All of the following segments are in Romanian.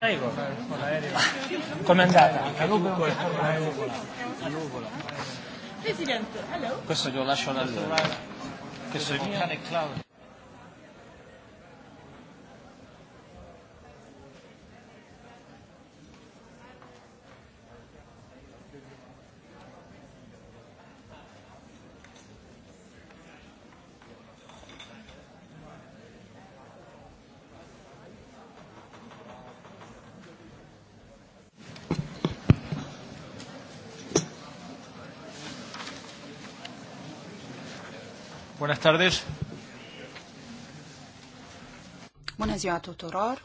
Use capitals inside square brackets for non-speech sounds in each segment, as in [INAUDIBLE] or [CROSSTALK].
Prego, con l'aereo. Com'è andata? La nuvola. Presidente, hello. Questo glielo lascio da lui. Questo è il cane Claudio. Buenas tardes. Bună ziua tuturor.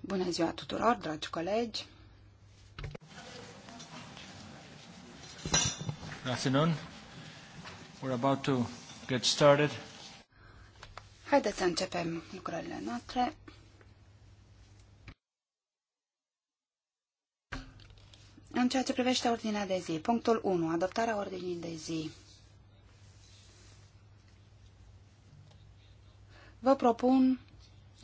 Bună ziua tuturor, dragi colegi. afternoon. We're about to get started. Haideți să începem lucrările noastre. În ceea ce privește ordinea de zi, punctul 1, adoptarea ordinii de zi. vă propun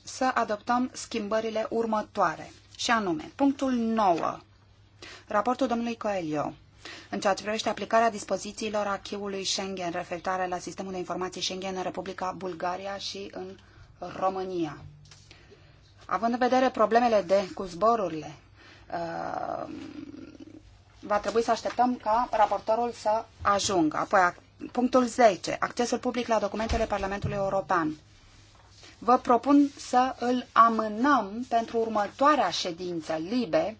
să adoptăm schimbările următoare, și anume, punctul 9, raportul domnului Coelio, în ceea ce privește aplicarea dispozițiilor achiului Schengen referitoare la sistemul de informații Schengen în Republica Bulgaria și în România. Având în vedere problemele de cu zborurile, uh, va trebui să așteptăm ca raportorul să ajungă. Apoi, punctul 10. Accesul public la documentele Parlamentului European vă propun să îl amânăm pentru următoarea ședință libe,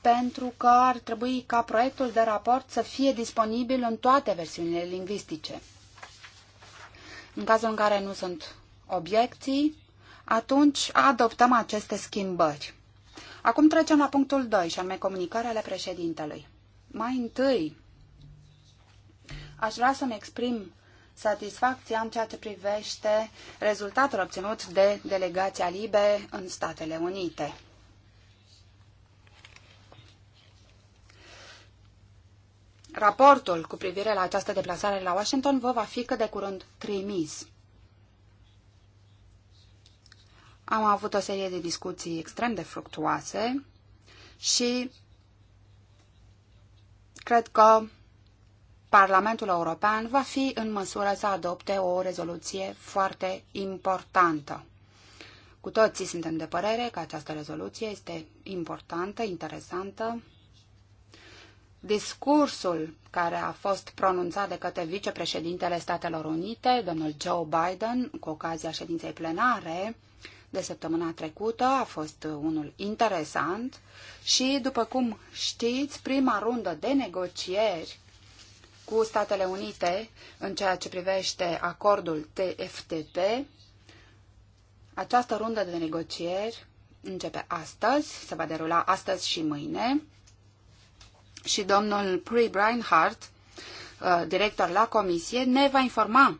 pentru că ar trebui ca proiectul de raport să fie disponibil în toate versiunile lingvistice. În cazul în care nu sunt obiecții, atunci adoptăm aceste schimbări. Acum trecem la punctul 2, și anume comunicarea ale președintelui. Mai întâi, aș vrea să-mi exprim satisfacția în ceea ce privește rezultatul obținut de delegația LIBE în Statele Unite. Raportul cu privire la această deplasare la Washington vă va fi cât de curând trimis. Am avut o serie de discuții extrem de fructuoase și cred că Parlamentul European va fi în măsură să adopte o rezoluție foarte importantă. Cu toții suntem de părere că această rezoluție este importantă, interesantă. Discursul care a fost pronunțat de către vicepreședintele Statelor Unite, domnul Joe Biden, cu ocazia ședinței plenare de săptămâna trecută, a fost unul interesant și, după cum știți, prima rundă de negocieri cu Statele Unite în ceea ce privește acordul TFTP. Această rundă de negocieri începe astăzi, se va derula astăzi și mâine. Și domnul Pri Breinhardt, uh, director la comisie, ne va informa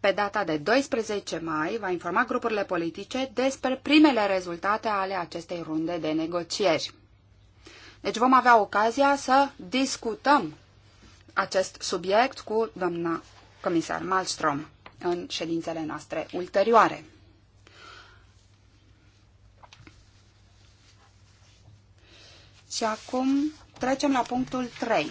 pe data de 12 mai, va informa grupurile politice despre primele rezultate ale acestei runde de negocieri. Deci vom avea ocazia să discutăm acest subiect cu doamna comisar Malmström în ședințele noastre ulterioare. Și acum trecem la punctul 3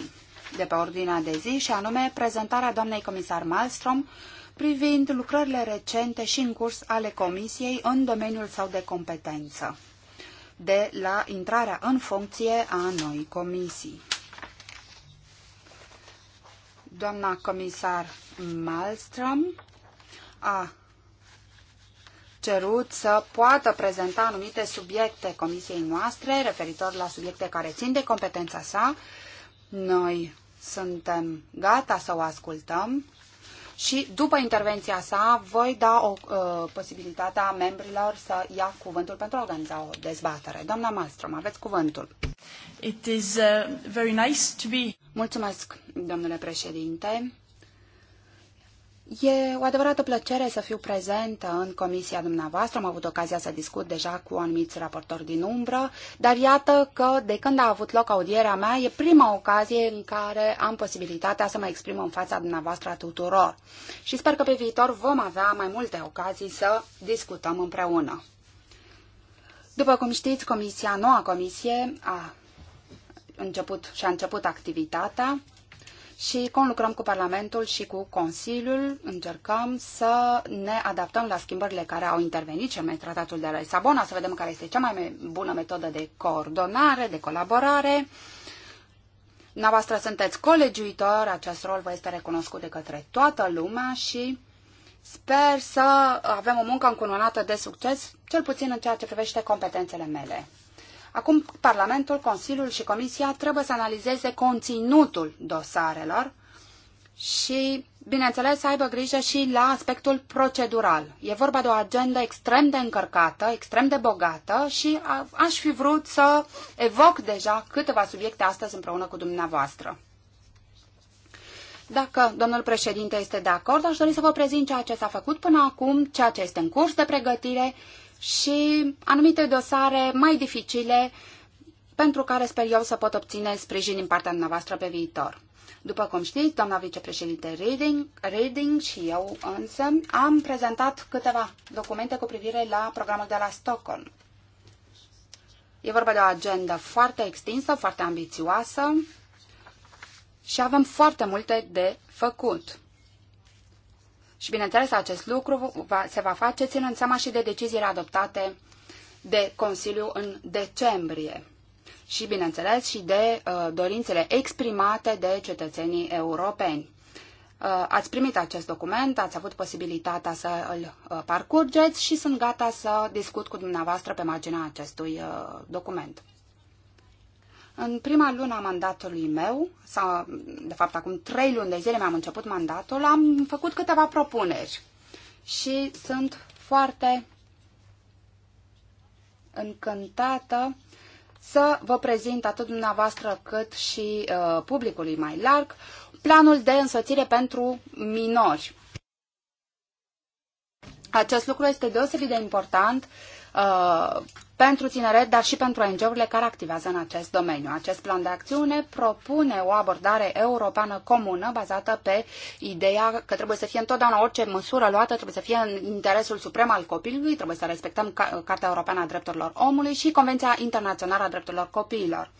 de pe ordinea de zi și anume prezentarea doamnei comisar Malmström privind lucrările recente și în curs ale Comisiei în domeniul său de competență de la intrarea în funcție a noi comisii. Doamna comisar Malmström a cerut să poată prezenta anumite subiecte comisiei noastre referitor la subiecte care țin de competența sa. Noi suntem gata să o ascultăm și după intervenția sa voi da o uh, posibilitatea membrilor să ia cuvântul pentru a organiza o dezbatere. Doamna Malmström, aveți cuvântul. It is uh, very nice to be... Mulțumesc, domnule președinte. E o adevărată plăcere să fiu prezentă în comisia dumneavoastră. Am avut ocazia să discut deja cu anumiți raportori din umbră, dar iată că de când a avut loc audierea mea, e prima ocazie în care am posibilitatea să mă exprim în fața dumneavoastră a tuturor. Și sper că pe viitor vom avea mai multe ocazii să discutăm împreună. După cum știți, comisia, noua comisie a început și a început activitatea și conlucrăm cu Parlamentul și cu Consiliul, încercăm să ne adaptăm la schimbările care au intervenit cel mai tratatul de la Lisabona, să vedem care este cea mai bună metodă de coordonare, de colaborare. Dumneavoastră sunteți colegiuitor, acest rol vă este recunoscut de către toată lumea și sper să avem o muncă încununată de succes, cel puțin în ceea ce privește competențele mele. Acum Parlamentul, Consiliul și Comisia trebuie să analizeze conținutul dosarelor și, bineînțeles, să aibă grijă și la aspectul procedural. E vorba de o agendă extrem de încărcată, extrem de bogată și a, aș fi vrut să evoc deja câteva subiecte astăzi împreună cu dumneavoastră. Dacă domnul președinte este de acord, aș dori să vă prezint ceea ce s-a făcut până acum, ceea ce este în curs de pregătire și anumite dosare mai dificile pentru care sper eu să pot obține sprijin din partea dumneavoastră pe viitor. După cum știți, doamna vicepreședinte Reading, Reading și eu însă am prezentat câteva documente cu privire la programul de la Stockholm. E vorba de o agendă foarte extinsă, foarte ambițioasă și avem foarte multe de făcut. Și, bineînțeles, acest lucru va, se va face ținând seama și de deciziile adoptate de Consiliu în decembrie și, bineînțeles, și de uh, dorințele exprimate de cetățenii europeni. Uh, ați primit acest document, ați avut posibilitatea să îl uh, parcurgeți și sunt gata să discut cu dumneavoastră pe marginea acestui uh, document. În prima lună a mandatului meu, sau de fapt acum trei luni de zile mi-am început mandatul, am făcut câteva propuneri și sunt foarte încântată să vă prezint atât dumneavoastră cât și uh, publicului mai larg planul de însoțire pentru minori. Acest lucru este deosebit de important uh, Uh, pentru tineret, dar și pentru ONG-urile care activează în acest domeniu. Acest plan de acțiune propune o abordare europeană comună bazată pe ideea că trebuie să fie întotdeauna orice măsură luată, trebuie să fie în interesul suprem al copilului, trebuie să respectăm Cartea Europeană a Drepturilor Omului și Convenția Internațională a Drepturilor Copiilor.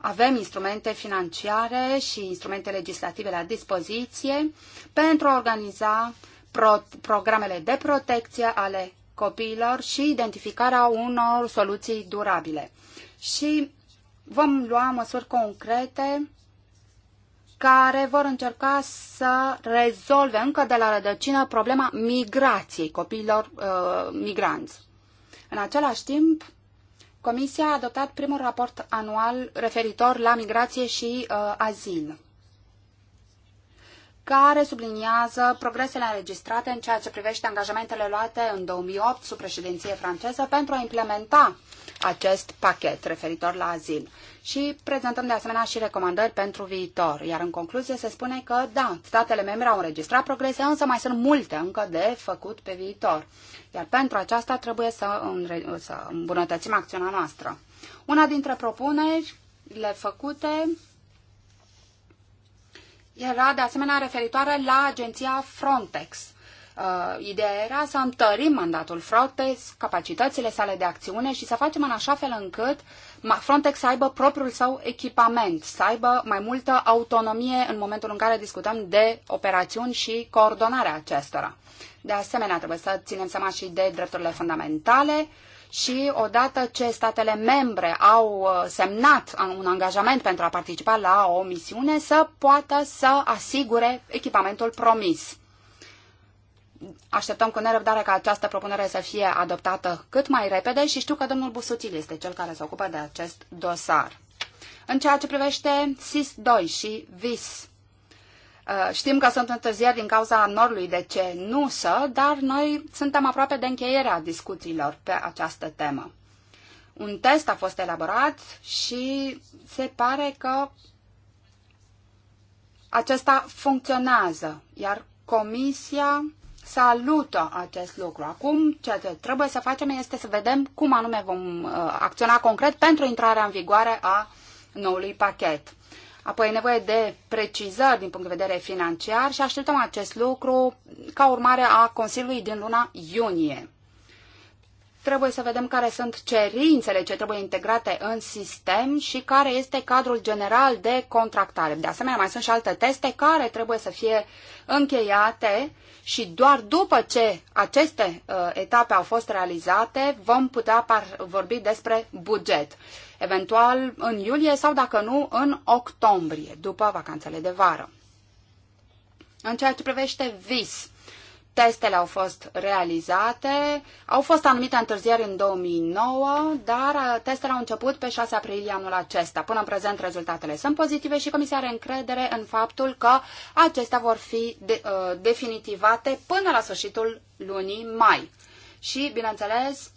Avem instrumente financiare și instrumente legislative la dispoziție pentru a organiza pro programele de protecție ale copiilor și identificarea unor soluții durabile. Și vom lua măsuri concrete care vor încerca să rezolve încă de la rădăcină problema migrației copiilor uh, migranți. În același timp, Comisia a adoptat primul raport anual referitor la migrație și uh, azil care subliniază progresele înregistrate în ceea ce privește angajamentele luate în 2008 sub președinție franceză pentru a implementa acest pachet referitor la azil. Și prezentăm de asemenea și recomandări pentru viitor. Iar în concluzie se spune că, da, statele membre au înregistrat progrese, însă mai sunt multe încă de făcut pe viitor. Iar pentru aceasta trebuie să, înre- să îmbunătățim acțiunea noastră. Una dintre propuneri le făcute era de asemenea referitoare la agenția Frontex. Uh, ideea era să întărim mandatul Frontex, capacitățile sale de acțiune și să facem în așa fel încât Frontex să aibă propriul său echipament, să aibă mai multă autonomie în momentul în care discutăm de operațiuni și coordonarea acestora. De asemenea, trebuie să ținem seama și de drepturile fundamentale, uh, și odată ce statele membre au uh, semnat un angajament pentru a participa la o misiune, să poată să asigure echipamentul promis. Așteptăm cu nerăbdare ca această propunere să fie adoptată cât mai repede și știu că domnul Busuțil este cel care se ocupă de acest dosar. În ceea ce privește SIS-2 și VIS, Uh, știm că sunt întârzieri din cauza norului de ce nu să, dar noi suntem aproape de încheierea discuțiilor pe această temă. Un test a fost elaborat și se pare că acesta funcționează, iar Comisia salută acest lucru. Acum, ceea ce trebuie să facem este să vedem cum anume vom uh, acționa concret pentru intrarea în vigoare a noului pachet. Apoi e nevoie de precizări din punct de vedere financiar și așteptăm acest lucru ca urmare a Consiliului din luna iunie trebuie să vedem care sunt cerințele ce trebuie integrate în sistem și care este cadrul general de contractare. De asemenea, mai sunt și alte teste care trebuie să fie încheiate și doar după ce aceste uh, etape au fost realizate vom putea vorbi despre buget, eventual în iulie sau, dacă nu, în octombrie, după vacanțele de vară. În ceea ce privește vis, Testele au fost realizate, au fost anumite întârzieri în 2009, dar uh, testele au început pe 6 aprilie anul acesta. Până în prezent rezultatele sunt pozitive și Comisia are încredere în faptul că acestea vor fi de, uh, definitivate până la sfârșitul lunii mai. Și, bineînțeles,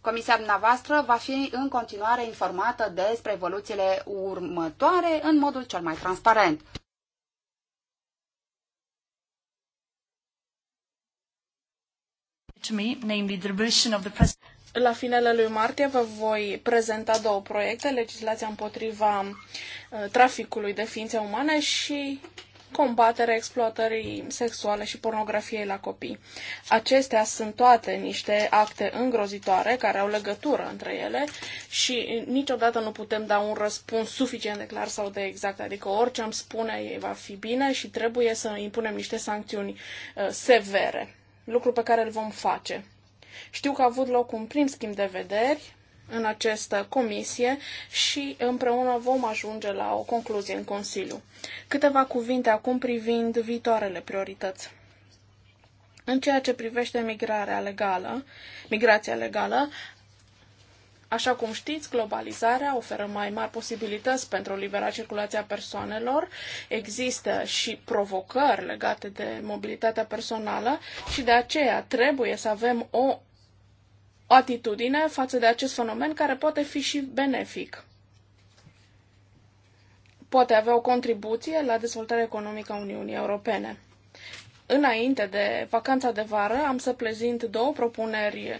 Comisia dumneavoastră va fi în continuare informată despre evoluțiile următoare în modul cel mai transparent. to me, namely the of the la finele lui martie vă voi prezenta două proiecte, legislația împotriva uh, traficului de ființe umane și combaterea exploatării sexuale și pornografiei la copii. Acestea sunt toate niște acte îngrozitoare care au legătură între ele și niciodată nu putem da un răspuns suficient de clar sau de exact. Adică orice am spune ei va fi bine și trebuie să impunem niște sancțiuni uh, severe lucru pe care îl vom face. Știu că a avut loc un prim schimb de vederi în această comisie și împreună vom ajunge la o concluzie în Consiliu. Câteva cuvinte acum privind viitoarele priorități. În ceea ce privește migrarea legală, migrația legală, Așa cum știți, globalizarea oferă mai mari posibilități pentru libera circulație a persoanelor, există și provocări legate de mobilitatea personală și de aceea trebuie să avem o atitudine față de acest fenomen care poate fi și benefic. Poate avea o contribuție la dezvoltarea economică a Uniunii Europene. Înainte de vacanța de vară am să prezint două propuneri eh,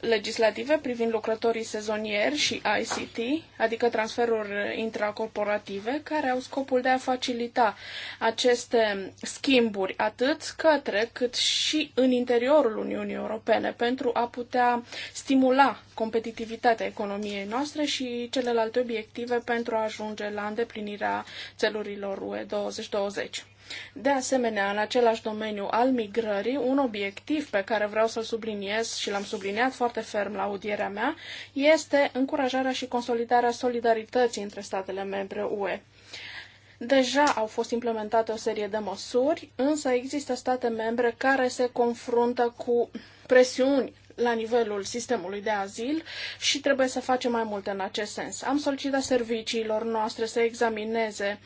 legislative privind lucrătorii sezonieri și ICT, adică transferuri eh, intracorporative, care au scopul de a facilita aceste schimburi atât către cât și în interiorul Uniunii Europene pentru a putea stimula competitivitatea economiei noastre și celelalte obiective pentru a ajunge la îndeplinirea țelurilor UE 2020. De asemenea, în același domeniu al migrării, un obiectiv pe care vreau să-l subliniez și l-am subliniat foarte ferm la audierea mea este încurajarea și consolidarea solidarității între statele membre UE. Deja au fost implementate o serie de măsuri, însă există state membre care se confruntă cu presiuni la nivelul sistemului de azil și trebuie să facem mai multe în acest sens. Am solicitat serviciilor noastre să examineze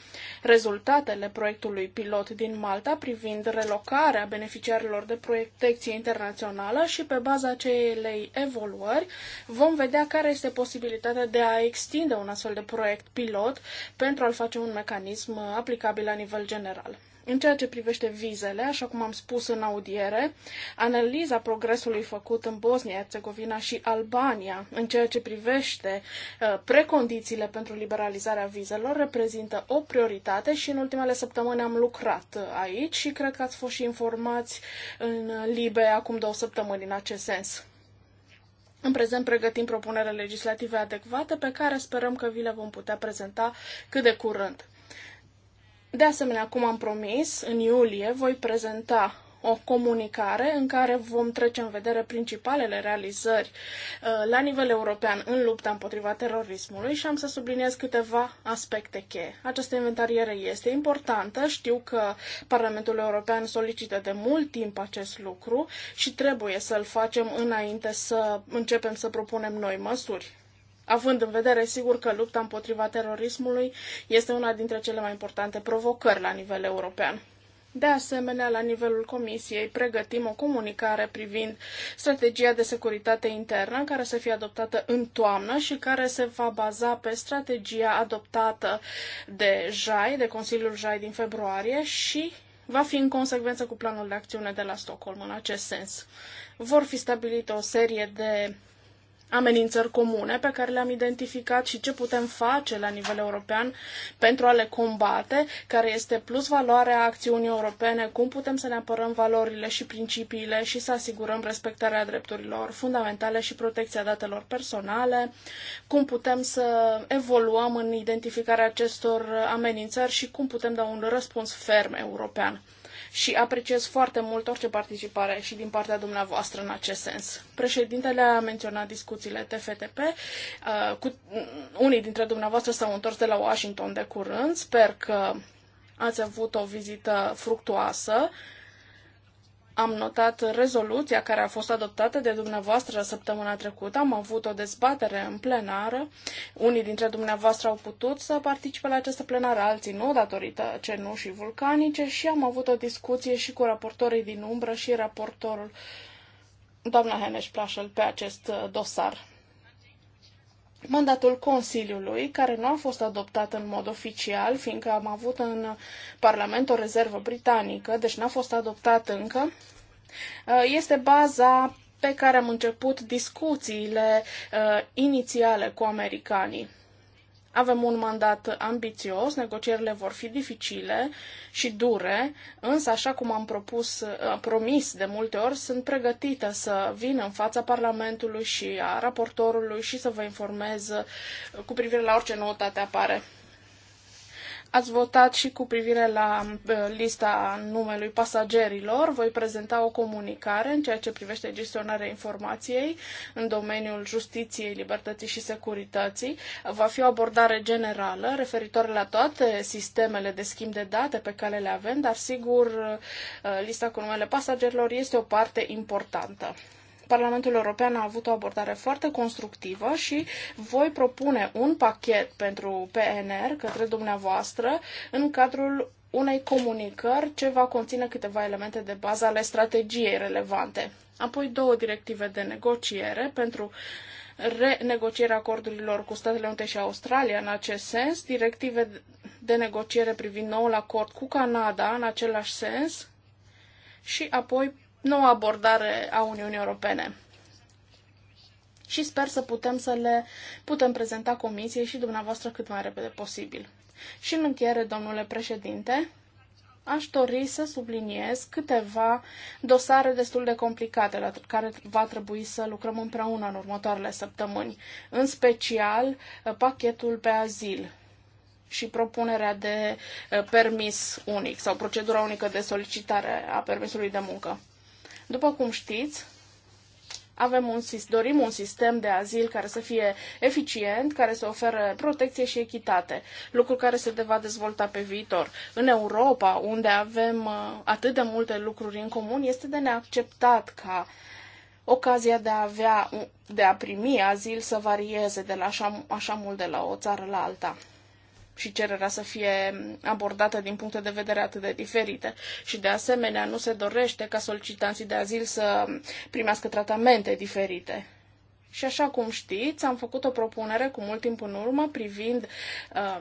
rezultatele proiectului pilot din Malta privind relocarea beneficiarilor de protecție internațională și pe baza acelei evoluări vom vedea care este posibilitatea de a extinde un astfel de proiect pilot pentru a-l face un mecanism aplicabil la nivel general. În ceea ce privește vizele, așa cum am spus în audiere, analiza progresului făcut în Bosnia, Herțegovina și Albania în ceea ce privește uh, precondițiile pentru liberalizarea vizelor reprezintă o prioritate și în ultimele săptămâni am lucrat aici și cred că ați fost și informați în Libe acum două săptămâni în acest sens. În prezent pregătim propunere legislative adecvate pe care sperăm că vi le vom putea prezenta cât de curând. De asemenea, cum am promis, în iulie voi prezenta o comunicare în care vom trece în vedere principalele realizări uh, la nivel european în lupta împotriva terorismului și am să subliniez câteva aspecte cheie. Această inventariere este importantă, știu că Parlamentul European solicită de mult timp acest lucru și trebuie să-l facem înainte să începem să propunem noi măsuri având în vedere, sigur, că lupta împotriva terorismului este una dintre cele mai importante provocări la nivel european. De asemenea, la nivelul Comisiei pregătim o comunicare privind strategia de securitate internă care să fie adoptată în toamnă și care se va baza pe strategia adoptată de JAI, de Consiliul JAI din februarie și va fi în consecvență cu planul de acțiune de la Stockholm în acest sens. Vor fi stabilite o serie de amenințări comune pe care le-am identificat și ce putem face la nivel european pentru a le combate, care este plus valoarea acțiunii europene, cum putem să ne apărăm valorile și principiile și să asigurăm respectarea drepturilor fundamentale și protecția datelor personale, cum putem să evoluăm în identificarea acestor amenințări și cum putem da un răspuns ferm european și apreciez foarte mult orice participare și din partea dumneavoastră în acest sens. Președintele a menționat discuțiile TFTP. Uh, cu, unii dintre dumneavoastră s-au întors de la Washington de curând. Sper că ați avut o vizită fructuoasă am notat rezoluția care a fost adoptată de dumneavoastră săptămâna trecută. Am avut o dezbatere în plenară. Unii dintre dumneavoastră au putut să participe la această plenară, alții nu, datorită cenușii vulcanice și am avut o discuție și cu raportorii din umbră și raportorul doamna Heneș Plașel pe acest uh, dosar mandatul Consiliului, care nu a fost adoptat în mod oficial, fiindcă am avut în Parlament o rezervă britanică, deci n-a fost adoptat încă, uh, este baza pe care am început discuțiile uh, inițiale cu americanii. Avem un mandat ambițios, negocierile vor fi dificile și dure, însă, așa cum am propus, promis de multe ori, sunt pregătită să vin în fața Parlamentului și a raportorului și să vă informez cu privire la orice noutate apare. Ați votat și cu privire la uh, lista numelui pasagerilor. Voi prezenta o comunicare în ceea ce privește gestionarea informației în domeniul justiției, libertății și securității. Va fi o abordare generală referitoare la toate sistemele de schimb de date pe care le avem, dar sigur uh, lista cu numele pasagerilor este o parte importantă. Parlamentul European a avut o abordare foarte constructivă și voi propune un pachet pentru PNR către dumneavoastră în cadrul unei comunicări ce va conține câteva elemente de bază ale strategiei relevante. Apoi două directive de negociere pentru renegocierea acordurilor cu Statele Unite și Australia în acest sens, directive de negociere privind noul acord cu Canada în același sens și apoi noua abordare a Uniunii Europene. Și sper să putem să le putem prezenta comisiei și dumneavoastră cât mai repede posibil. Și în încheiere, domnule președinte, aș dori să subliniez câteva dosare destul de complicate la care va trebui să lucrăm împreună în următoarele săptămâni, în special uh, pachetul pe azil și propunerea de uh, permis unic sau procedura unică de solicitare a permisului de muncă. După cum știți, avem un, dorim un sistem de azil care să fie eficient, care să ofere protecție și echitate, lucru care se va dezvolta pe viitor. În Europa, unde avem uh, atât de multe lucruri în comun, este de neacceptat ca ocazia de a, avea, de a primi azil să varieze de la așa, așa mult de la o țară la alta și cererea să fie abordată din puncte de vedere atât de diferite. Și de asemenea, nu se dorește ca solicitanții de azil să primească tratamente diferite. Și așa cum știți, am făcut o propunere cu mult timp în urmă privind uh,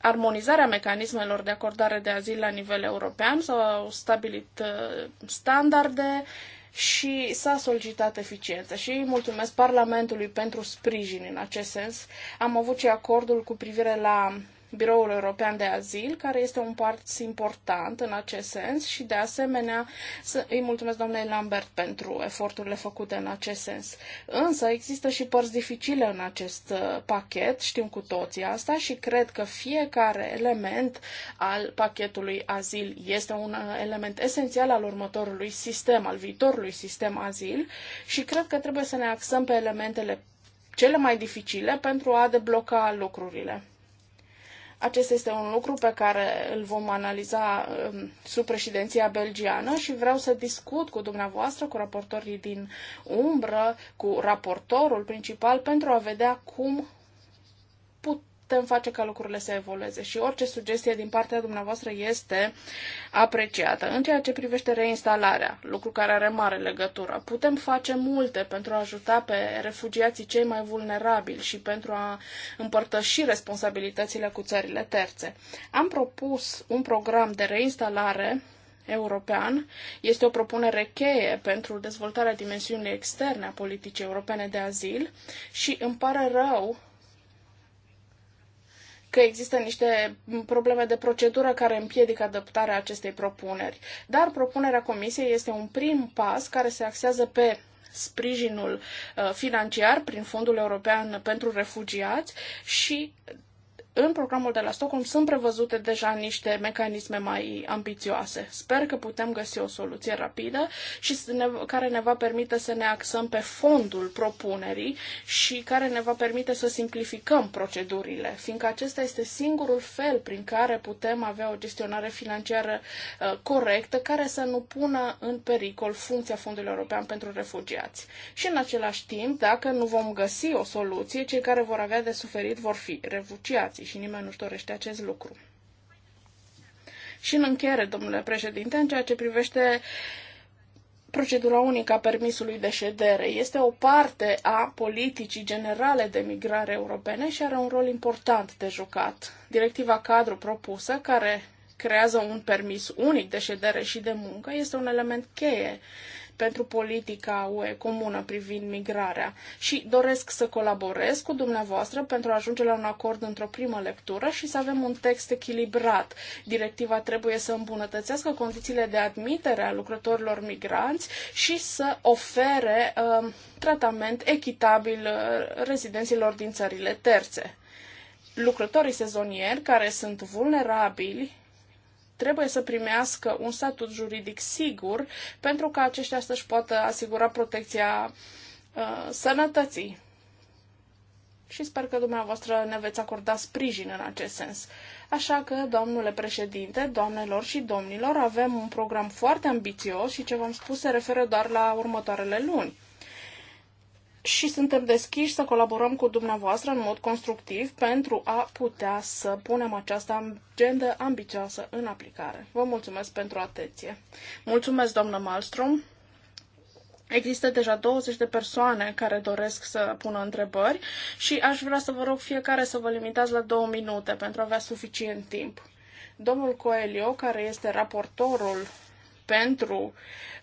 armonizarea mecanismelor de acordare de azil la nivel european, s-au stabilit uh, standarde și s-a solicitat eficiență și mulțumesc Parlamentului pentru sprijin în acest sens. Am avut și acordul cu privire la Biroul European de Azil, care este un part important în acest sens și de asemenea să îi mulțumesc doamnei Lambert pentru eforturile făcute în acest sens. Însă există și părți dificile în acest uh, pachet, știm cu toții asta și cred că fiecare element al pachetului azil este un uh, element esențial al următorului sistem, al viitorului sistem azil și cred că trebuie să ne axăm pe elementele cele mai dificile pentru a debloca lucrurile. Acesta este un lucru pe care îl vom analiza um, sub președinția belgiană și vreau să discut cu dumneavoastră, cu raportorii din umbră, cu raportorul principal, pentru a vedea cum putem face ca lucrurile să evolueze și orice sugestie din partea dumneavoastră este apreciată. În ceea ce privește reinstalarea, lucru care are mare legătură, putem face multe pentru a ajuta pe refugiații cei mai vulnerabili și pentru a împărtăși responsabilitățile cu țările terțe. Am propus un program de reinstalare european. Este o propunere cheie pentru dezvoltarea dimensiunii externe a politicii europene de azil și îmi pare rău că există niște probleme de procedură care împiedică adoptarea acestei propuneri. Dar propunerea Comisiei este un prim pas care se axează pe sprijinul uh, financiar prin Fondul European pentru Refugiați și în programul de la Stockholm sunt prevăzute deja niște mecanisme mai ambițioase. Sper că putem găsi o soluție rapidă și ne, care ne va permite să ne axăm pe fondul propunerii și care ne va permite să simplificăm procedurile, fiindcă acesta este singurul fel prin care putem avea o gestionare financiară uh, corectă care să nu pună în pericol funcția Fondului European pentru Refugiați. Și în același timp, dacă nu vom găsi o soluție, cei care vor avea de suferit vor fi refugiații investiții și nimeni nu-și dorește acest lucru. Și în încheiere, domnule președinte, în ceea ce privește procedura unică a permisului de ședere, este o parte a politicii generale de migrare europene și are un rol important de jucat. Directiva cadru propusă, care creează un permis unic de ședere și de muncă, este un element cheie pentru politica UE comună privind migrarea și doresc să colaborez cu dumneavoastră pentru a ajunge la un acord într-o primă lectură și să avem un text echilibrat. Directiva trebuie să îmbunătățească condițiile de admitere a lucrătorilor migranți și să ofere uh, tratament echitabil uh, rezidenților din țările terțe lucrătorii sezonieri care sunt vulnerabili trebuie să primească un statut juridic sigur pentru ca aceștia să-și poată asigura protecția uh, sănătății. Și sper că dumneavoastră ne veți acorda sprijin în acest sens. Așa că, domnule președinte, doamnelor și domnilor, avem un program foarte ambițios și ce v-am spus se referă doar la următoarele luni și suntem deschiși să colaborăm cu dumneavoastră în mod constructiv pentru a putea să punem această agendă ambicioasă în aplicare. Vă mulțumesc pentru atenție. Mulțumesc, doamnă Malmström. Există deja 20 de persoane care doresc să pună întrebări și aș vrea să vă rog fiecare să vă limitați la două minute pentru a avea suficient timp. Domnul Coelio, care este raportorul pentru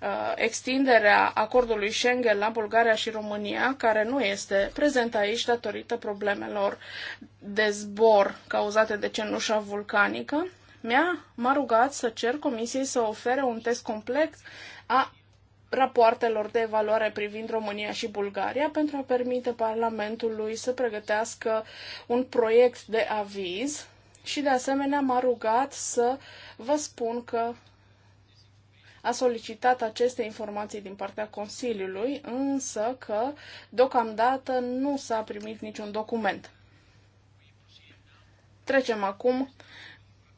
uh, extinderea acordului Schengen la Bulgaria și România, care nu este prezent aici datorită problemelor de zbor cauzate de cenușa vulcanică, mi-a, m-a rugat să cer comisiei să ofere un test complex a rapoartelor de evaluare privind România și Bulgaria pentru a permite Parlamentului să pregătească un proiect de aviz și de asemenea m-a rugat să vă spun că a solicitat aceste informații din partea Consiliului, însă că deocamdată nu s-a primit niciun document. Trecem acum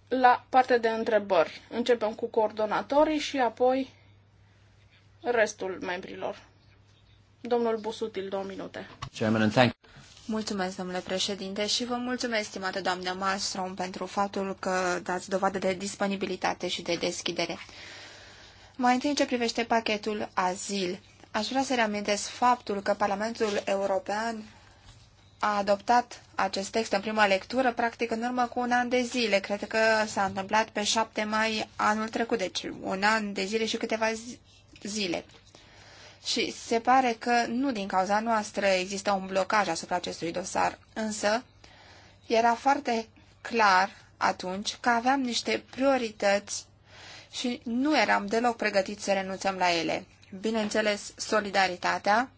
la partea de întrebări. Începem cu coordonatorii și apoi restul membrilor. Domnul Busutil, două minute. Chairman, thank Mulțumesc, domnule președinte, și vă mulțumesc, stimată doamnă Malmström, pentru faptul că dați dovadă de disponibilitate și de deschidere. Mai întâi în ce privește pachetul azil. Aș vrea să reamintesc faptul că Parlamentul European a adoptat acest text în prima lectură, practic în urmă cu un an de zile. Cred că s-a întâmplat pe 7 mai anul trecut, deci un an de zile și câteva zile. Și se pare că nu din cauza noastră există un blocaj asupra acestui dosar, însă era foarte clar atunci că aveam niște priorități și nu eram deloc pregătit să renunțăm la ele. Bineînțeles, solidaritatea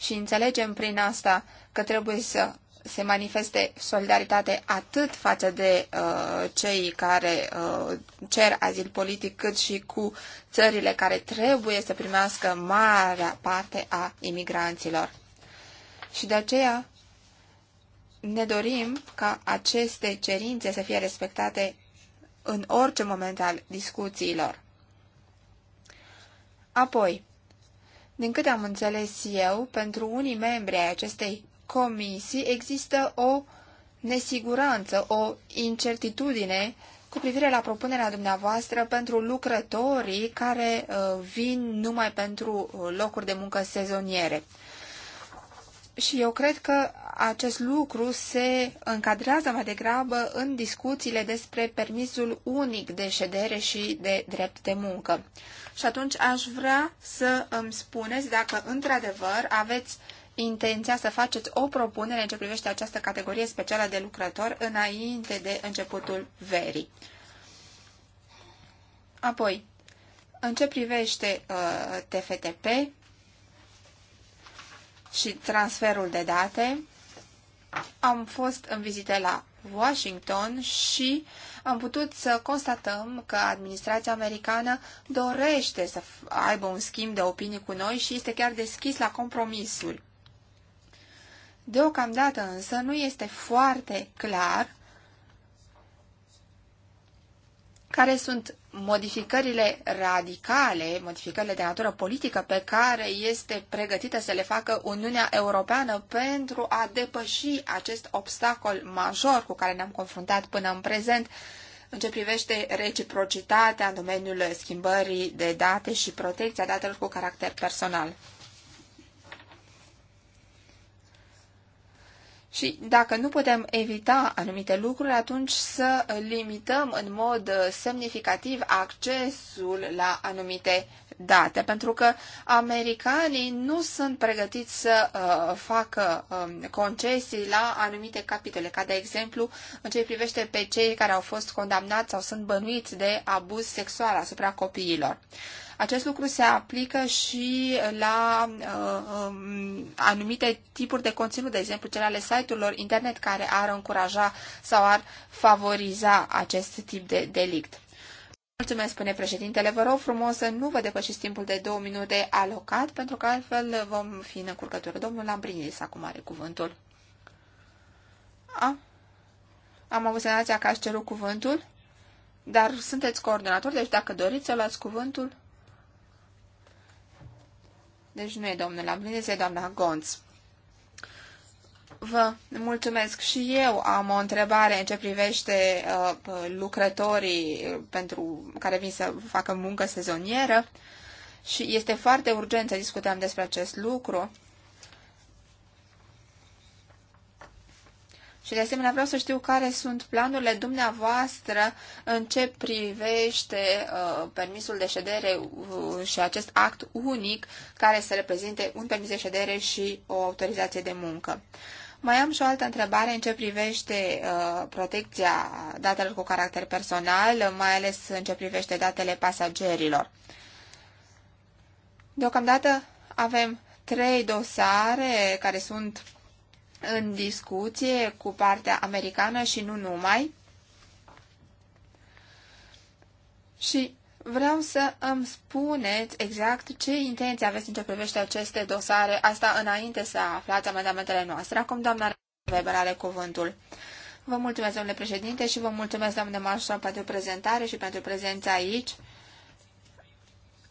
și înțelegem prin asta că trebuie să se manifeste solidaritate atât față de uh, cei care uh, cer azil politic, cât și cu țările care trebuie să primească marea parte a imigranților. Și de aceea ne dorim ca aceste cerințe să fie respectate în orice moment al discuțiilor. Apoi, din câte am înțeles eu, pentru unii membri ai acestei comisii există o nesiguranță, o incertitudine cu privire la propunerea dumneavoastră pentru lucrătorii care uh, vin numai pentru uh, locuri de muncă sezoniere. Și eu cred că acest lucru se încadrează mai degrabă în discuțiile despre permisul unic de ședere și de drept de muncă. Și atunci aș vrea să îmi spuneți dacă într-adevăr aveți intenția să faceți o propunere în ce privește această categorie specială de lucrător înainte de începutul verii. Apoi, în ce privește uh, TFTP, și transferul de date. Am fost în vizită la Washington și am putut să constatăm că administrația americană dorește să aibă un schimb de opinii cu noi și este chiar deschis la compromisuri. Deocamdată însă nu este foarte clar care sunt modificările radicale, modificările de natură politică pe care este pregătită să le facă Uniunea Europeană pentru a depăși acest obstacol major cu care ne-am confruntat până în prezent în ce privește reciprocitatea în domeniul schimbării de date și protecția datelor cu caracter personal. Și dacă nu putem evita anumite lucruri, atunci să limităm în mod uh, semnificativ accesul la anumite date, pentru că americanii nu sunt pregătiți să uh, facă uh, concesii la anumite capitole, ca de exemplu în ce privește pe cei care au fost condamnați sau sunt bănuiți de abuz sexual asupra copiilor. Acest lucru se aplică și la uh, um, anumite tipuri de conținut, de exemplu cele ale site-urilor internet care ar încuraja sau ar favoriza acest tip de delict. Mulțumesc, spune președintele. Vă rog frumos să nu vă depășiți timpul de două minute alocat, pentru că altfel vom fi în încurcătură. Domnul Lambrinis acum are cuvântul. A? Am avut senzația că ați cerut cuvântul, dar sunteți coordonator, deci dacă doriți să luați cuvântul... Deci nu e domnul Lamblin, este doamna Gonț. Vă mulțumesc și eu. Am o întrebare în ce privește uh, lucrătorii uh, pentru care vin să facă muncă sezonieră și este foarte urgent să discutăm despre acest lucru Și de asemenea vreau să știu care sunt planurile dumneavoastră în ce privește uh, permisul de ședere uh, și acest act unic care să reprezinte un permis de ședere și o autorizație de muncă. Mai am și o altă întrebare în ce privește uh, protecția datelor cu caracter personal, mai ales în ce privește datele pasagerilor. Deocamdată avem trei dosare care sunt în discuție cu partea americană și nu numai. Și vreau să îmi spuneți exact ce intenții aveți în ce privește aceste dosare, asta înainte să aflați amendamentele noastre. Acum, doamna Weber are cuvântul. Vă mulțumesc, domnule președinte, și vă mulțumesc, doamne Marșal, pentru prezentare și pentru prezența aici.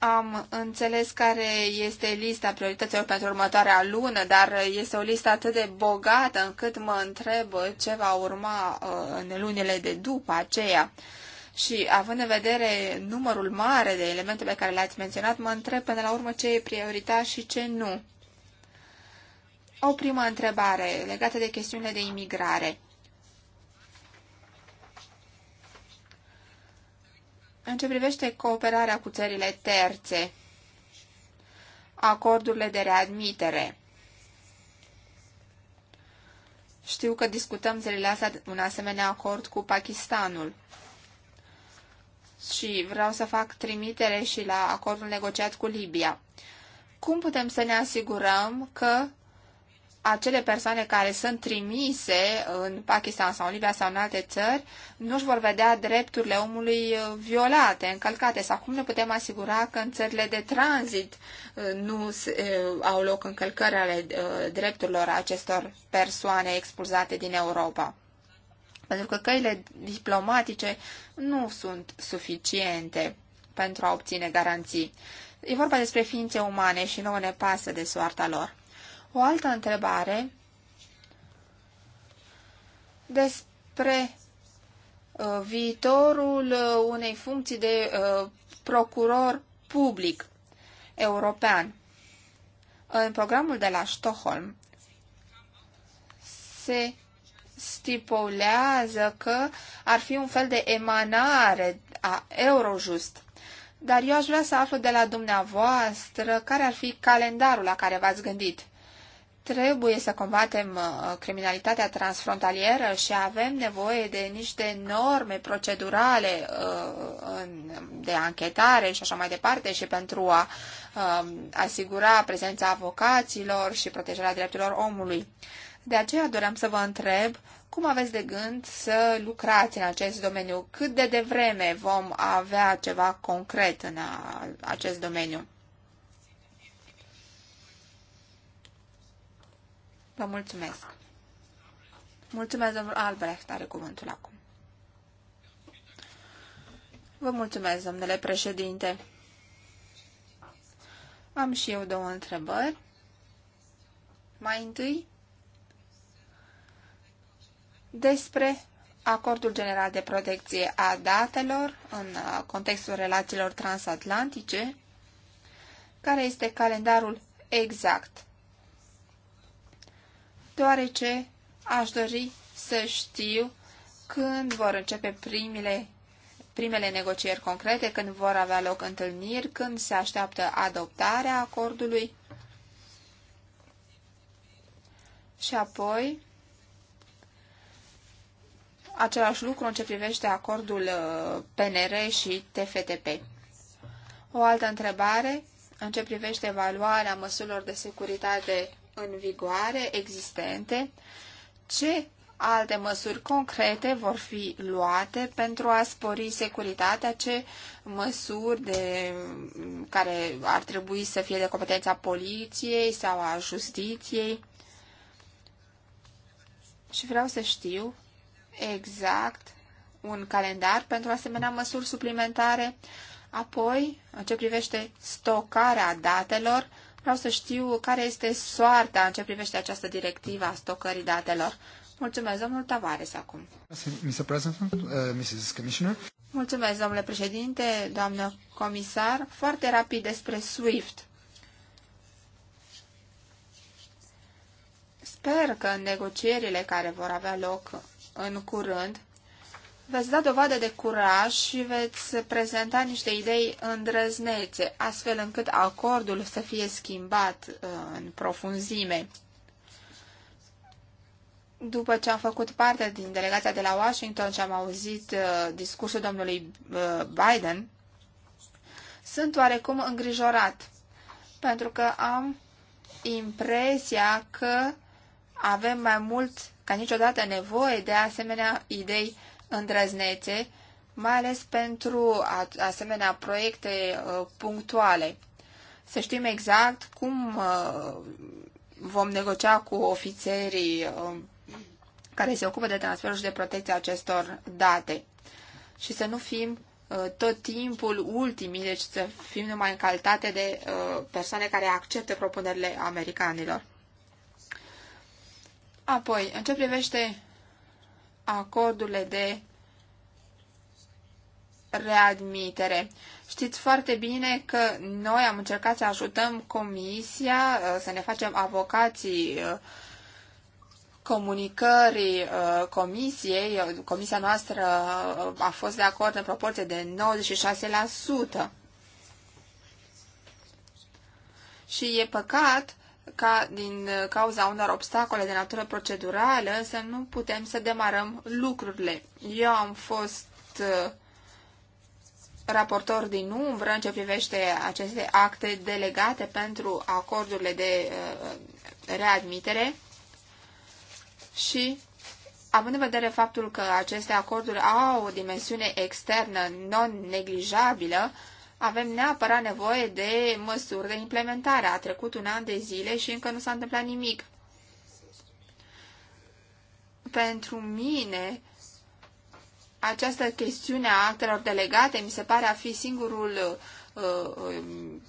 Am înțeles care este lista priorităților pentru următoarea lună, dar este o listă atât de bogată încât mă întreb ce va urma uh, în lunile de după aceea. Și având în vedere numărul mare de elemente pe care le-ați menționat, mă întreb până la urmă ce e prioritar și ce nu. O primă întrebare legată de chestiunile de imigrare. În ce privește cooperarea cu țările terțe, acordurile de readmitere, știu că discutăm zilele astea un asemenea acord cu Pakistanul. Și vreau să fac trimitere și la acordul negociat cu Libia. Cum putem să ne asigurăm că acele persoane care sunt trimise în Pakistan sau în Libia sau în alte țări nu își vor vedea drepturile omului uh, violate, încălcate sau cum ne putem asigura că în țările de tranzit uh, nu uh, au loc încălcări ale drepturilor acestor persoane expulzate din Europa. Pentru că căile diplomatice nu sunt suficiente pentru a obține garanții. E vorba despre ființe umane și nouă ne pasă de soarta lor. O altă întrebare despre uh, viitorul uh, unei funcții de uh, procuror public european. În programul de la Stockholm se stipulează că ar fi un fel de emanare a Eurojust. Dar eu aș vrea să aflu de la dumneavoastră care ar fi calendarul la care v-ați gândit. Trebuie să combatem uh, criminalitatea transfrontalieră și avem nevoie de niște norme procedurale uh, de anchetare și așa mai departe și pentru a um, asigura prezența avocaților și protejarea drepturilor omului. De aceea doream să vă întreb cum aveți de gând să lucrați în acest domeniu? Cât de devreme vom avea ceva concret în acest domeniu? Vă mulțumesc. Mulțumesc, domnul Albrecht are cuvântul acum. Vă mulțumesc, domnule președinte. Am și eu două întrebări. Mai întâi, despre acordul general de protecție a datelor în contextul relațiilor transatlantice, care este calendarul exact deoarece aș dori să știu când vor începe primile, primele negocieri concrete, când vor avea loc întâlniri, când se așteaptă adoptarea acordului. Și apoi, același lucru în ce privește acordul uh, PNR și TFTP. O altă întrebare, în ce privește evaluarea măsurilor de securitate în vigoare existente, ce alte măsuri concrete vor fi luate pentru a spori securitatea, ce măsuri de, care ar trebui să fie de competența poliției sau a justiției. Și vreau să știu exact un calendar pentru asemenea măsuri suplimentare. Apoi, în ce privește stocarea datelor, Vreau să știu care este soarta în ce privește această directivă a stocării datelor. Mulțumesc, domnul Tavares, acum. Mr. President, uh, Mrs. Commissioner. Mulțumesc, domnule președinte, doamnă comisar. Foarte rapid despre SWIFT. Sper că în negocierile care vor avea loc în curând veți da dovadă de curaj și veți prezenta niște idei îndrăznețe, astfel încât acordul să fie schimbat uh, în profunzime. După ce am făcut parte din delegația de la Washington și am auzit uh, discursul domnului uh, Biden, sunt oarecum îngrijorat, pentru că am impresia că avem mai mult ca niciodată nevoie de asemenea idei îndrăznețe, mai ales pentru asemenea proiecte uh, punctuale. Să știm exact cum uh, vom negocia cu ofițerii uh, care se ocupă de transferul și de protecția acestor date și să nu fim tot timpul ultimii, deci să fim numai în calitate de persoane care acceptă propunerile americanilor. Apoi, în ce privește acordurile de readmitere. Știți foarte bine că noi am încercat să ajutăm comisia, uh, să ne facem avocații uh, comunicării uh, comisiei. Comisia noastră a fost de acord în proporție de 96%. Și e păcat ca din cauza unor obstacole de natură procedurală să nu putem să demarăm lucrurile. Eu am fost uh, raportor din umbră în ce privește aceste acte delegate pentru acordurile de uh, readmitere și având în vedere faptul că aceste acorduri au o dimensiune externă non-neglijabilă, avem neapărat nevoie de măsuri de implementare. A trecut un an de zile și încă nu s-a întâmplat nimic. Pentru mine, această chestiune a actelor delegate mi se pare a fi singurul uh, um,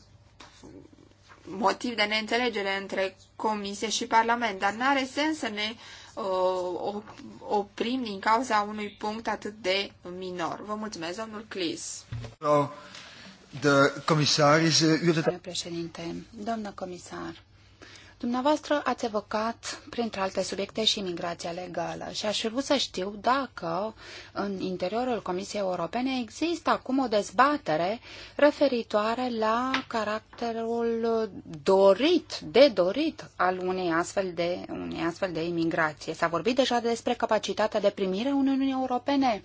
motiv de neînțelegere între Comisie și Parlament, dar nu are sens să ne uh, oprim din cauza unui punct atât de minor. Vă mulțumesc, domnul Clis. Oh de comisaris... Eh, Domnule președinte, doamnă comisar, Dumneavoastră ați evocat, printre alte subiecte, și imigrația legală și aș fi vrut să știu dacă în interiorul Comisiei Europene există acum o dezbatere referitoare la caracterul dorit, de dorit al unei astfel de, unei astfel de imigrație. S-a vorbit deja despre capacitatea de primire a Uniunii Europene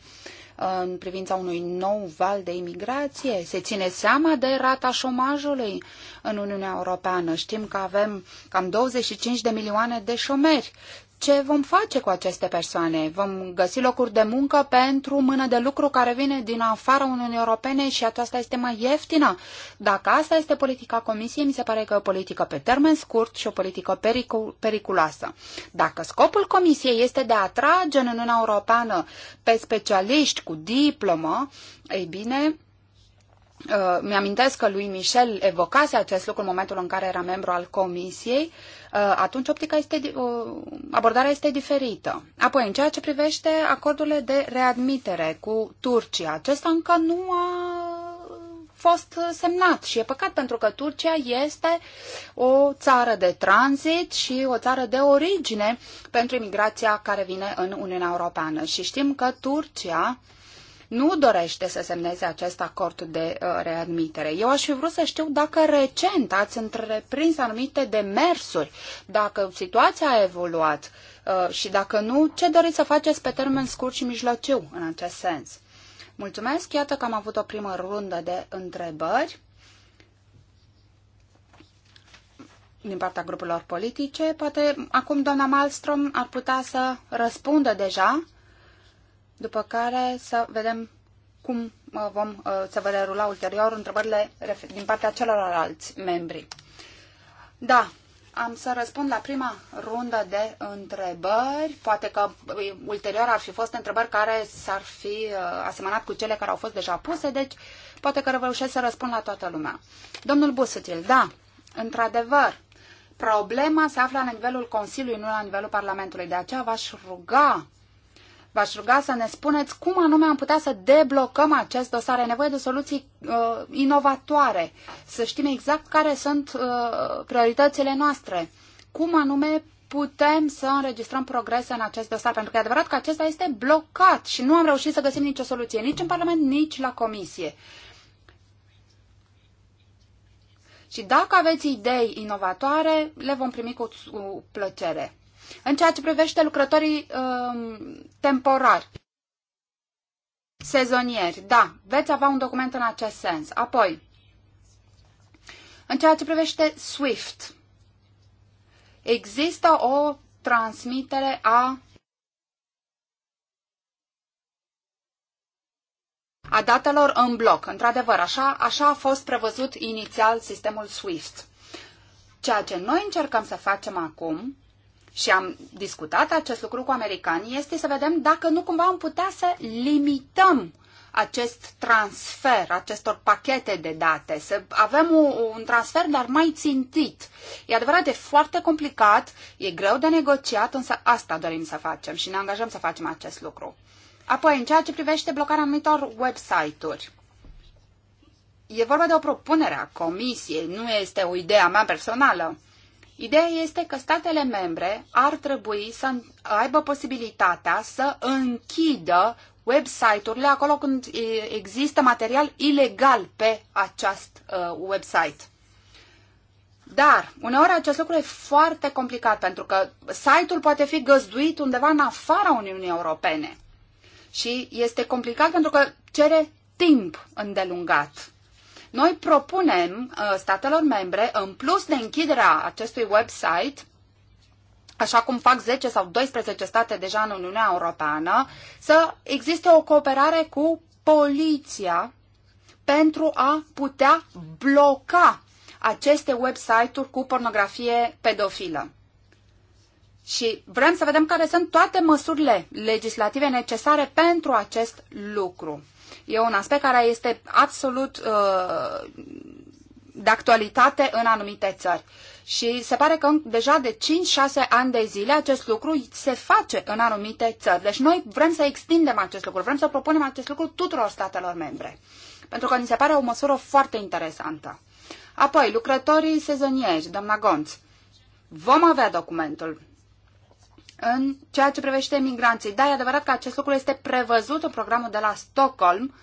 în privința unui nou val de imigrație? Se ține seama de rata șomajului în Uniunea Europeană? Știm că avem cam 25 de milioane de șomeri ce vom face cu aceste persoane? Vom găsi locuri de muncă pentru mână de lucru care vine din afara Uniunii Europene și aceasta este mai ieftină? Dacă asta este politica Comisiei, mi se pare că e o politică pe termen scurt și o politică pericul, periculoasă. Dacă scopul Comisiei este de a atrage în Uniunea Europeană pe specialiști cu diplomă, ei bine, uh, mi-amintesc că lui Michel evocase acest lucru în momentul în care era membru al Comisiei Uh, atunci optica este, uh, abordarea este diferită. Apoi, în ceea ce privește acordurile de readmitere cu Turcia, acesta încă nu a fost semnat și e păcat pentru că Turcia este o țară de tranzit și o țară de origine pentru imigrația care vine în Uniunea Europeană. Și știm că Turcia nu dorește să semneze acest acord de uh, readmitere. Eu aș fi vrut să știu dacă recent ați întreprins anumite demersuri, dacă situația a evoluat uh, și dacă nu, ce doriți să faceți pe termen scurt și mijlociu în acest sens. Mulțumesc, iată că am avut o primă rundă de întrebări. din partea grupurilor politice. Poate acum doamna Malmström ar putea să răspundă deja după care să vedem cum uh, vom, uh, se va derula ulterior întrebările din partea celorlalți membri. Da, am să răspund la prima rundă de întrebări. Poate că uh, ulterior ar fi fost întrebări care s-ar fi asemănat cu cele care au fost deja puse, deci poate că reușesc să răspund la toată lumea. Domnul Busutil, da, într-adevăr, problema se află la nivelul Consiliului, nu la nivelul Parlamentului. De aceea v-aș ruga v-aș ruga să ne spuneți cum anume am putea să deblocăm acest dosar. E nevoie de soluții uh, inovatoare, să știm exact care sunt uh, prioritățile noastre. Cum anume putem să înregistrăm progrese în acest dosar, pentru că e adevărat că acesta este blocat și nu am reușit să găsim nicio soluție, nici în Parlament, nici la Comisie. Și dacă aveți idei inovatoare, le vom primi cu, cu plăcere. În ceea ce privește lucrătorii uh, temporari, sezonieri, da, veți avea un document în acest sens. Apoi, în ceea ce privește SWIFT, există o transmitere a a datelor în bloc. Într-adevăr, așa, așa a fost prevăzut inițial sistemul SWIFT. Ceea ce noi încercăm să facem acum și am discutat acest lucru cu americanii, este să vedem dacă nu cumva am putea să limităm acest transfer, acestor pachete de date, să avem un transfer, dar mai țintit. E adevărat, e foarte complicat, e greu de negociat, însă asta dorim să facem și ne angajăm să facem acest lucru. Apoi, în ceea ce privește blocarea anumitor website-uri, e vorba de o propunere a comisiei, nu este o idee a mea personală. Ideea este că statele membre ar trebui să aibă posibilitatea să închidă website-urile acolo când există material ilegal pe acest uh, website. Dar, uneori acest lucru e foarte complicat pentru că site-ul poate fi găzduit undeva în afara Uniunii Europene. Și este complicat pentru că cere timp îndelungat. Noi propunem uh, statelor membre, în plus de închiderea acestui website, așa cum fac 10 sau 12 state deja în Uniunea Europeană, să existe o cooperare cu poliția pentru a putea bloca aceste website-uri cu pornografie pedofilă. Și vrem să vedem care sunt toate măsurile legislative necesare pentru acest lucru. E un aspect care este absolut uh, de actualitate în anumite țări. Și se pare că deja de 5-6 ani de zile acest lucru se face în anumite țări. Deci noi vrem să extindem acest lucru, vrem să propunem acest lucru tuturor statelor membre. Pentru că ni se pare o măsură foarte interesantă. Apoi, lucrătorii sezonieri, doamna Gonț. Vom avea documentul în ceea ce privește migranții. Da, e adevărat că acest lucru este prevăzut în programul de la Stockholm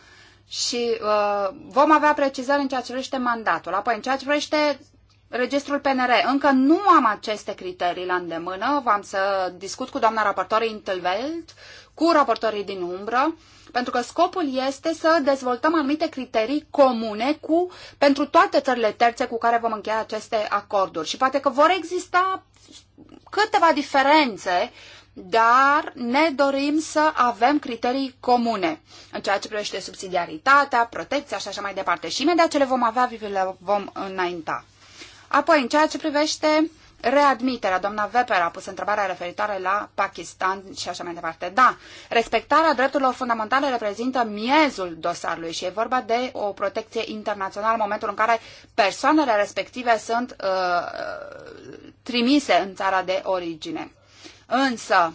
și uh, vom avea precizări în ceea ce privește mandatul. Apoi, în ceea ce privește registrul PNR, încă nu am aceste criterii la îndemână. V-am să discut cu doamna raportoare Intelveld, cu raportorii din umbră, pentru că scopul este să dezvoltăm anumite criterii comune cu, pentru toate țările terțe cu care vom încheia aceste acorduri. Și poate că vor exista câteva diferențe, dar ne dorim să avem criterii comune în ceea ce privește subsidiaritatea, protecția și așa mai departe. Și imediat ce le vom avea, le vom înainta. Apoi, în ceea ce privește uh, readmiterea, doamna Weber a pus întrebarea referitoare la Pakistan și așa mai departe. Da, respectarea drepturilor fundamentale reprezintă miezul dosarului și e vorba de o protecție internațională în momentul în care persoanele respective sunt uh, trimise în țara de origine. Însă,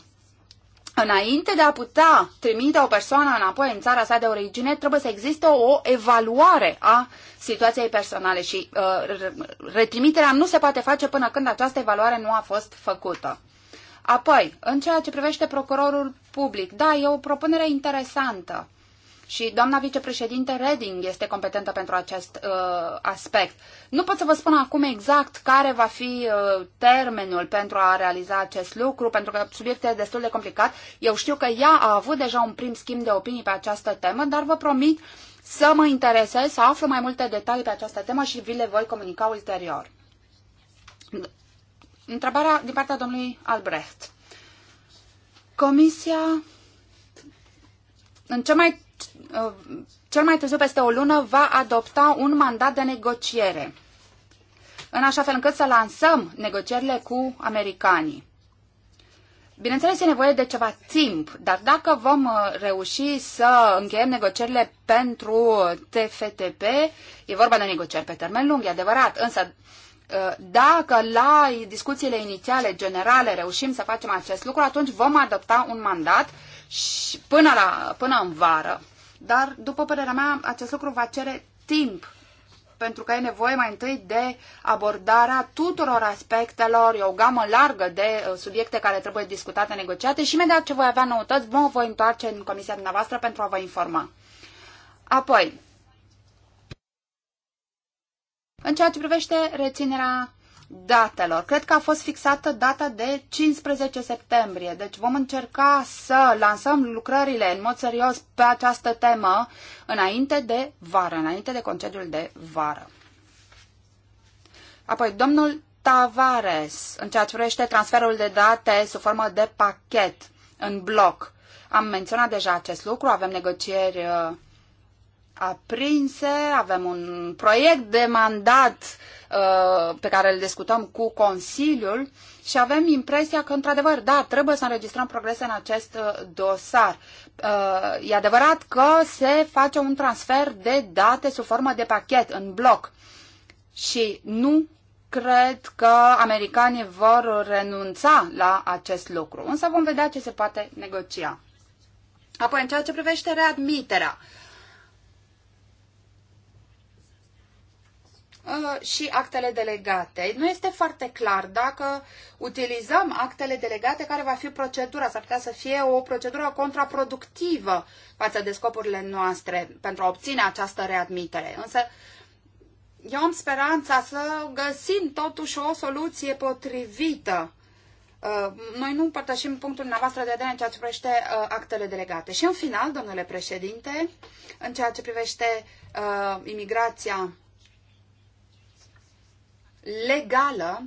înainte de a putea trimite o persoană înapoi în țara sa de origine, trebuie să existe o evaluare a situației personale și uh, retrimiterea nu se poate face până când această evaluare nu a fost făcută. Apoi, în ceea ce privește procurorul public, da, e o propunere interesantă și doamna vicepreședinte Reding este competentă pentru acest uh, aspect. Nu pot să vă spun acum exact care va fi uh, termenul pentru a realiza acest lucru, pentru că subiectul este destul de complicat. Eu știu că ea a avut deja un prim schimb de opinii pe această temă, dar vă promit să mă interesez, să aflu mai multe detalii pe această temă și vi le voi comunica ulterior. Întrebarea din partea domnului Albrecht. Comisia în ce mai Uh, cel mai târziu peste o lună va adopta un mandat de negociere, în așa fel încât să lansăm negocierile cu americanii. Bineînțeles, e nevoie de ceva timp, dar dacă vom uh, reuși să încheiem negocierile pentru TFTP, e vorba de negocieri pe termen lung, e adevărat, însă uh, dacă la discuțiile inițiale, generale, reușim să facem acest lucru, atunci vom adopta un mandat și până, la, până în vară. Dar, după părerea mea, acest lucru va cere timp pentru că e nevoie mai întâi de abordarea tuturor aspectelor, e o gamă largă de uh, subiecte care trebuie discutate, negociate și imediat ce voi avea noutăți, mă voi întoarce în comisia dumneavoastră pentru a vă informa. Apoi, în ceea ce privește reținerea datelor. Cred că a fost fixată data de 15 septembrie, deci vom încerca să lansăm lucrările în mod serios pe această temă înainte de vară, înainte de concediul de vară. Apoi, domnul Tavares, în ceea ce privește transferul de date sub formă de pachet în bloc. Am menționat deja acest lucru, avem negocieri uh, aprinse, avem un proiect de mandat uh, pe care îl discutăm cu Consiliul și avem impresia că, într-adevăr, da, trebuie să înregistrăm progrese în acest uh, dosar. Uh, e adevărat că se face un transfer de date sub formă de pachet, în bloc. Și nu cred că americanii vor renunța la acest lucru. Însă vom vedea ce se poate negocia. Apoi, în ceea ce privește readmiterea, Uh, și actele delegate. Nu este foarte clar dacă utilizăm actele delegate care va fi procedura, s-ar putea să fie o procedură contraproductivă față de scopurile noastre pentru a obține această readmitere. Însă eu am speranța să găsim totuși o soluție potrivită. Uh, noi nu împărtășim punctul dumneavoastră de vedere în ceea ce privește uh, actele delegate. Și în final, domnule președinte, în ceea ce privește imigrația legală,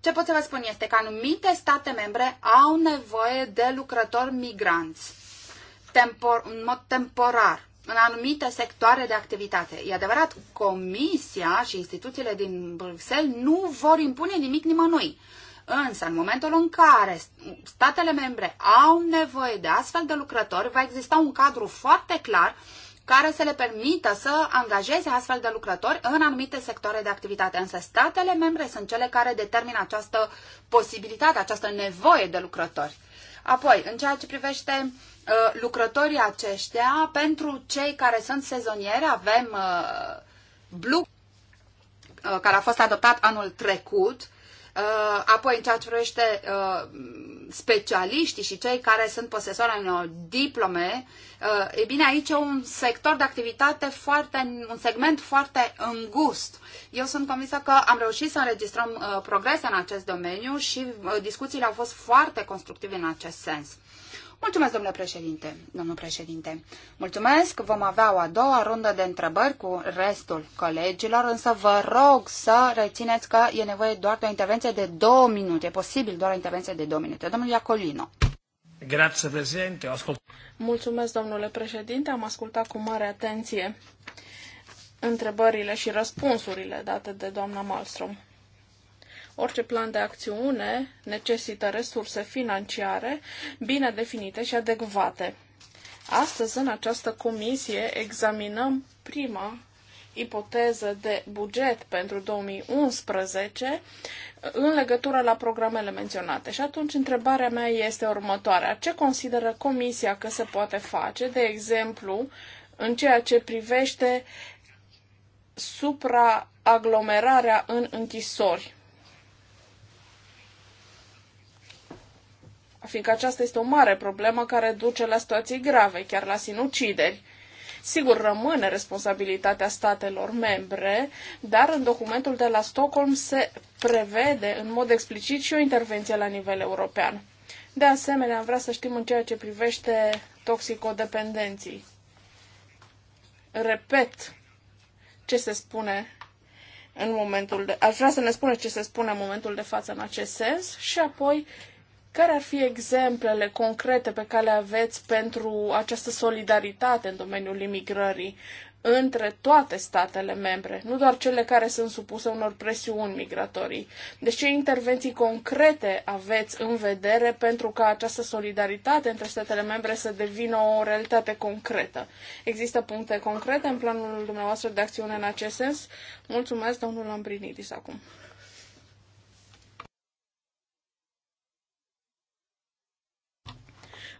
ce pot să vă spun este că anumite state membre au nevoie de lucrători migranți tempor, în mod temporar în anumite sectoare de activitate. E adevărat, Comisia și instituțiile din Bruxelles nu vor impune nimic nimănui. Însă, în momentul în care statele membre au nevoie de astfel de lucrători, va exista un cadru foarte clar care să le permită să angajeze astfel de lucrători în anumite sectoare de activitate. Însă statele membre sunt cele care determină această posibilitate, această nevoie de lucrători. Apoi, în ceea ce privește uh, lucrătorii aceștia, pentru cei care sunt sezonieri, avem uh, Blue, uh, care a fost adoptat anul trecut, uh, apoi în ceea ce privește uh, specialiștii și cei care sunt posesori unor diplome, eh, e bine, aici e un sector de activitate foarte, un segment foarte îngust. Eu sunt convinsă că am reușit să înregistrăm eh, progrese în acest domeniu și eh, discuțiile au fost foarte constructive în acest sens. Mulțumesc, domnule președinte. Domnul președinte, mulțumesc. Vom avea o a doua rundă de întrebări cu restul colegilor, însă vă rog să rețineți că e nevoie doar de o intervenție de două minute. E posibil doar o intervenție de două minute. Domnul Iacolino. Grazie, președinte. Ascult... Mulțumesc, domnule președinte. Am ascultat cu mare atenție întrebările și răspunsurile date de doamna Malmström. Orice plan de acțiune necesită resurse financiare bine definite și adecvate. Astăzi, în această comisie, examinăm prima ipoteză de buget pentru 2011 în legătură la programele menționate. Și atunci întrebarea mea este următoarea. Ce consideră Comisia că se poate face, de exemplu, în ceea ce privește supraaglomerarea în închisori? fiindcă aceasta este o mare problemă care duce la situații grave, chiar la sinucideri. Sigur, rămâne responsabilitatea statelor membre, dar în documentul de la Stockholm se prevede în mod explicit și o intervenție la nivel european. De asemenea, am vrea să știm în ceea ce privește toxicodependenții. Repet ce se spune în momentul de... Aș vrea să ne spune ce se spune în momentul de față în acest sens și apoi care ar fi exemplele concrete pe care le aveți pentru această solidaritate în domeniul imigrării între toate statele membre, nu doar cele care sunt supuse unor presiuni migratorii? Deci ce intervenții concrete aveți în vedere pentru ca această solidaritate între statele membre să devină o realitate concretă? Există puncte concrete în planul dumneavoastră de acțiune în acest sens? Mulțumesc, domnul Lambrinidis, acum.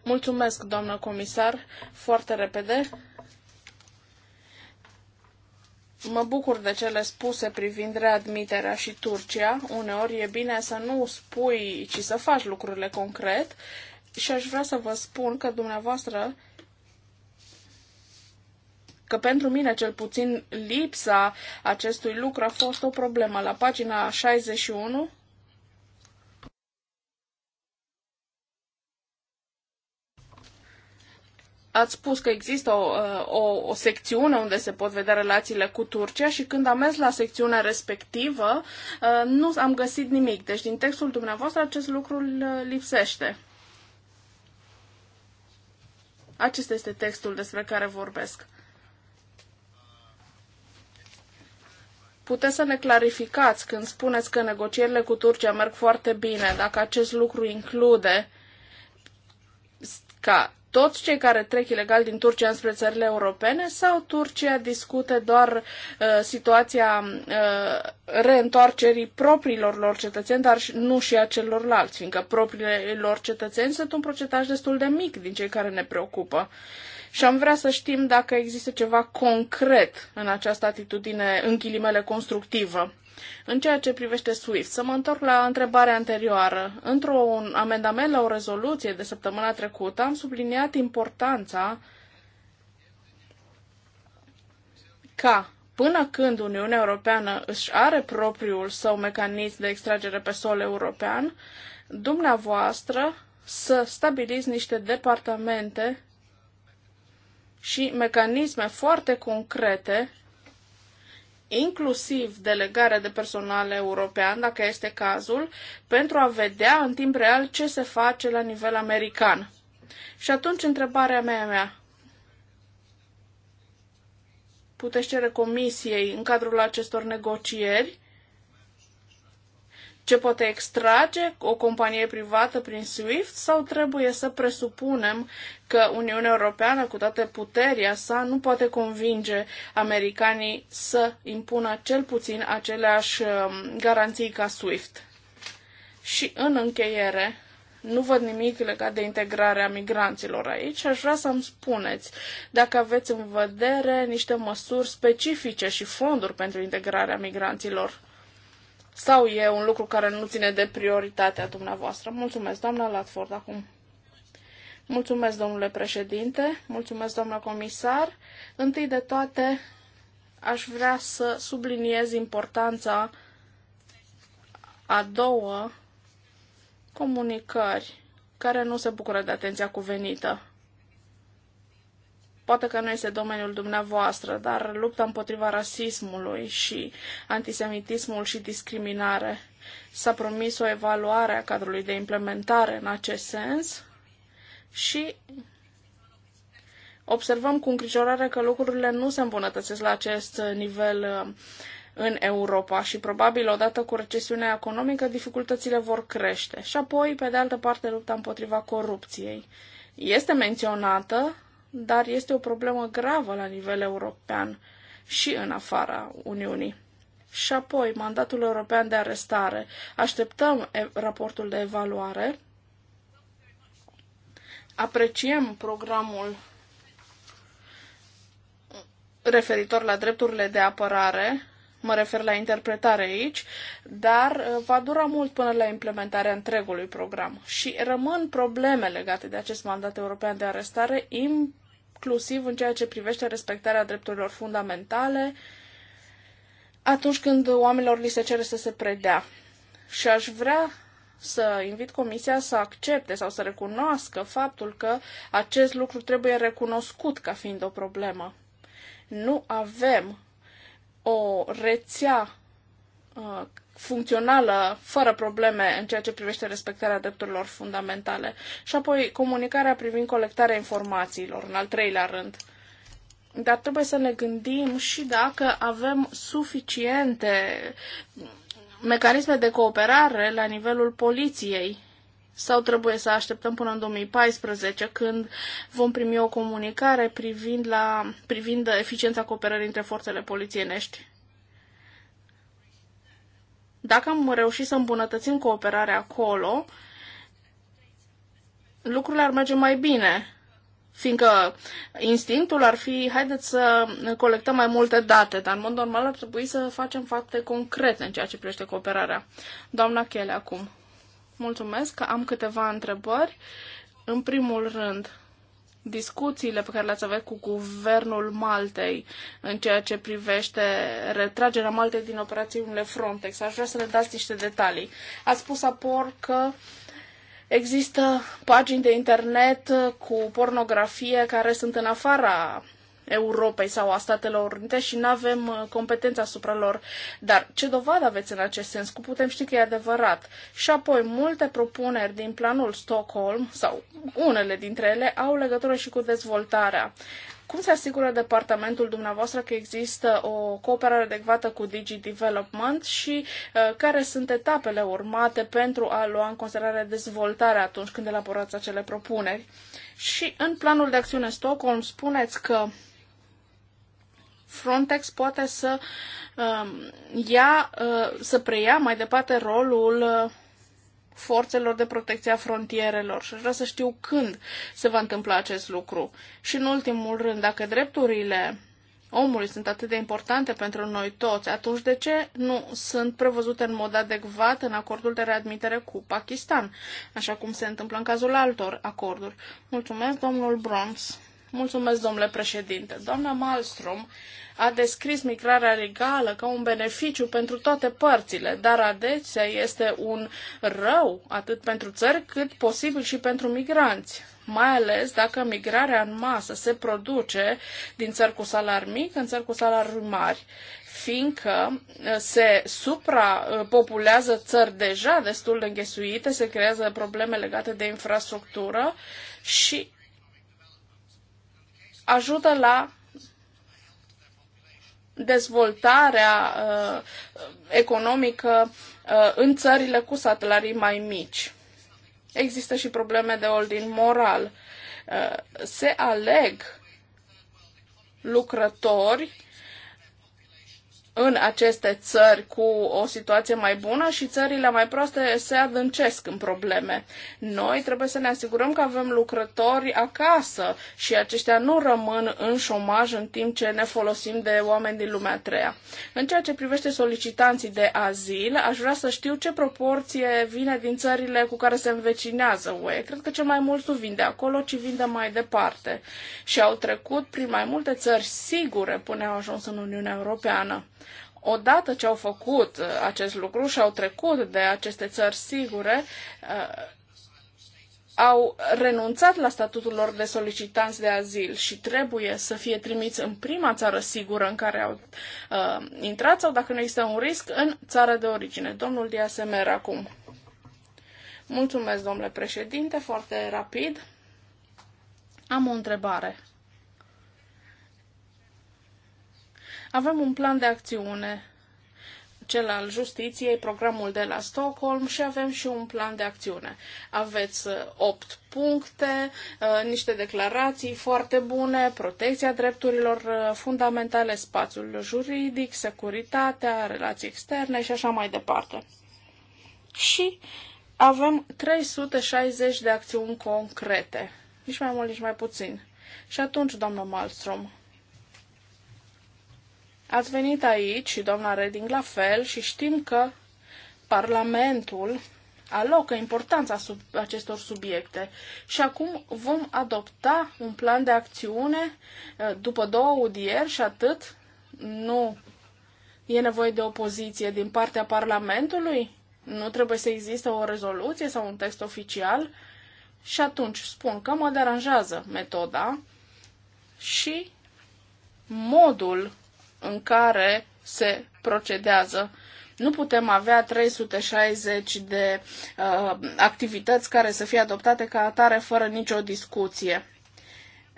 Mulțumesc, doamnă comisar, foarte repede. Mă bucur de cele spuse privind readmiterea și Turcia. Uneori e bine să nu spui, ci să faci lucrurile concret. Și aș vrea să vă spun că dumneavoastră că pentru mine cel puțin lipsa acestui lucru a fost o problemă. La pagina 61 ați spus că există o, uh, o, o secțiune unde se pot vedea relațiile cu Turcia și când am mers la secțiunea respectivă, uh, nu am găsit nimic. Deci din textul dumneavoastră acest lucru uh, lipsește. Acesta este textul despre care vorbesc. Puteți să ne clarificați când spuneți că negocierile cu Turcia merg foarte bine, dacă acest lucru include ca toți cei care trec ilegal din Turcia înspre țările europene sau Turcia discute doar uh, situația uh, reîntoarcerii propriilor lor cetățeni, dar nu și a celorlalți, fiindcă propriile lor cetățeni sunt un procentaj destul de mic din cei care ne preocupă. Și am vrea să știm dacă există ceva concret în această atitudine, în ghilimele, constructivă. În ceea ce privește SWIFT, să mă întorc la întrebarea anterioară. Într-un amendament la o rezoluție de săptămâna trecută am subliniat importanța ca până când Uniunea Europeană își are propriul său mecanism de extragere pe sol european, dumneavoastră să stabiliți niște departamente și mecanisme foarte concrete inclusiv delegarea de personal european, dacă este cazul, pentru a vedea în timp real ce se face la nivel american. Și atunci întrebarea mea mea. Puteți cere comisiei în cadrul acestor negocieri ce poate extrage o companie privată prin SWIFT sau trebuie să presupunem că Uniunea Europeană, cu toate puterea sa, nu poate convinge americanii să impună cel puțin aceleași um, garanții ca SWIFT. Și în încheiere, nu văd nimic legat de integrarea migranților aici. Aș vrea să-mi spuneți dacă aveți în vedere niște măsuri specifice și fonduri pentru integrarea migranților sau e un lucru care nu ține de prioritatea dumneavoastră? Mulțumesc, doamna Latford, acum. Mulțumesc, domnule președinte, mulțumesc, doamna comisar. Întâi de toate, aș vrea să subliniez importanța a două comunicări care nu se bucură de atenția cuvenită. Poate că nu este domeniul dumneavoastră, dar lupta împotriva rasismului și antisemitismul și discriminare. S-a promis o evaluare a cadrului de implementare în acest sens și observăm cu îngrijorare că lucrurile nu se îmbunătățesc la acest nivel uh, în Europa și probabil odată cu recesiunea economică dificultățile vor crește. Și apoi, pe de altă parte, lupta împotriva corupției. Este menționată, dar este o problemă gravă la nivel european și în afara Uniunii. Și apoi, mandatul european de arestare. Așteptăm raportul de evaluare. Apreciem programul referitor la drepturile de apărare mă refer la interpretare aici, dar uh, va dura mult până la implementarea întregului program. Și rămân probleme legate de acest mandat european de arestare, inclusiv în ceea ce privește respectarea drepturilor fundamentale atunci când oamenilor li se cere să se predea. Și aș vrea să invit Comisia să accepte sau să recunoască faptul că acest lucru trebuie recunoscut ca fiind o problemă. Nu avem o rețea uh, funcțională, fără probleme în ceea ce privește respectarea drepturilor fundamentale. Și apoi comunicarea privind colectarea informațiilor, în al treilea rând. Dar trebuie să ne gândim și dacă avem suficiente mecanisme de cooperare la nivelul poliției sau trebuie să așteptăm până în 2014 când vom primi o comunicare privind, la, privind eficiența cooperării între forțele polițienești? Dacă am reușit să îmbunătățim cooperarea acolo, lucrurile ar merge mai bine, fiindcă instinctul ar fi, haideți să colectăm mai multe date, dar în mod normal ar trebui să facem fapte concrete în ceea ce privește cooperarea. Doamna Chele, acum. Mulțumesc că am câteva întrebări. În primul rând, discuțiile pe care le-ați avut cu guvernul Maltei în ceea ce privește retragerea Maltei din operațiunile Frontex. Aș vrea să le dați niște detalii. A spus apor că există pagini de internet cu pornografie care sunt în afara Europei sau a Statelor Unite și nu avem uh, competența asupra lor. Dar ce dovadă aveți în acest sens? Cum putem ști că e adevărat? Și apoi, multe propuneri din planul Stockholm, sau unele dintre ele, au legătură și cu dezvoltarea. Cum se asigură departamentul dumneavoastră că există o cooperare adecvată cu Digi Development și uh, care sunt etapele urmate pentru a lua în considerare dezvoltarea atunci când elaborați acele propuneri? Și în planul de acțiune Stockholm spuneți că Frontex poate să um, ia, uh, să preia mai departe rolul uh, forțelor de protecție a frontierelor și aș vrea să știu când se va întâmpla acest lucru. Și în ultimul rând, dacă drepturile omului sunt atât de importante pentru noi toți, atunci de ce nu sunt prevăzute în mod adecvat în acordul de readmitere cu Pakistan, așa cum se întâmplă în cazul altor acorduri? Mulțumesc, domnul Bronx. Mulțumesc, domnule președinte. Doamna Malmström a descris migrarea regală ca un beneficiu pentru toate părțile, dar adesea este un rău atât pentru țări cât posibil și pentru migranți mai ales dacă migrarea în masă se produce din țări cu salarii mic în țări cu salarii mari, fiindcă uh, se suprapopulează uh, țări deja destul de înghesuite, se creează probleme legate de infrastructură și ajută la dezvoltarea uh, economică uh, în țările cu satelarii mai mici. Există și probleme de ordin moral. Uh, se aleg lucrători în aceste țări cu o situație mai bună și țările mai proaste se adâncesc în probleme. Noi trebuie să ne asigurăm că avem lucrători acasă și aceștia nu rămân în șomaj în timp ce ne folosim de oameni din lumea a treia. În ceea ce privește solicitanții de azil, aș vrea să știu ce proporție vine din țările cu care se învecinează UE. Cred că cel mai mult nu vin de acolo, ci vin de mai departe. Și au trecut prin mai multe țări sigure până au ajuns în Uniunea Europeană. Odată ce au făcut uh, acest lucru și au trecut de aceste țări sigure, uh, au renunțat la statutul lor de solicitanți de azil și trebuie să fie trimiți în prima țară sigură în care au uh, intrat sau, dacă nu există un risc, în țara de origine. Domnul Diasemer acum. Mulțumesc, domnule președinte, foarte rapid. Am o întrebare. Avem un plan de acțiune, cel al justiției, programul de la Stockholm și avem și un plan de acțiune. Aveți 8 uh, puncte, uh, niște declarații foarte bune, protecția drepturilor uh, fundamentale, spațiul juridic, securitatea, relații externe și așa mai departe. Și avem 360 de acțiuni concrete. Nici mai mult, nici mai puțin. Și atunci, doamnă Malmström, Ați venit aici și doamna Reding la fel și știm că Parlamentul alocă importanța sub acestor subiecte și acum vom adopta un plan de acțiune eh, după două audieri și atât. Nu e nevoie de opoziție din partea Parlamentului? Nu trebuie să existe o rezoluție sau un text oficial? Și atunci spun că mă deranjează metoda și modul în care se procedează. Nu putem avea 360 de uh, activități care să fie adoptate ca atare fără nicio discuție.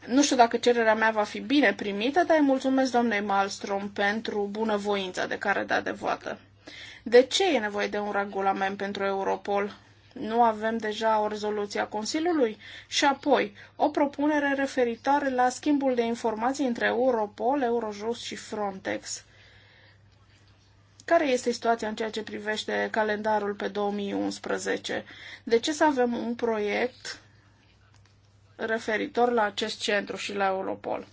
Nu știu dacă cererea mea va fi bine primită, dar îi mulțumesc doamnei Malmström pentru bunăvoința de care da de voată. De ce e nevoie de un regulament pentru Europol? Nu avem deja o rezoluție a Consiliului? Și apoi, o propunere referitoare la schimbul de informații între Europol, Eurojust și Frontex. Care este situația în ceea ce privește calendarul pe 2011? De ce să avem un proiect referitor la acest centru și la Europol?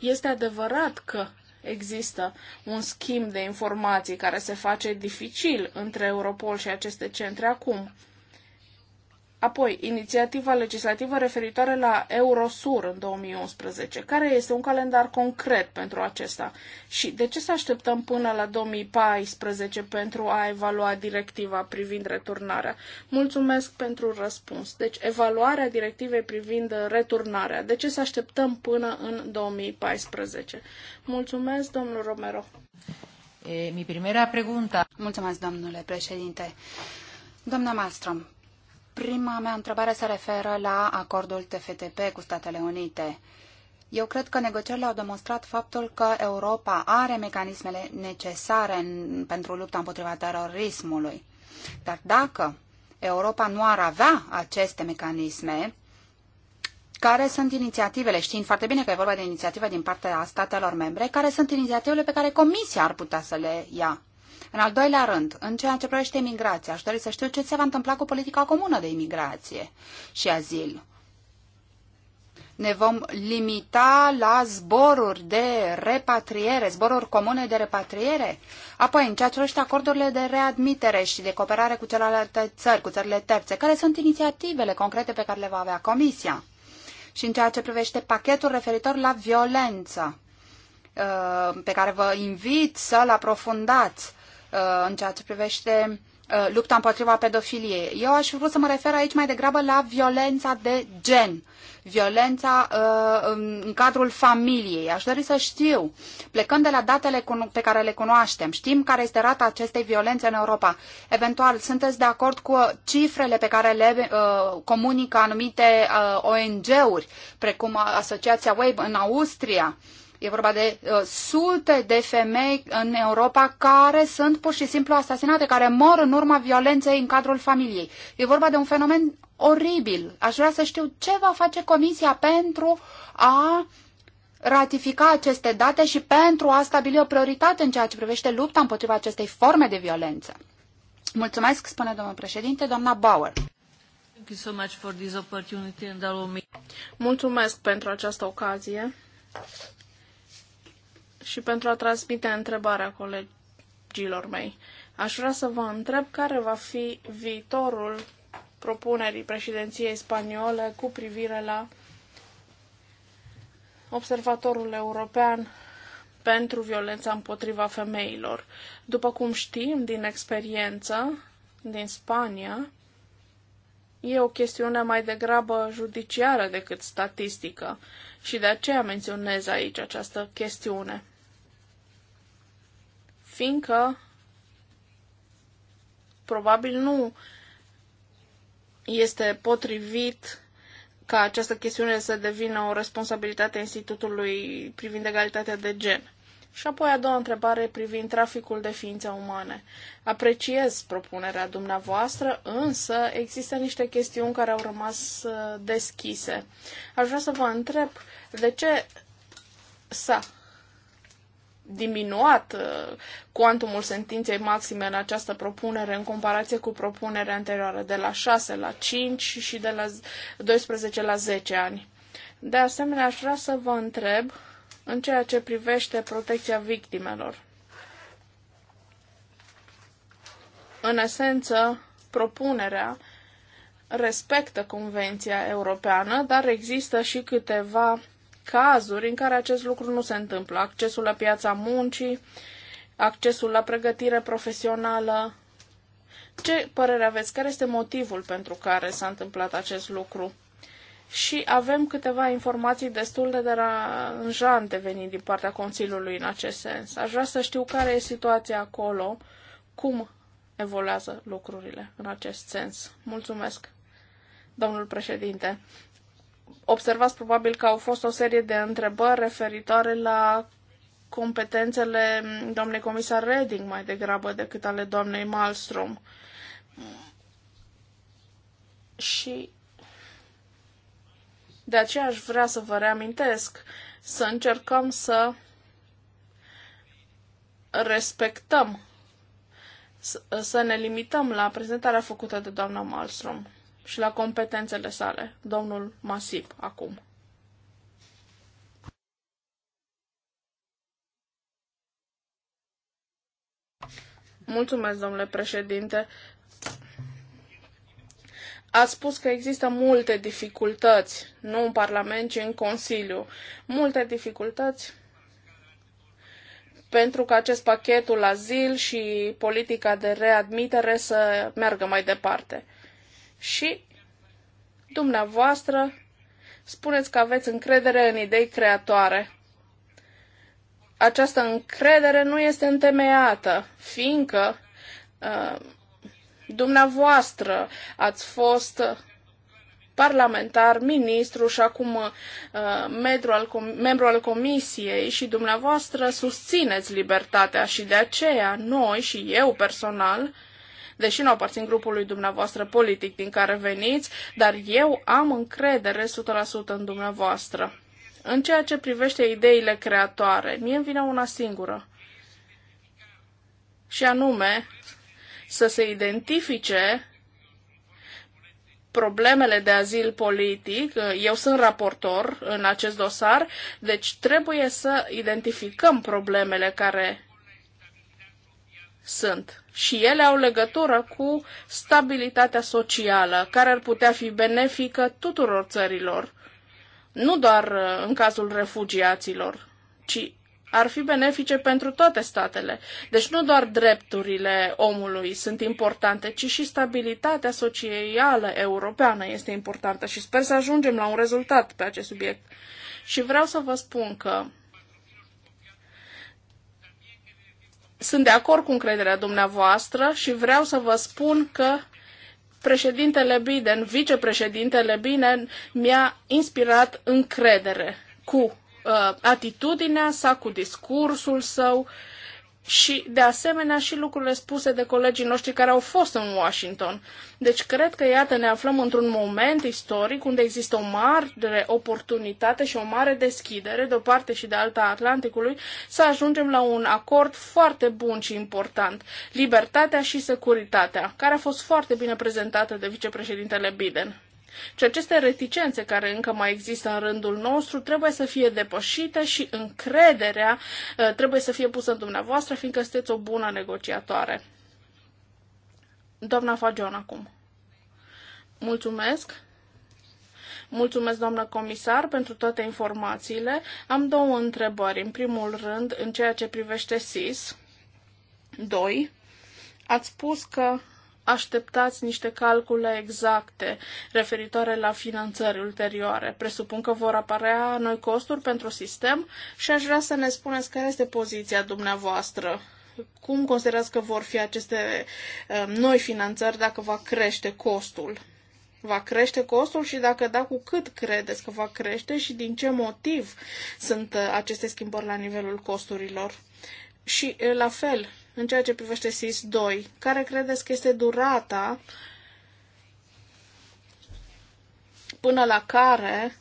Este adevărat că există un schimb de informații care se face dificil între Europol și aceste centre acum. Apoi, inițiativa legislativă referitoare la Eurosur în 2011. Care este un calendar concret pentru acesta? Și de ce să așteptăm până la 2014 pentru a evalua directiva privind returnarea? Mulțumesc pentru răspuns. Deci, evaluarea directivei privind returnarea. De ce să așteptăm până în 2014? Mulțumesc, domnul Romero. E, mi primera pregunta. Mulțumesc, domnule președinte. Doamna Malmström, Prima mea întrebare se referă la acordul TFTP cu Statele Unite. Eu cred că negocierile au demonstrat faptul că Europa are mecanismele necesare în, pentru lupta împotriva terorismului. Dar dacă Europa nu ar avea aceste mecanisme, care sunt inițiativele, știind foarte bine că e vorba de inițiative din partea statelor membre, care sunt inițiativele pe care Comisia ar putea să le ia în al doilea rând, în ceea ce privește imigrația, aș dori să știu ce se va întâmpla cu politica comună de imigrație și azil ne vom limita la zboruri de repatriere, zboruri comune de repatriere. Apoi, în ceea ce privește acordurile de readmitere și de cooperare cu celelalte țări, cu țările terțe, care sunt inițiativele concrete pe care le va avea Comisia? Și în ceea ce privește pachetul referitor la violență, uh, pe care vă invit să-l aprofundați, Uh, în ceea ce privește uh, lupta împotriva pedofiliei. Eu aș vrea să mă refer aici mai degrabă la violența de gen, violența uh, în cadrul familiei. Aș dori să știu, plecând de la datele pe care le cunoaștem, știm care este rata acestei violențe în Europa. Eventual, sunteți de acord cu cifrele pe care le uh, comunică anumite uh, ONG-uri, precum Asociația Web în Austria, uh, E vorba de uh, sute de femei în Europa care sunt pur și simplu asasinate, care mor în urma violenței în cadrul familiei. E vorba de un fenomen oribil. Aș vrea să știu ce va face Comisia pentru a ratifica aceste date și pentru a stabili o prioritate în ceea ce privește lupta împotriva acestei forme de violență. Mulțumesc, spune domnul președinte, doamna Bauer. Mulțumesc pentru această ocazie și pentru a transmite întrebarea colegilor mei. Aș vrea să vă întreb care va fi viitorul propunerii președinției spaniole cu privire la observatorul european pentru violența împotriva femeilor. După cum știm din experiență din Spania, e o chestiune mai degrabă judiciară decât statistică și de aceea menționez aici această chestiune fiindcă probabil nu este potrivit ca această chestiune să devină o responsabilitate a Institutului privind egalitatea de gen. Și apoi a doua întrebare privind traficul de ființe umane. Apreciez propunerea dumneavoastră, însă există niște chestiuni care au rămas uh, deschise. Aș vrea să vă întreb de ce s-a diminuat uh, cuantumul sentinței maxime în această propunere în comparație cu propunerea anterioară de la 6 la 5 și de la 12 la 10 ani. De asemenea, aș vrea să vă întreb în ceea ce privește protecția victimelor. În esență, propunerea respectă Convenția Europeană, dar există și câteva cazuri în care acest lucru nu se întâmplă. Accesul la piața muncii, accesul la pregătire profesională. Ce părere aveți? Care este motivul pentru care s-a întâmplat acest lucru? Și avem câteva informații destul de deranjante venind din partea Consiliului în acest sens. Aș vrea să știu care e situația acolo, cum evoluează lucrurile în acest sens. Mulțumesc, domnul președinte observați probabil că au fost o serie de întrebări referitoare la competențele doamnei comisar Reding mai degrabă decât ale doamnei Malmström. Și de aceea aș vrea să vă reamintesc să încercăm să respectăm, să ne limităm la prezentarea făcută de doamna Malmström și la competențele sale. Domnul Masip, acum. Mulțumesc, domnule președinte. A spus că există multe dificultăți, nu în Parlament, ci în Consiliu. Multe dificultăți pentru că acest pachetul azil și politica de readmitere să meargă mai departe și dumneavoastră spuneți că aveți încredere în idei creatoare. Această încredere nu este întemeiată, fiindcă uh, dumneavoastră ați fost parlamentar, ministru și acum uh, al membru al comisiei și dumneavoastră susțineți libertatea și de aceea noi și eu personal deși nu aparțin grupului dumneavoastră politic din care veniți, dar eu am încredere 100% în dumneavoastră. În ceea ce privește ideile creatoare, mie îmi vine una singură. Și anume, să se identifice problemele de azil politic. Eu sunt raportor în acest dosar, deci trebuie să identificăm problemele care sunt și ele au legătură cu stabilitatea socială, care ar putea fi benefică tuturor țărilor, nu doar uh, în cazul refugiaților, ci ar fi benefice pentru toate statele. Deci nu doar drepturile omului sunt importante, ci și stabilitatea socială europeană este importantă și sper să ajungem la un rezultat pe acest subiect. Și vreau să vă spun că Sunt de acord cu încrederea dumneavoastră și vreau să vă spun că președintele Biden, vicepreședintele Biden, mi-a inspirat încredere cu uh, atitudinea sa, cu discursul său și, de asemenea, și lucrurile spuse de colegii noștri care au fost în Washington. Deci, cred că, iată, ne aflăm într-un moment istoric unde există o mare oportunitate și o mare deschidere, de o parte și de alta a Atlanticului, să ajungem la un acord foarte bun și important. Libertatea și securitatea, care a fost foarte bine prezentată de vicepreședintele Biden. Și aceste reticențe care încă mai există în rândul nostru trebuie să fie depășite și încrederea uh, trebuie să fie pusă în dumneavoastră, fiindcă sunteți o bună negociatoare. Doamna Fagion acum. Mulțumesc. Mulțumesc, doamnă comisar, pentru toate informațiile. Am două întrebări. În primul rând, în ceea ce privește SIS 2, ați spus că așteptați niște calcule exacte referitoare la finanțări ulterioare. Presupun că vor apărea noi costuri pentru sistem și aș vrea să ne spuneți care este poziția dumneavoastră. Cum considerați că vor fi aceste um, noi finanțări dacă va crește costul? va crește costul și dacă da, cu cât credeți că va crește și din ce motiv sunt uh, aceste schimbări la nivelul costurilor. Și uh, la fel, în ceea ce privește SIS-2? Care credeți că este durata până la care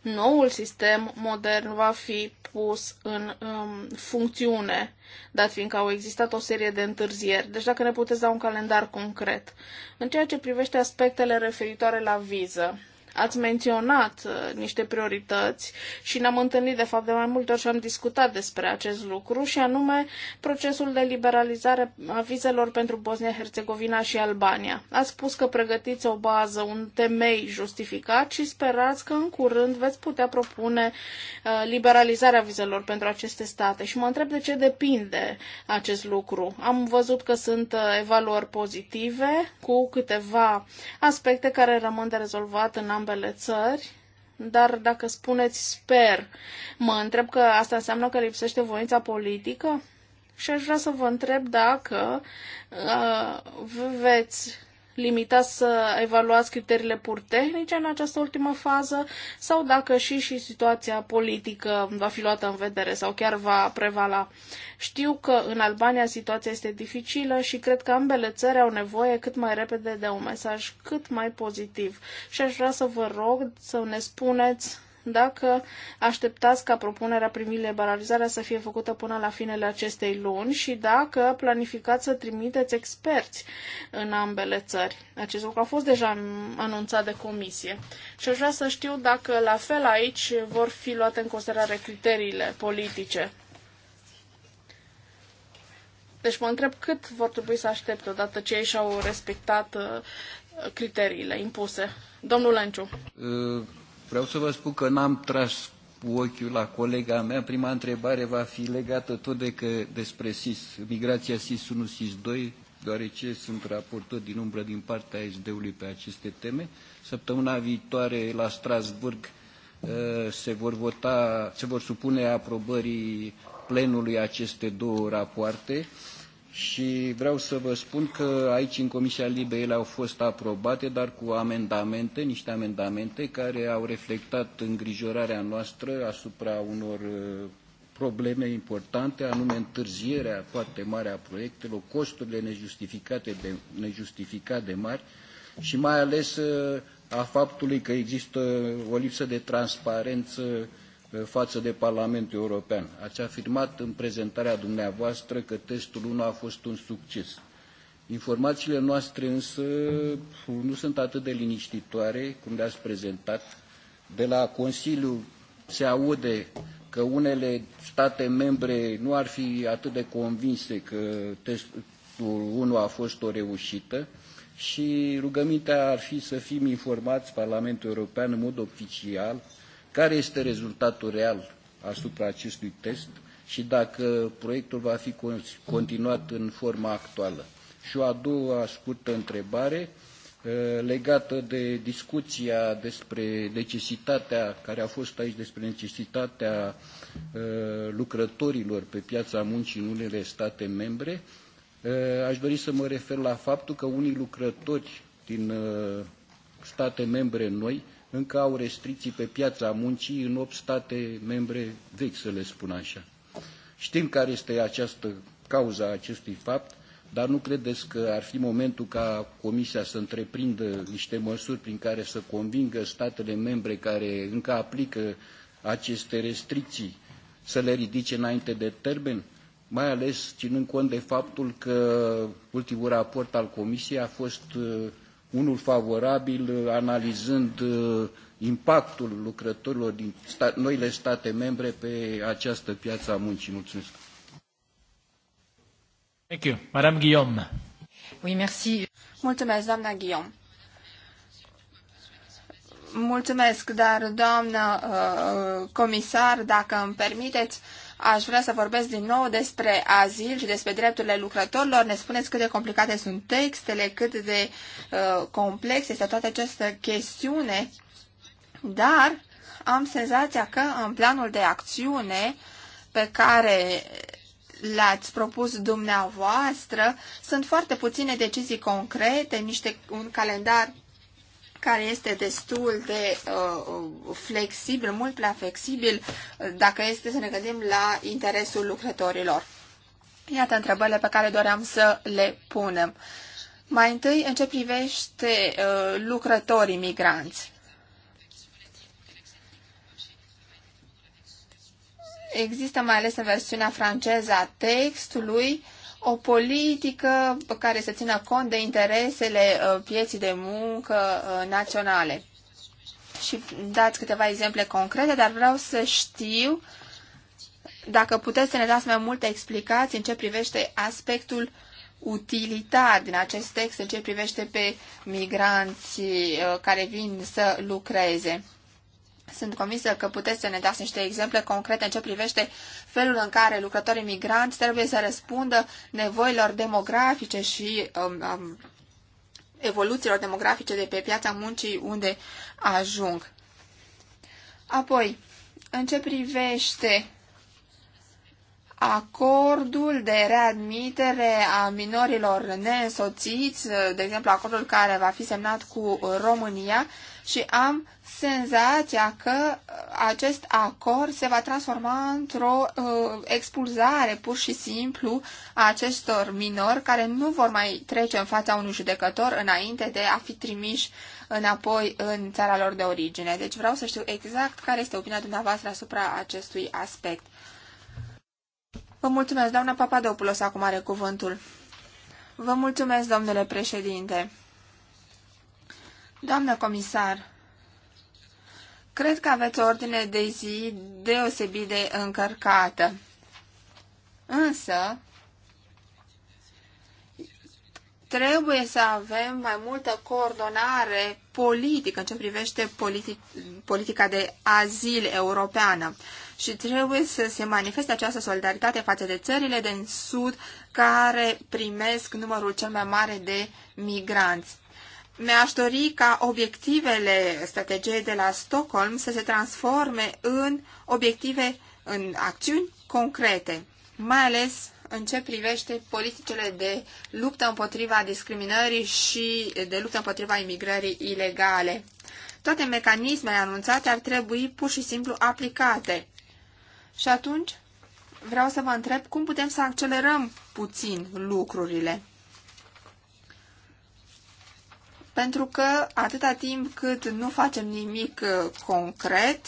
noul sistem modern va fi pus în um, funcțiune, dat fiindcă au existat o serie de întârzieri. Deci dacă ne puteți da un calendar concret. În ceea ce privește aspectele referitoare la viză, ați menționat uh, niște priorități și ne-am întâlnit de fapt de mai multe ori și am discutat despre acest lucru și anume procesul de liberalizare a vizelor pentru Bosnia-Herzegovina și Albania. Ați spus că pregătiți o bază, un temei justificat și sperați că în curând veți putea propune uh, liberalizarea vizelor pentru aceste state și mă întreb de ce depinde acest lucru. Am văzut că sunt uh, evaluări pozitive cu câteva aspecte care rămân de rezolvat în am ambele țări, dar dacă spuneți sper, mă întreb că asta înseamnă că lipsește voința politică? Și aș vrea să vă întreb dacă uh, veți limitați să evaluați criteriile pur tehnice în această ultimă fază sau dacă și, și situația politică va fi luată în vedere sau chiar va prevala. Știu că în Albania situația este dificilă și cred că ambele țări au nevoie cât mai repede de un mesaj cât mai pozitiv. Și aș vrea să vă rog să ne spuneți dacă așteptați ca propunerea privind liberalizarea să fie făcută până la finele acestei luni și dacă planificați să trimiteți experți în ambele țări. Acest lucru a fost deja anunțat de comisie. Și aș vrea să știu dacă la fel aici vor fi luate în considerare criteriile politice. Deci mă întreb cât vor trebui să aștepte odată ce ei și-au respectat uh, criteriile impuse. Domnul Lenciu. Uh Vreau să vă spun că n-am tras cu ochiul la colega mea. Prima întrebare va fi legată tot de că despre SIS, migrația SIS 1, SIS 2, deoarece sunt raportor din umbră din partea SD-ului pe aceste teme. Săptămâna viitoare la Strasburg ă, se vor vota, se vor supune aprobării plenului aceste două rapoarte și vreau să vă spun că aici în Comisia Libe ele au fost aprobate, dar cu amendamente, niște amendamente care au reflectat îngrijorarea noastră asupra unor uh, probleme importante, anume întârzierea foarte mare a proiectelor, costurile nejustificate de, nejustificate de mari și mai ales uh, a faptului că există o lipsă de transparență Eh, față de Parlamentul European. Ați afirmat în prezentarea dumneavoastră că testul 1 a fost un succes. Informațiile noastre însă nu sunt atât de liniștitoare cum le-ați prezentat. De la Consiliu se aude că unele state membre nu ar fi atât de convinse că testul 1 a fost o reușită și rugămintea ar fi să fim informați Parlamentul European în mod oficial care este rezultatul real asupra acestui test și dacă proiectul va fi continuat în forma actuală. Și o a doua scurtă întrebare ă, legată de discuția despre necesitatea, care a fost aici despre necesitatea ă, lucrătorilor pe piața muncii în unele state membre, ă, aș dori să mă refer la faptul că unii lucrători din state membre noi încă au restricții pe piața muncii în 8 state membre vechi, să le spun așa. Știm care este această cauza acestui fapt, dar nu credeți că ar fi momentul ca Comisia să întreprindă niște măsuri prin care să convingă statele membre care încă aplică aceste restricții să le ridice înainte de termen, mai ales ținând cont de faptul că ultimul raport al Comisiei a fost uh, unul favorabil uh, analizând uh, impactul lucrătorilor din noile state membre pe această piață a muncii. Mulțumesc. Thank you. Madame Guillaume. Oui, merci. Mulțumesc, doamna Guillaume. Mulțumesc, dar doamnă uh, comisar, dacă îmi permiteți, uh, Aș vrea să vorbesc din nou despre azil și despre drepturile lucrătorilor. Ne spuneți cât de complicate sunt textele, cât de uh, complexe este toată această chestiune, dar am senzația că în planul de acțiune pe care l-ați propus dumneavoastră, sunt foarte puține decizii concrete, niște, un calendar care este destul de uh, uh flexibil, mult prea flexibil, uh, dacă este să ne gândim la interesul lucrătorilor. Iată întrebările pe care doream să le punem. Mai întâi, în ce privește uh, lucrătorii migranți. Există mai ales în versiunea franceză a textului uh, o politică care să țină cont de interesele uh, pieții de muncă uh, naționale. Și dați câteva exemple concrete, dar vreau să știu dacă puteți să ne dați mai multe explicații în ce privește aspectul utilitar din acest text, în ce privește pe migranții uh, care vin să lucreze. Sunt convinsă că puteți să ne dați niște exemple concrete în ce privește felul în care lucrătorii migranți trebuie să răspundă nevoilor demografice și um, um, evoluțiilor demografice de pe piața muncii unde ajung. Apoi, în ce privește acordul de readmitere a minorilor neînsoțiți, de exemplu acordul care va fi semnat cu România, și am senzația că uh, acest acord se va transforma într-o uh, expulzare pur și simplu a acestor minori care nu vor mai trece în fața unui judecător înainte de a fi trimiși înapoi în țara lor de origine. Deci vreau să știu exact care este opinia dumneavoastră asupra acestui aspect. Vă mulțumesc, doamna Papadopoulos, acum are cuvântul. Vă mulțumesc, domnule președinte. Doamnă comisar, cred că aveți o ordine de zi deosebit de încărcată. Însă, trebuie să avem mai multă coordonare politică în ce privește politi politica de azil europeană și trebuie să se manifeste această solidaritate față de țările din Sud care primesc numărul cel mai mare de migranți. Mi-aș dori ca obiectivele strategiei de la Stockholm să se transforme în obiective, în acțiuni concrete, mai ales în ce privește politicele de luptă împotriva discriminării și de luptă împotriva imigrării ilegale. Toate mecanismele anunțate ar trebui pur și simplu aplicate. Și atunci vreau să vă întreb cum putem să accelerăm puțin lucrurile pentru că atâta timp cât nu facem nimic uh, concret,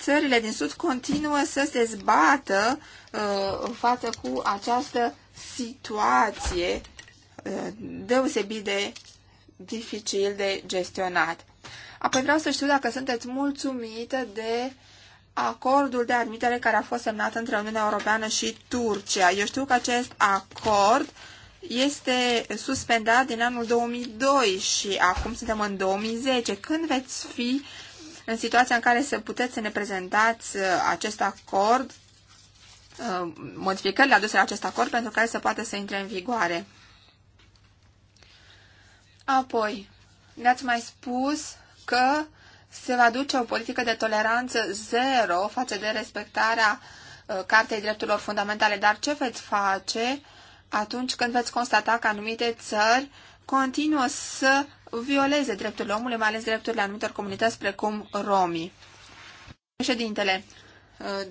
țările din Sud continuă să se zbată uh, în față cu această situație uh, deosebit de dificil de gestionat. Apoi vreau să știu dacă sunteți mulțumită de acordul de admitere care a fost semnat între Uniunea Europeană și Turcia. Eu știu că acest acord este suspendat din anul 2002 și acum suntem în 2010. Când veți fi în situația în care să puteți să ne prezentați uh, acest acord, uh, modificările aduse la acest acord pentru care să poată să intre în vigoare? Apoi, ne-ați mai spus că se va duce o politică de toleranță zero față de respectarea uh, Cartei Drepturilor Fundamentale, dar ce veți face uh, atunci când veți constata că anumite țări continuă să violeze drepturile omului, mai ales drepturile anumitor comunități precum romii. Președintele, uh,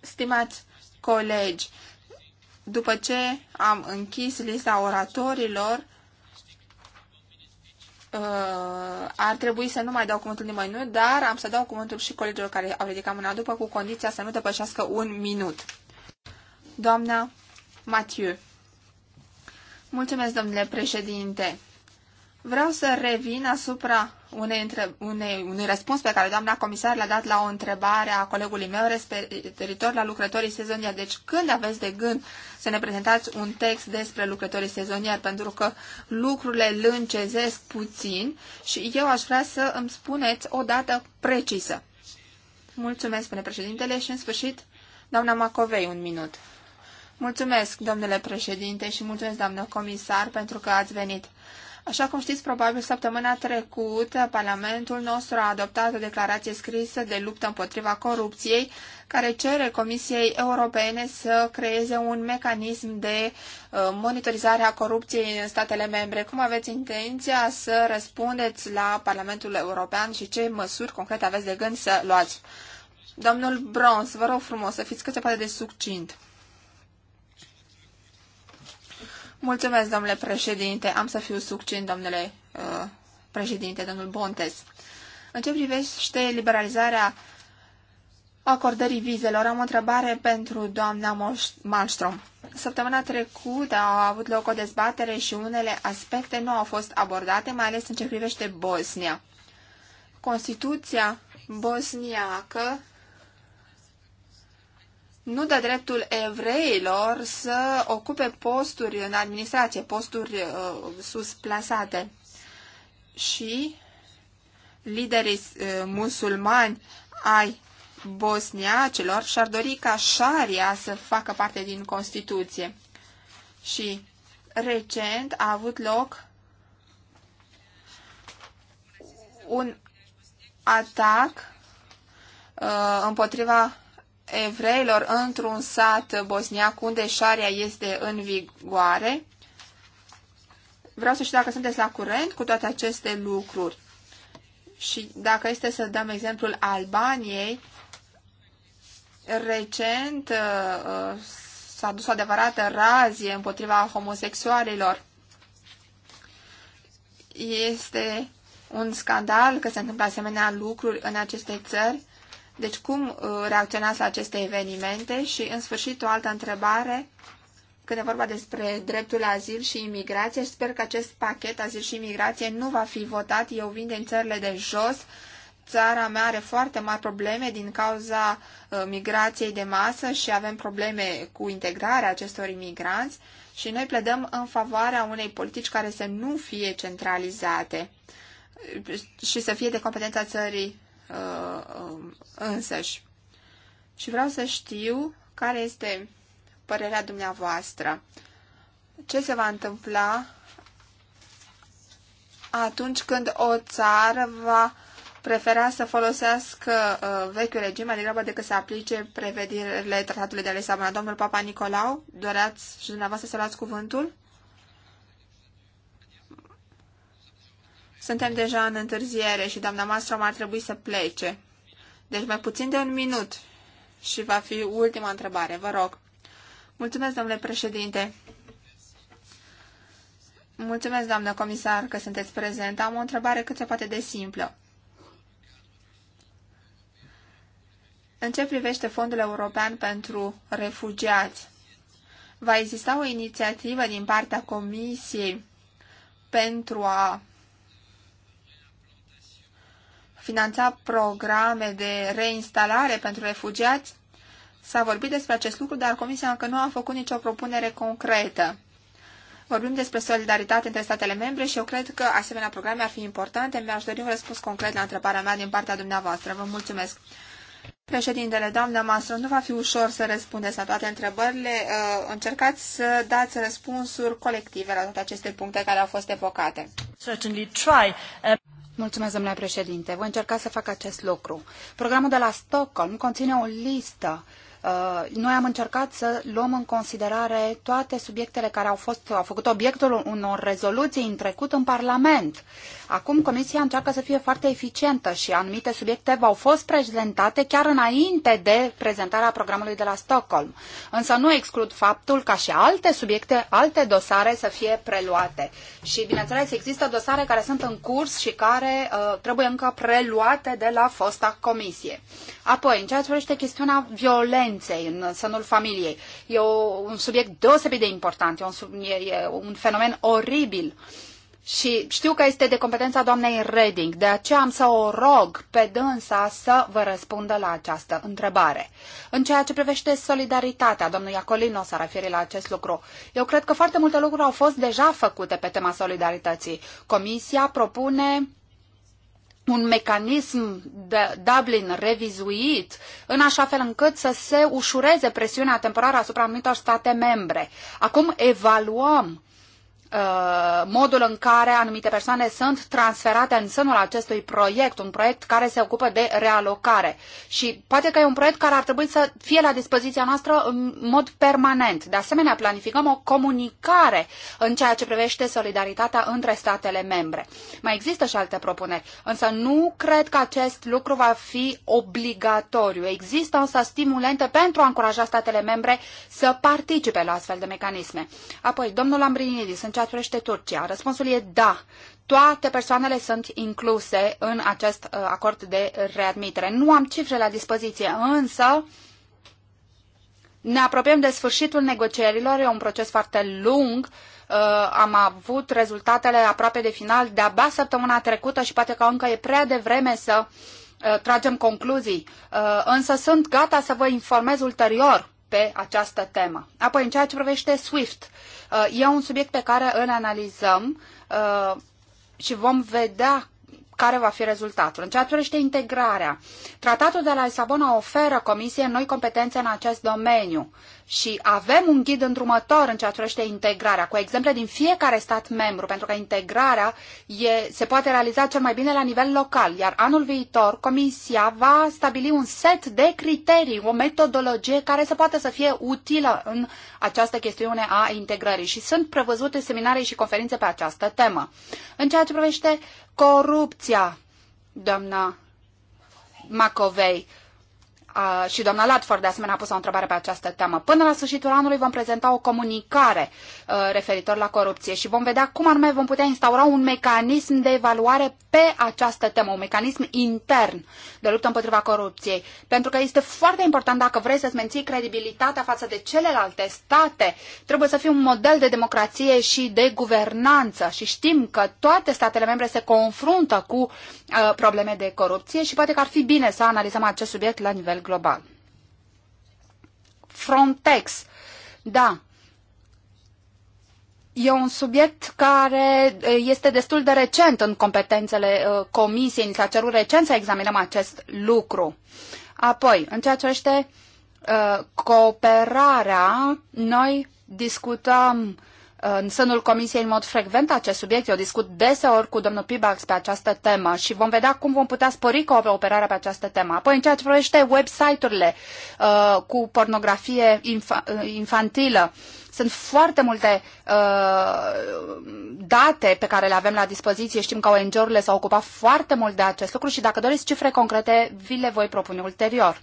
stimați colegi, după ce am închis lista oratorilor, uh, ar trebui să nu mai dau cuvântul nimănui, nu, dar am să dau cuvântul și colegilor care au ridicat mâna după, cu condiția să nu depășească un minut. Doamna Mathieu. Mulțumesc, domnule președinte. Vreau să revin asupra unei între, unei, unui răspuns pe care doamna comisar l-a dat la o întrebare a colegului meu referitor la lucrătorii sezonieri. Deci când aveți de gând să ne prezentați un text despre lucrătorii sezonieri, pentru că lucrurile lâncezesc puțin și eu aș vrea să îmi spuneți o dată precisă. Mulțumesc, spune președintele, și în sfârșit, doamna Macovei, un minut. Mulțumesc, domnule președinte, și mulțumesc, doamnă comisar, pentru că ați venit. Așa cum știți, probabil săptămâna trecută, Parlamentul nostru a adoptat o declarație scrisă de luptă împotriva corupției, care cere Comisiei Europene să creeze un mecanism de uh, monitorizare a corupției în statele membre. Cum aveți intenția să răspundeți la Parlamentul European și ce măsuri concrete aveți de gând să luați? Domnul Brons, vă rog frumos să fiți cât se poate de succint. Mulțumesc, domnule președinte. Am să fiu succint, domnule uh, președinte, domnul Bontes. În ce privește liberalizarea acordării vizelor, am o întrebare pentru doamna Malmström. Săptămâna trecută a avut loc o dezbatere și unele aspecte nu au fost abordate, mai ales în ce privește Bosnia. Constituția bosniacă nu dă dreptul evreilor să ocupe posturi în administrație, posturi uh, sus plasate. Și liderii uh, musulmani ai bosniacilor și-ar dori ca șaria să facă parte din Constituție. Și recent a avut loc un atac uh, împotriva evreilor într-un sat bosniac unde șaria este în vigoare. Vreau să știu dacă sunteți la curent cu toate aceste lucruri. Și dacă este să dăm exemplul Albaniei, recent uh, uh, s-a dus o adevărată razie împotriva homosexualilor. Este un scandal că se întâmplă asemenea lucruri în aceste țări deci cum uh, reacționați la aceste evenimente? Și în sfârșit o altă întrebare, când e vorba despre dreptul la azil și imigrație, sper că acest pachet azil și imigrație nu va fi votat. Eu vin din țările de jos, țara mea are foarte mari probleme din cauza uh, migrației de masă și avem probleme cu integrarea acestor imigranți și noi pledăm în favoarea unei politici care să nu fie centralizate și să fie de competența țării uh, um, însăși. Și vreau să știu care este părerea dumneavoastră. Ce se va întâmpla atunci când o țară va prefera să folosească uh, vechiul regim mai degrabă decât să aplice prevederile tratatului de Lisabona. Domnul Papa Nicolau, doreați și dumneavoastră să luați cuvântul? Suntem deja în întârziere și doamna Mastrom ar trebui să plece. Deci mai puțin de un minut și va fi ultima întrebare, vă rog. Mulțumesc, domnule președinte. Mulțumesc, doamnă comisar, că sunteți prezent. Am o întrebare cât se poate de simplă. În ce privește Fondul European pentru Refugiați, va exista o inițiativă din partea Comisiei pentru a finanța programe de reinstalare pentru refugiați? S-a vorbit despre acest lucru, dar Comisia încă nu a făcut nicio propunere concretă. Vorbim despre solidaritate între statele membre și eu cred că asemenea programe ar fi importante. Mi-aș dori un răspuns concret la întrebarea mea din partea dumneavoastră. Vă mulțumesc. Președintele, doamna Mastro, nu va fi ușor să răspundeți la toate întrebările. Uh, încercați să dați răspunsuri colective la toate aceste puncte care au fost evocate. Certainly try. Uh, Mulțumesc, domnule președinte. Voi încerca să fac acest lucru. Programul de la Stockholm conține o listă Uh, noi am încercat să luăm în considerare toate subiectele care au, fost, au făcut obiectul unor rezoluții în trecut în Parlament. Acum Comisia încearcă să fie foarte eficientă și anumite subiecte au fost prezentate chiar înainte de prezentarea programului de la Stockholm. Însă nu exclud faptul ca și alte subiecte, alte dosare să fie preluate. Și bineînțeles există dosare care sunt în curs și care uh, trebuie încă preluate de la fosta comisie. Apoi, în ceea ce privește chestiunea violenței, violenței în sânul familiei. E o, un subiect deosebit de important, e un, e un fenomen oribil. Și știu că este de competența doamnei Reding, de aceea am să o rog pe dânsa să vă răspundă la această întrebare. În ceea ce privește solidaritatea, domnul Iacolino s-a referit la acest lucru. Eu cred că foarte multe lucruri au fost deja făcute pe tema solidarității. Comisia propune un mecanism de Dublin revizuit, în așa fel încât să se ușureze presiunea temporară asupra anumitor state membre. Acum evaluăm Uh, modul în care anumite persoane sunt transferate în sânul acestui proiect, un proiect care se ocupă de realocare. Și poate că e un proiect care ar trebui să fie la dispoziția noastră în mod permanent. De asemenea, planificăm o comunicare în ceea ce privește solidaritatea între statele membre. Mai există și alte propuneri, însă nu cred că acest lucru va fi obligatoriu. Există însă stimulente pentru a încuraja statele membre să participe la astfel de mecanisme. Apoi, domnul Ambrinidis, în ceea ce privește Turcia? Răspunsul e da. Toate persoanele sunt incluse în acest uh, acord de readmitere. Nu am cifre la dispoziție, însă ne apropiem de sfârșitul negocierilor. E un proces foarte lung. Uh, am avut rezultatele aproape de final de-abia săptămâna trecută și poate că încă e prea devreme să uh, tragem concluzii. însă sunt gata să vă informez ulterior pe această temă. Apoi, în ceea ce privește SWIFT, uh, e un subiect pe care îl analizăm uh, și vom vedea care va fi rezultatul. În ceea ce privește integrarea, tratatul de la Lisabona oferă Comisiei noi competențe în acest domeniu și avem un ghid îndrumător în ceea ce privește integrarea, cu exemple din fiecare stat membru, pentru că integrarea e, se poate realiza cel mai bine la nivel local, iar anul viitor Comisia va stabili un set de criterii, o metodologie care să poată să fie utilă în această chestiune a integrării și sunt prevăzute seminarii și conferințe pe această temă. În ceea ce privește corupția, doamna Macovei, a, și doamna Latford de asemenea a pus o întrebare pe această temă. Până la sfârșitul anului vom prezenta o comunicare a, uh, referitor la corupție și vom vedea cum anume vom putea instaura un mecanism de evaluare pe această temă, un mecanism intern de luptă împotriva corupției. Pentru că este foarte important dacă vrei să-ți menții credibilitatea față de celelalte state, trebuie să fii un model de democrație și de guvernanță și știm că toate statele membre se confruntă cu a, uh, probleme de corupție și poate că ar fi bine să analizăm acest subiect la nivel nivel global. Frontex. Da, E un subiect care eh, este destul de recent în competențele eh, comisiei. Ni s-a cerut recent să examinăm acest lucru. Apoi, în ceea ce este eh, cooperarea, noi discutăm în sânul Comisiei în mod frecvent acest subiect. Eu discut deseori cu domnul Pibax pe această temă și vom vedea cum vom putea spori cooperarea pe această temă. Apoi, în ceea ce privește website-urile uh, cu pornografie inf- uh, infantilă, sunt foarte multe uh, date pe care le avem la dispoziție. Știm că ONG-urile s-au ocupat foarte mult de acest lucru și dacă doriți cifre concrete, vi le voi propune ulterior.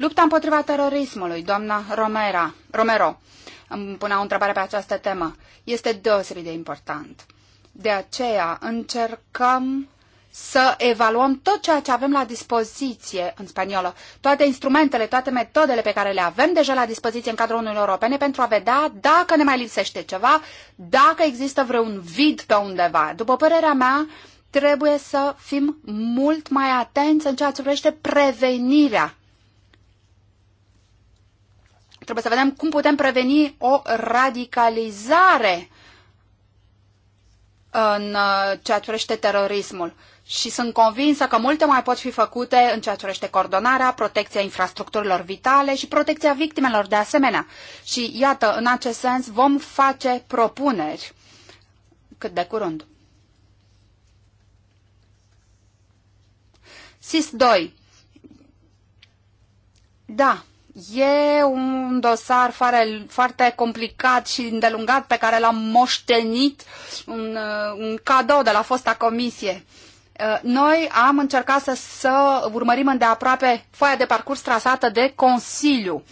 Lupta împotriva terorismului, doamna Romera, Romero, îmi punea o întrebare pe această temă, este deosebit de important. De aceea încercăm să evaluăm tot ceea ce avem la dispoziție în spaniolă, toate instrumentele, toate metodele pe care le avem deja la dispoziție în cadrul Uniunii Europene pentru a vedea dacă ne mai lipsește ceva, dacă există vreun vid pe undeva. După părerea mea, trebuie să fim mult mai atenți în ceea ce privește prevenirea Trebuie să vedem cum putem preveni o radicalizare în uh, ceea ce privește terorismul. Și sunt convinsă că multe mai pot fi făcute în ceea ce privește coordonarea, protecția infrastructurilor vitale și protecția victimelor de asemenea. Și iată, în acest sens vom face propuneri cât de curând. SIS 2. Da, E un dosar foarte, foarte complicat și îndelungat pe care l-am moștenit, un, uh, un cadou de la fosta comisie. Uh, noi am încercat să, să urmărim îndeaproape foaia de parcurs trasată de Consiliu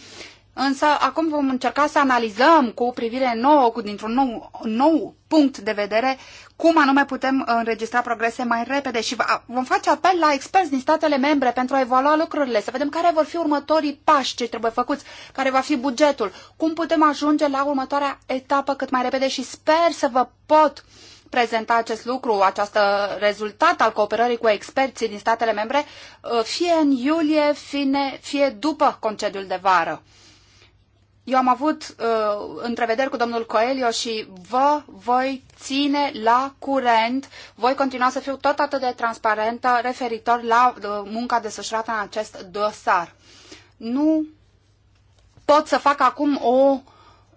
Însă acum vom încerca să analizăm cu privire nouă, cu dintr-un nou, nou punct de vedere, cum anume putem înregistra progrese mai repede și vom face apel la experți din statele membre pentru a evalua lucrurile, să vedem care vor fi următorii pași ce trebuie făcuți, care va fi bugetul, cum putem ajunge la următoarea etapă cât mai repede și sper să vă pot prezenta acest lucru, acest rezultat al cooperării cu experții din statele membre, fie în iulie, fine, fie după concediul de vară. Eu am avut uh, întrevederi cu domnul Coelio și vă voi ține la curent, voi continua să fiu tot atât de transparentă referitor la uh, munca desfășurată în acest dosar. Nu pot să fac acum o,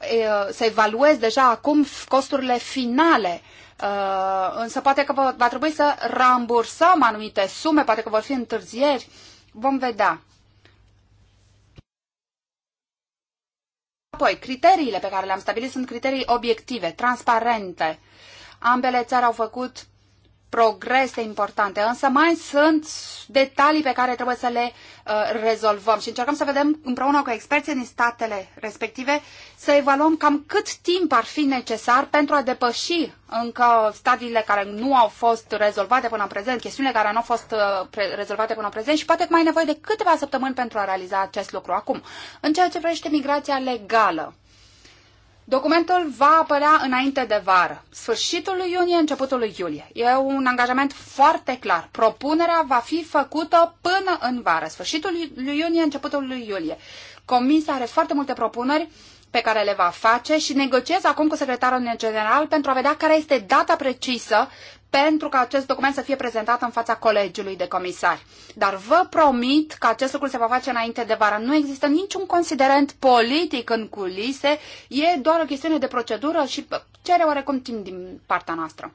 uh, să evaluez deja acum costurile finale Uh, însă poate că va, va trebui să rambursăm anumite sume, poate că vor fi întârzieri. Vom vedea. Apoi, criteriile pe care le-am stabilit sunt criterii obiective, transparente. Ambele țări au făcut progrese importante, însă mai sunt detalii pe care trebuie să le uh, rezolvăm și încercăm să vedem împreună cu experții din statele respective să evaluăm cam cât timp ar fi necesar pentru a depăși încă stadiile care nu au fost rezolvate până în prezent, chestiunile care nu au fost uh, rezolvate până în prezent și poate mai e nevoie de câteva săptămâni pentru a realiza acest lucru acum. În ceea ce privește migrația legală, Documentul va apărea înainte de vară, sfârșitul lui iunie, începutul lui iulie. E un angajament foarte clar. Propunerea va fi făcută până în vară, sfârșitul lui iunie, începutul lui iulie. Comisia are foarte multe propuneri pe care le va face și negociez acum cu secretarul general pentru a vedea care este data precisă pentru ca acest document să fie prezentat în fața colegiului de comisari. Dar vă promit că acest lucru se va face înainte de vara. Nu există niciun considerent politic în culise, e doar o chestiune de procedură și cere oarecum timp din partea noastră.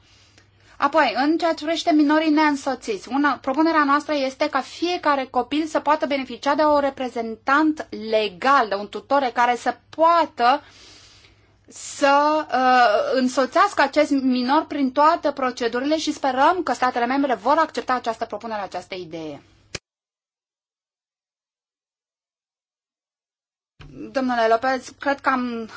Apoi, în ceea ce privește minorii neînsoțiți, una, propunerea noastră este ca fiecare copil să poată beneficia de un reprezentant legal, de un tutore care să poată uh, să uh, însoțească acest minor prin toate procedurile și sperăm că statele membre vor accepta această propunere, această idee. Domnule Lopez, cred că am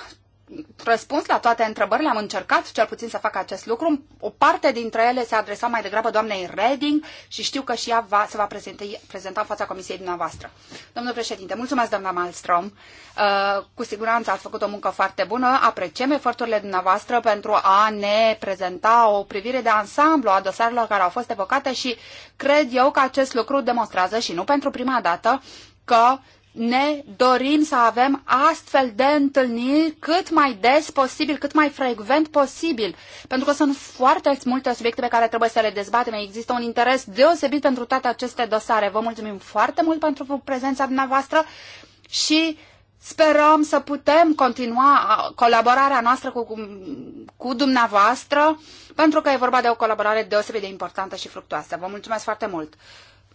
răspuns la toate întrebările, am încercat cel puțin să fac acest lucru. O parte dintre ele se adresa mai degrabă doamnei Reding și știu că și ea va, se va prezenta, prezenta în fața comisiei dumneavoastră. Domnul președinte, mulțumesc doamna Malmström. Uh, cu siguranță ați făcut o muncă foarte bună. Apreciem eforturile dumneavoastră pentru a ne prezenta o privire de ansamblu a dosarelor care au fost evocate și cred eu că acest lucru demonstrează și nu pentru prima dată că ne dorim să avem astfel de întâlniri cât mai des posibil, cât mai frecvent posibil, pentru că sunt foarte multe subiecte pe care trebuie să le dezbatem. Există un interes deosebit pentru toate aceste dosare. Vă mulțumim foarte mult pentru prezența dumneavoastră și sperăm să putem continua colaborarea noastră cu, cu dumneavoastră, pentru că e vorba de o colaborare deosebit de importantă și fructoasă. Vă mulțumesc foarte mult!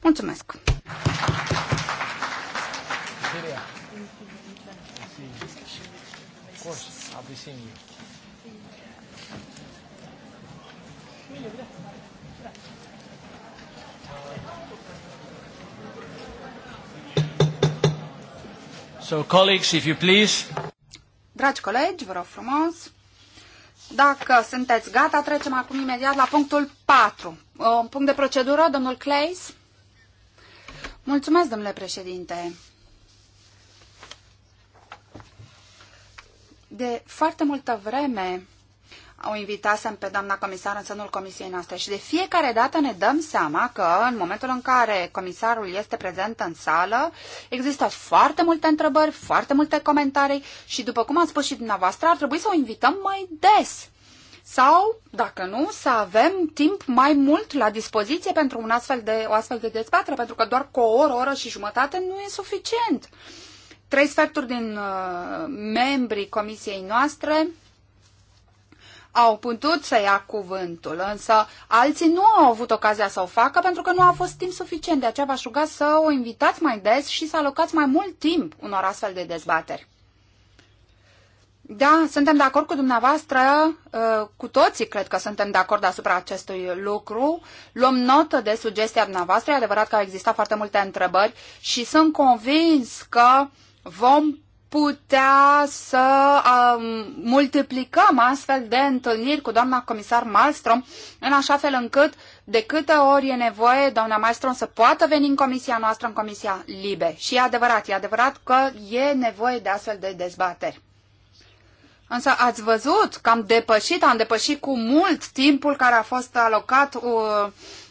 Mulțumesc! Syria. Of course, I'll be seeing So, colleagues, if you please. Dragi colegi, vă rog frumos, dacă sunteți gata, trecem acum imediat la punctul 4. Un punct de procedură, domnul Clays. Mulțumesc, domnule președinte. De foarte multă vreme o invitasem pe doamna comisar în sânul comisiei noastre și de fiecare dată ne dăm seama că în momentul în care comisarul este prezent în sală, există foarte multe întrebări, foarte multe comentarii și după cum am spus și dumneavoastră, ar trebui să o invităm mai des. Sau, dacă nu, să avem timp mai mult la dispoziție pentru un astfel de, o astfel de dezbatere, pentru că doar cu o oră, o oră și jumătate nu e suficient. Uh, Trei sferturi din uh, membrii comisiei noastre au putut să ia cuvântul, însă alții nu au avut ocazia să o facă pentru că nu a fost timp suficient. De aceea v-aș ruga să o invitați mai des și să alocați mai mult timp unor astfel de dezbateri. Da, suntem de acord cu dumneavoastră, uh, cu toții cred că suntem de acord asupra acestui lucru. Luăm notă de sugestia dumneavoastră, e adevărat că au existat foarte multe întrebări și sunt convins că vom putea să um, multiplicăm astfel de întâlniri cu doamna comisar Malmström în așa fel încât de câte ori e nevoie doamna Malmström să poată veni în comisia noastră, în comisia LIBE. Și e adevărat, e adevărat că e nevoie de astfel de dezbateri. Însă ați văzut că am depășit, am depășit cu mult timpul care a fost alocat uh,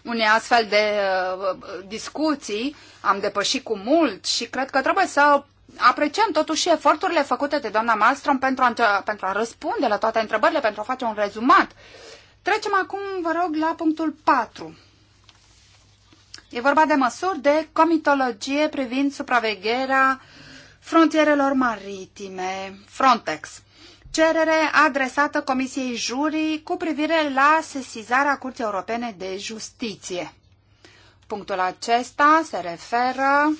unei astfel de uh, discuții, am depășit cu mult și cred că trebuie să apreciem totuși eforturile făcute de doamna Malmström pentru a, pentru a răspunde la toate întrebările, pentru a face un rezumat. Trecem acum, vă rog, la punctul 4. E vorba de măsuri de comitologie privind supravegherea frontierelor maritime, Frontex. Cerere adresată Comisiei Jurii cu privire la sesizarea Curții Europene de Justiție. Punctul acesta se referă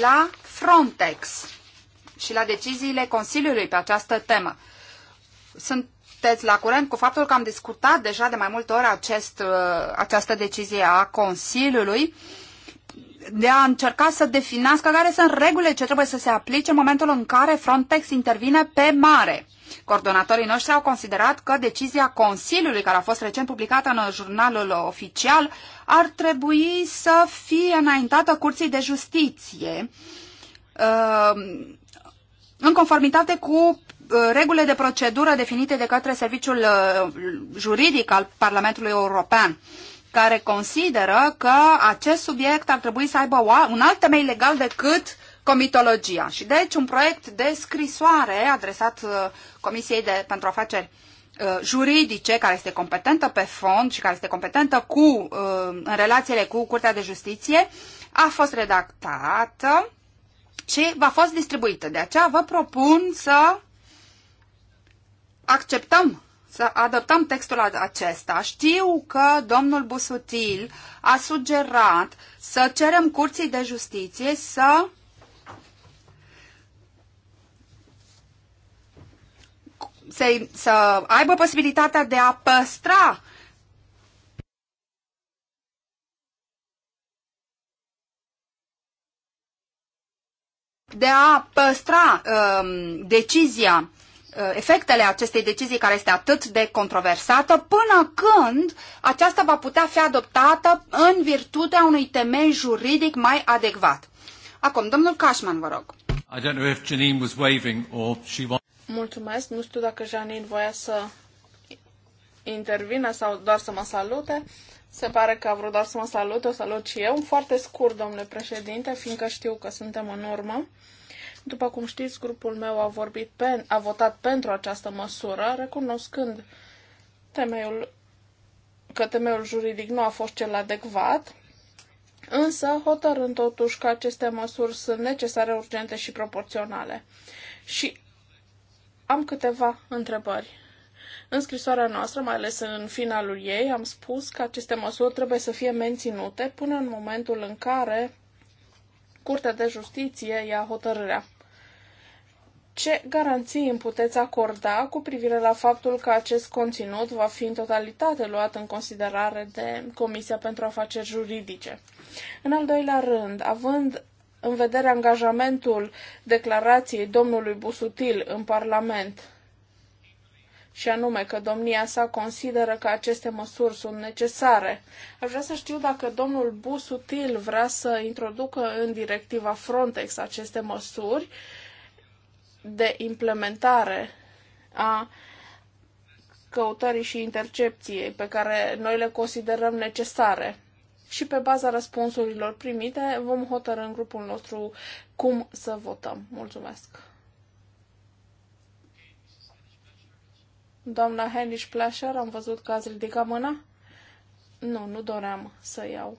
la Frontex și la deciziile Consiliului pe această temă. Sunteți la curent cu faptul că am discutat deja de mai multe ori acest, uh, această decizie a Consiliului de a încerca să definească care sunt regulile ce trebuie să se aplice în momentul în care Frontex intervine pe mare. Coordonatorii noștri au considerat că decizia Consiliului, care a fost recent publicată în jurnalul oficial, ar trebui să fie înaintată Curții de Justiție uh, în conformitate cu uh, regulile de procedură definite de către Serviciul uh, Juridic al Parlamentului European care consideră că acest subiect ar trebui să aibă un alt temei legal decât uh, comitologia. Și deci un proiect de scrisoare adresat uh, Comisiei de, pentru Afaceri uh, juridice care este competentă pe fond și care este competentă cu, uh, în relațiile cu Curtea de Justiție a fost redactată și va fost distribuită. De aceea vă propun să acceptăm, să adoptăm textul acesta. Știu că domnul Busutil a sugerat să cerem Curții de Justiție să să, să aibă posibilitatea de a păstra de a păstra um, decizia uh, efectele acestei decizii care este atât de controversată până când aceasta va putea fi adoptată în virtutea unui temei juridic mai adecvat. Acum, domnul Cashman, vă rog. I don't know if Janine was waving or she was... Mulțumesc. Nu știu dacă Janin voia să intervine sau doar să mă salute. Se pare că a vrut doar să mă salute, o salut și eu. Foarte scurt, domnule președinte, fiindcă știu că suntem în urmă. După cum știți, grupul meu a, vorbit pe, a votat pentru această măsură, recunoscând temeiul, că temeiul juridic nu a fost cel adecvat, însă hotărând totuși că aceste măsuri sunt necesare, urgente și proporționale. Și am câteva întrebări. În scrisoarea noastră, mai ales în finalul ei, am spus că aceste măsuri trebuie să fie menținute până în momentul în care Curtea de Justiție ia hotărârea. Ce garanții îmi puteți acorda cu privire la faptul că acest conținut va fi în totalitate luat în considerare de Comisia pentru Afaceri Juridice? În al doilea rând, având în vedere angajamentul declarației domnului Busutil în Parlament, și anume că domnia sa consideră că aceste măsuri sunt necesare. Aș vrea să știu dacă domnul Busutil vrea să introducă în directiva Frontex aceste măsuri de implementare a căutării și intercepției pe care noi le considerăm necesare și pe baza răspunsurilor primite vom hotărâ în grupul nostru cum să votăm. Mulțumesc! Doamna Hennish Plasher, am văzut că ați ridicat mâna? Nu, nu doream să iau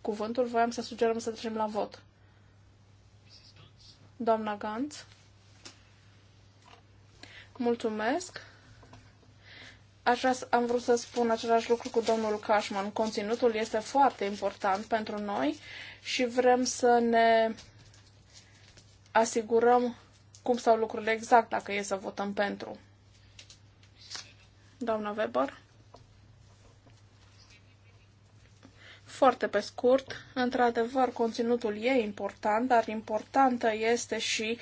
cuvântul, voiam să sugerăm să trecem la vot. Doamna Gantz? Mulțumesc! Aș vrea, am vrut să spun același lucru cu domnul Cashman. Conținutul este foarte important pentru noi și vrem să ne asigurăm cum stau lucrurile exact dacă e să votăm pentru. Doamna Weber? Foarte pe scurt, într-adevăr, conținutul e important, dar importantă este și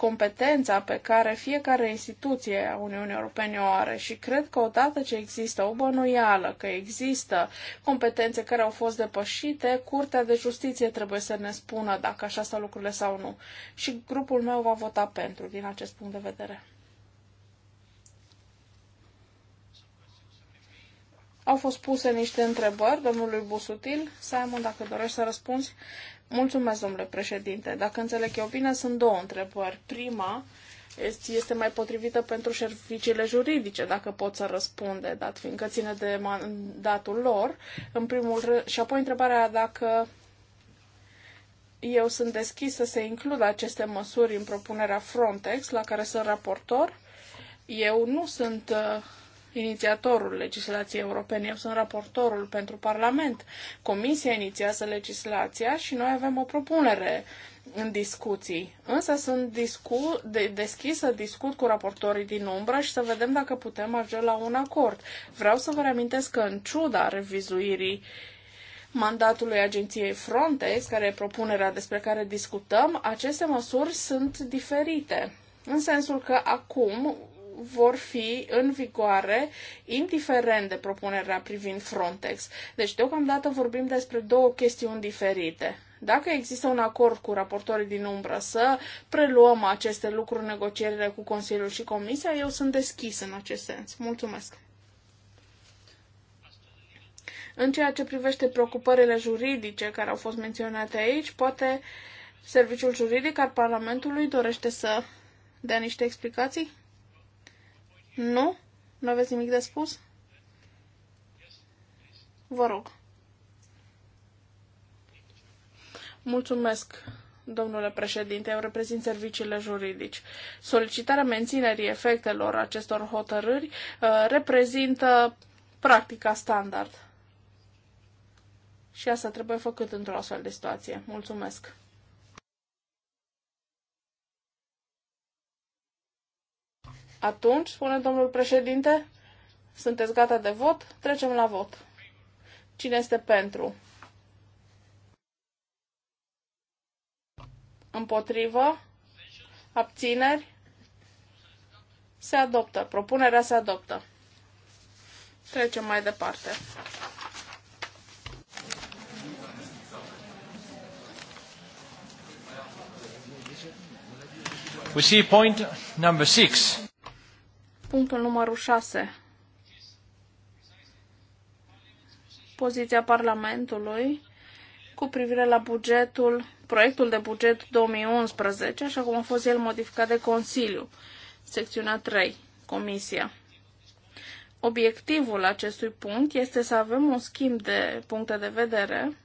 competența pe care fiecare instituție a Uniunii Europene o are și cred că odată ce există o bănuială că există competențe care au fost depășite, Curtea de Justiție trebuie să ne spună dacă așa stau lucrurile sau nu. Și grupul meu va vota pentru din acest punct de vedere. Au fost puse niște întrebări domnului Busutil. Simon, dacă dorești să răspunzi. Mulțumesc, domnule președinte. Dacă înțeleg eu bine, sunt două întrebări. Prima este mai potrivită pentru serviciile juridice, dacă pot să răspunde, dat fiindcă ține de mandatul lor. În primul rând, și apoi întrebarea dacă eu sunt deschis să se includă aceste măsuri în propunerea Frontex, la care sunt raportor. Eu nu sunt uh, inițiatorul legislației europene, eu sunt raportorul pentru Parlament. Comisia inițiază legislația și noi avem o propunere în discuții. Însă sunt discu- de- deschis să discut cu raportorii din umbră și să vedem dacă putem ajunge la un acord. Vreau să vă reamintesc că, în ciuda revizuirii mandatului agenției Frontex, care e propunerea despre care discutăm, aceste măsuri sunt diferite. În sensul că acum vor fi în vigoare, indiferent de propunerea privind Frontex. Deci, deocamdată vorbim despre două chestiuni diferite. Dacă există un acord cu raportorii din umbră să preluăm aceste lucruri în negocierile cu Consiliul și Comisia, eu sunt deschis în acest sens. Mulțumesc! În ceea ce privește preocupările juridice care au fost menționate aici, poate Serviciul Juridic al Parlamentului dorește să dea niște explicații? Nu? Nu aveți nimic de spus? Vă rog. Mulțumesc, domnule președinte. Eu reprezint serviciile juridici. Solicitarea menținerii efectelor acestor hotărâri uh, reprezintă practica standard. Și asta trebuie făcut într-o astfel de situație. Mulțumesc. Atunci, spune domnul președinte, sunteți gata de vot? Trecem la vot. Cine este pentru? Împotrivă? Abțineri? Se adoptă. Propunerea se adoptă. Trecem mai departe. We see point number six. Punctul numărul 6. Poziția Parlamentului cu privire la bugetul, proiectul de buget 2011, așa cum a fost el modificat de Consiliu. Secțiunea 3. Comisia. Obiectivul acestui punct este să avem un schimb de puncte de vedere.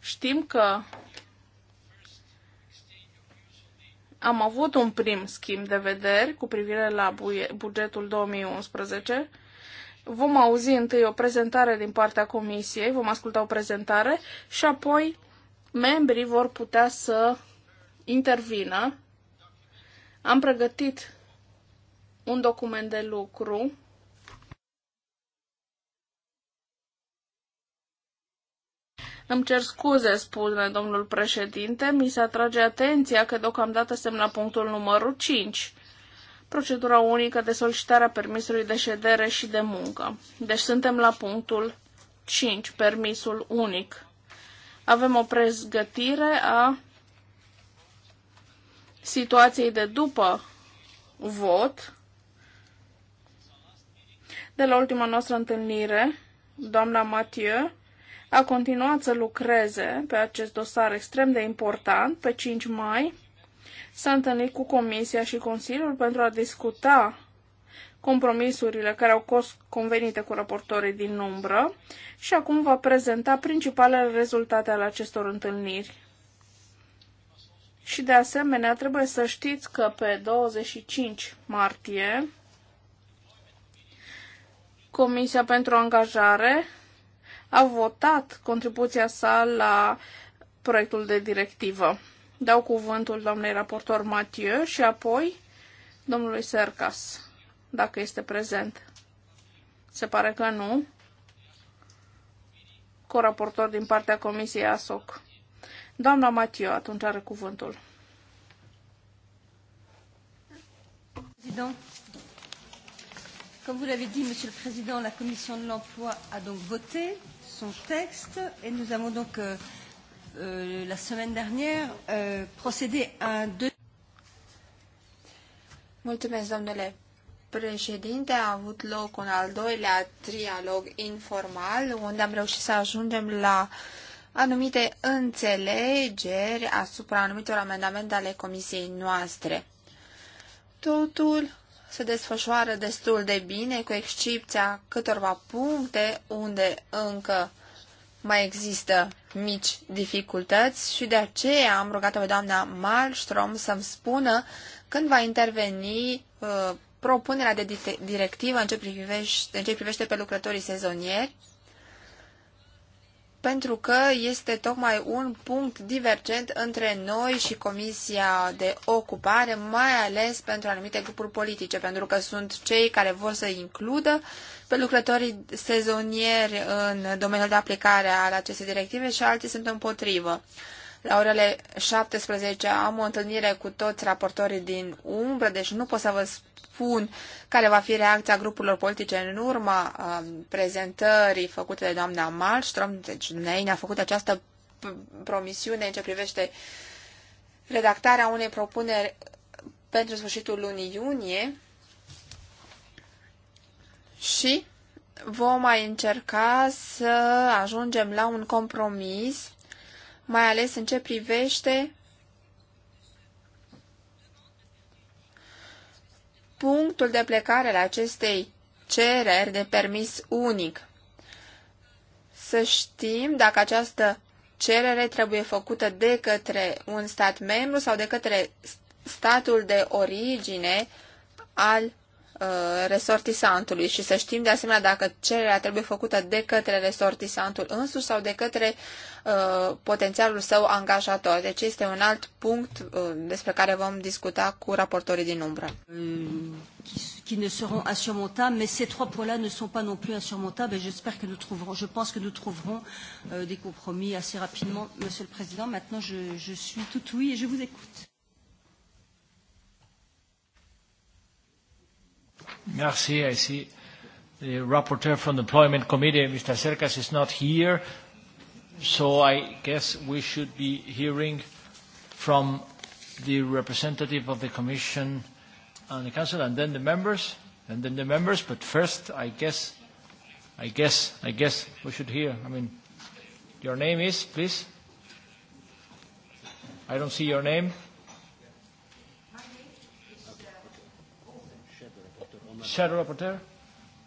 Știm că Am avut un prim schimb de vederi cu privire la bugetul 2011. Vom auzi întâi o prezentare din partea comisiei, vom asculta o prezentare și apoi membrii vor putea să intervină. Am pregătit un document de lucru Îmi cer scuze, spune domnul președinte, mi se atrage atenția că deocamdată semna punctul numărul 5 procedura unică de solicitare a permisului de ședere și de muncă. Deci suntem la punctul 5, permisul unic. Avem o pregătire a situației de după vot. De la ultima noastră întâlnire, doamna Mathieu a continuat să lucreze pe acest dosar extrem de important. Pe 5 mai s-a întâlnit cu Comisia și Consiliul pentru a discuta compromisurile care au fost convenite cu raportorii din umbră și acum va prezenta principalele rezultate ale acestor întâlniri. Și de asemenea, trebuie să știți că pe 25 martie Comisia pentru Angajare a votat contribuția sa la proiectul de directivă. Dau cuvântul doamnei raportor Mathieu și apoi domnului Sercas, dacă este prezent. Se pare că nu. Coraportor din partea Comisiei ASOC. Doamna Mathieu, atunci are cuvântul. comme vous l'avez dit, Monsieur le Président, la Commission de l'Emploi a donc voté son texte et nous avons donc euh, euh, la semaine dernière euh, procédé à un deux. Mulțumesc, domnule președinte, a avut loc un al doilea trialog informal, unde am reușit să ajungem la anumite înțelegeri asupra anumitor amendamente ale comisiei noastre. Totul se desfășoară destul de bine, cu excepția câtorva puncte unde încă mai există mici dificultăți și de aceea am rugat-o pe doamna Malmström să-mi spună când va interveni uh, propunerea de directivă în ce, privește, în ce privește pe lucrătorii sezonieri pentru că este tocmai un punct divergent între noi și Comisia de Ocupare, mai ales pentru anumite grupuri politice, pentru că sunt cei care vor să includă pe lucrătorii sezonieri în domeniul de aplicare al acestei directive și alții sunt împotrivă. La orele 17 am o întâlnire cu toți raportorii din umbră, deci nu pot să vă spun care va fi reacția grupurilor politice în urma um, prezentării făcute de doamna Malmström. Deci ei ne-a făcut această promisiune în ce privește redactarea unei propuneri pentru sfârșitul lunii iunie și vom mai încerca să ajungem la un compromis mai ales în ce privește punctul de plecare al acestei cereri de permis unic. Să știm dacă această cerere trebuie făcută de către un stat membru sau de către statul de origine al Uh, resortisantului și să știm de asemenea dacă cererea trebuie făcută de către resortisantul însuși sau de către uh, potențialul său angajator. Deci este un alt punct uh, despre care vom discuta cu raportorii din umbră. qui ne seront insurmontables, mais ces trois points-là ne sont pas non plus insurmontables et j'espère que nous trouverons, je pense que nous trouverons euh, des compromis assez rapidement. Monsieur le Président, maintenant je, je suis tout oui et je vous écoute. Merci. I see the rapporteur from the Employment Committee, Mr. Serkas, is not here. So I guess we should be hearing from the representative of the Commission and the Council, and then the members, and then the members. But first, I guess, I guess, I guess we should hear. I mean, your name is, please? I don't see your name. Shadow Rapporteur?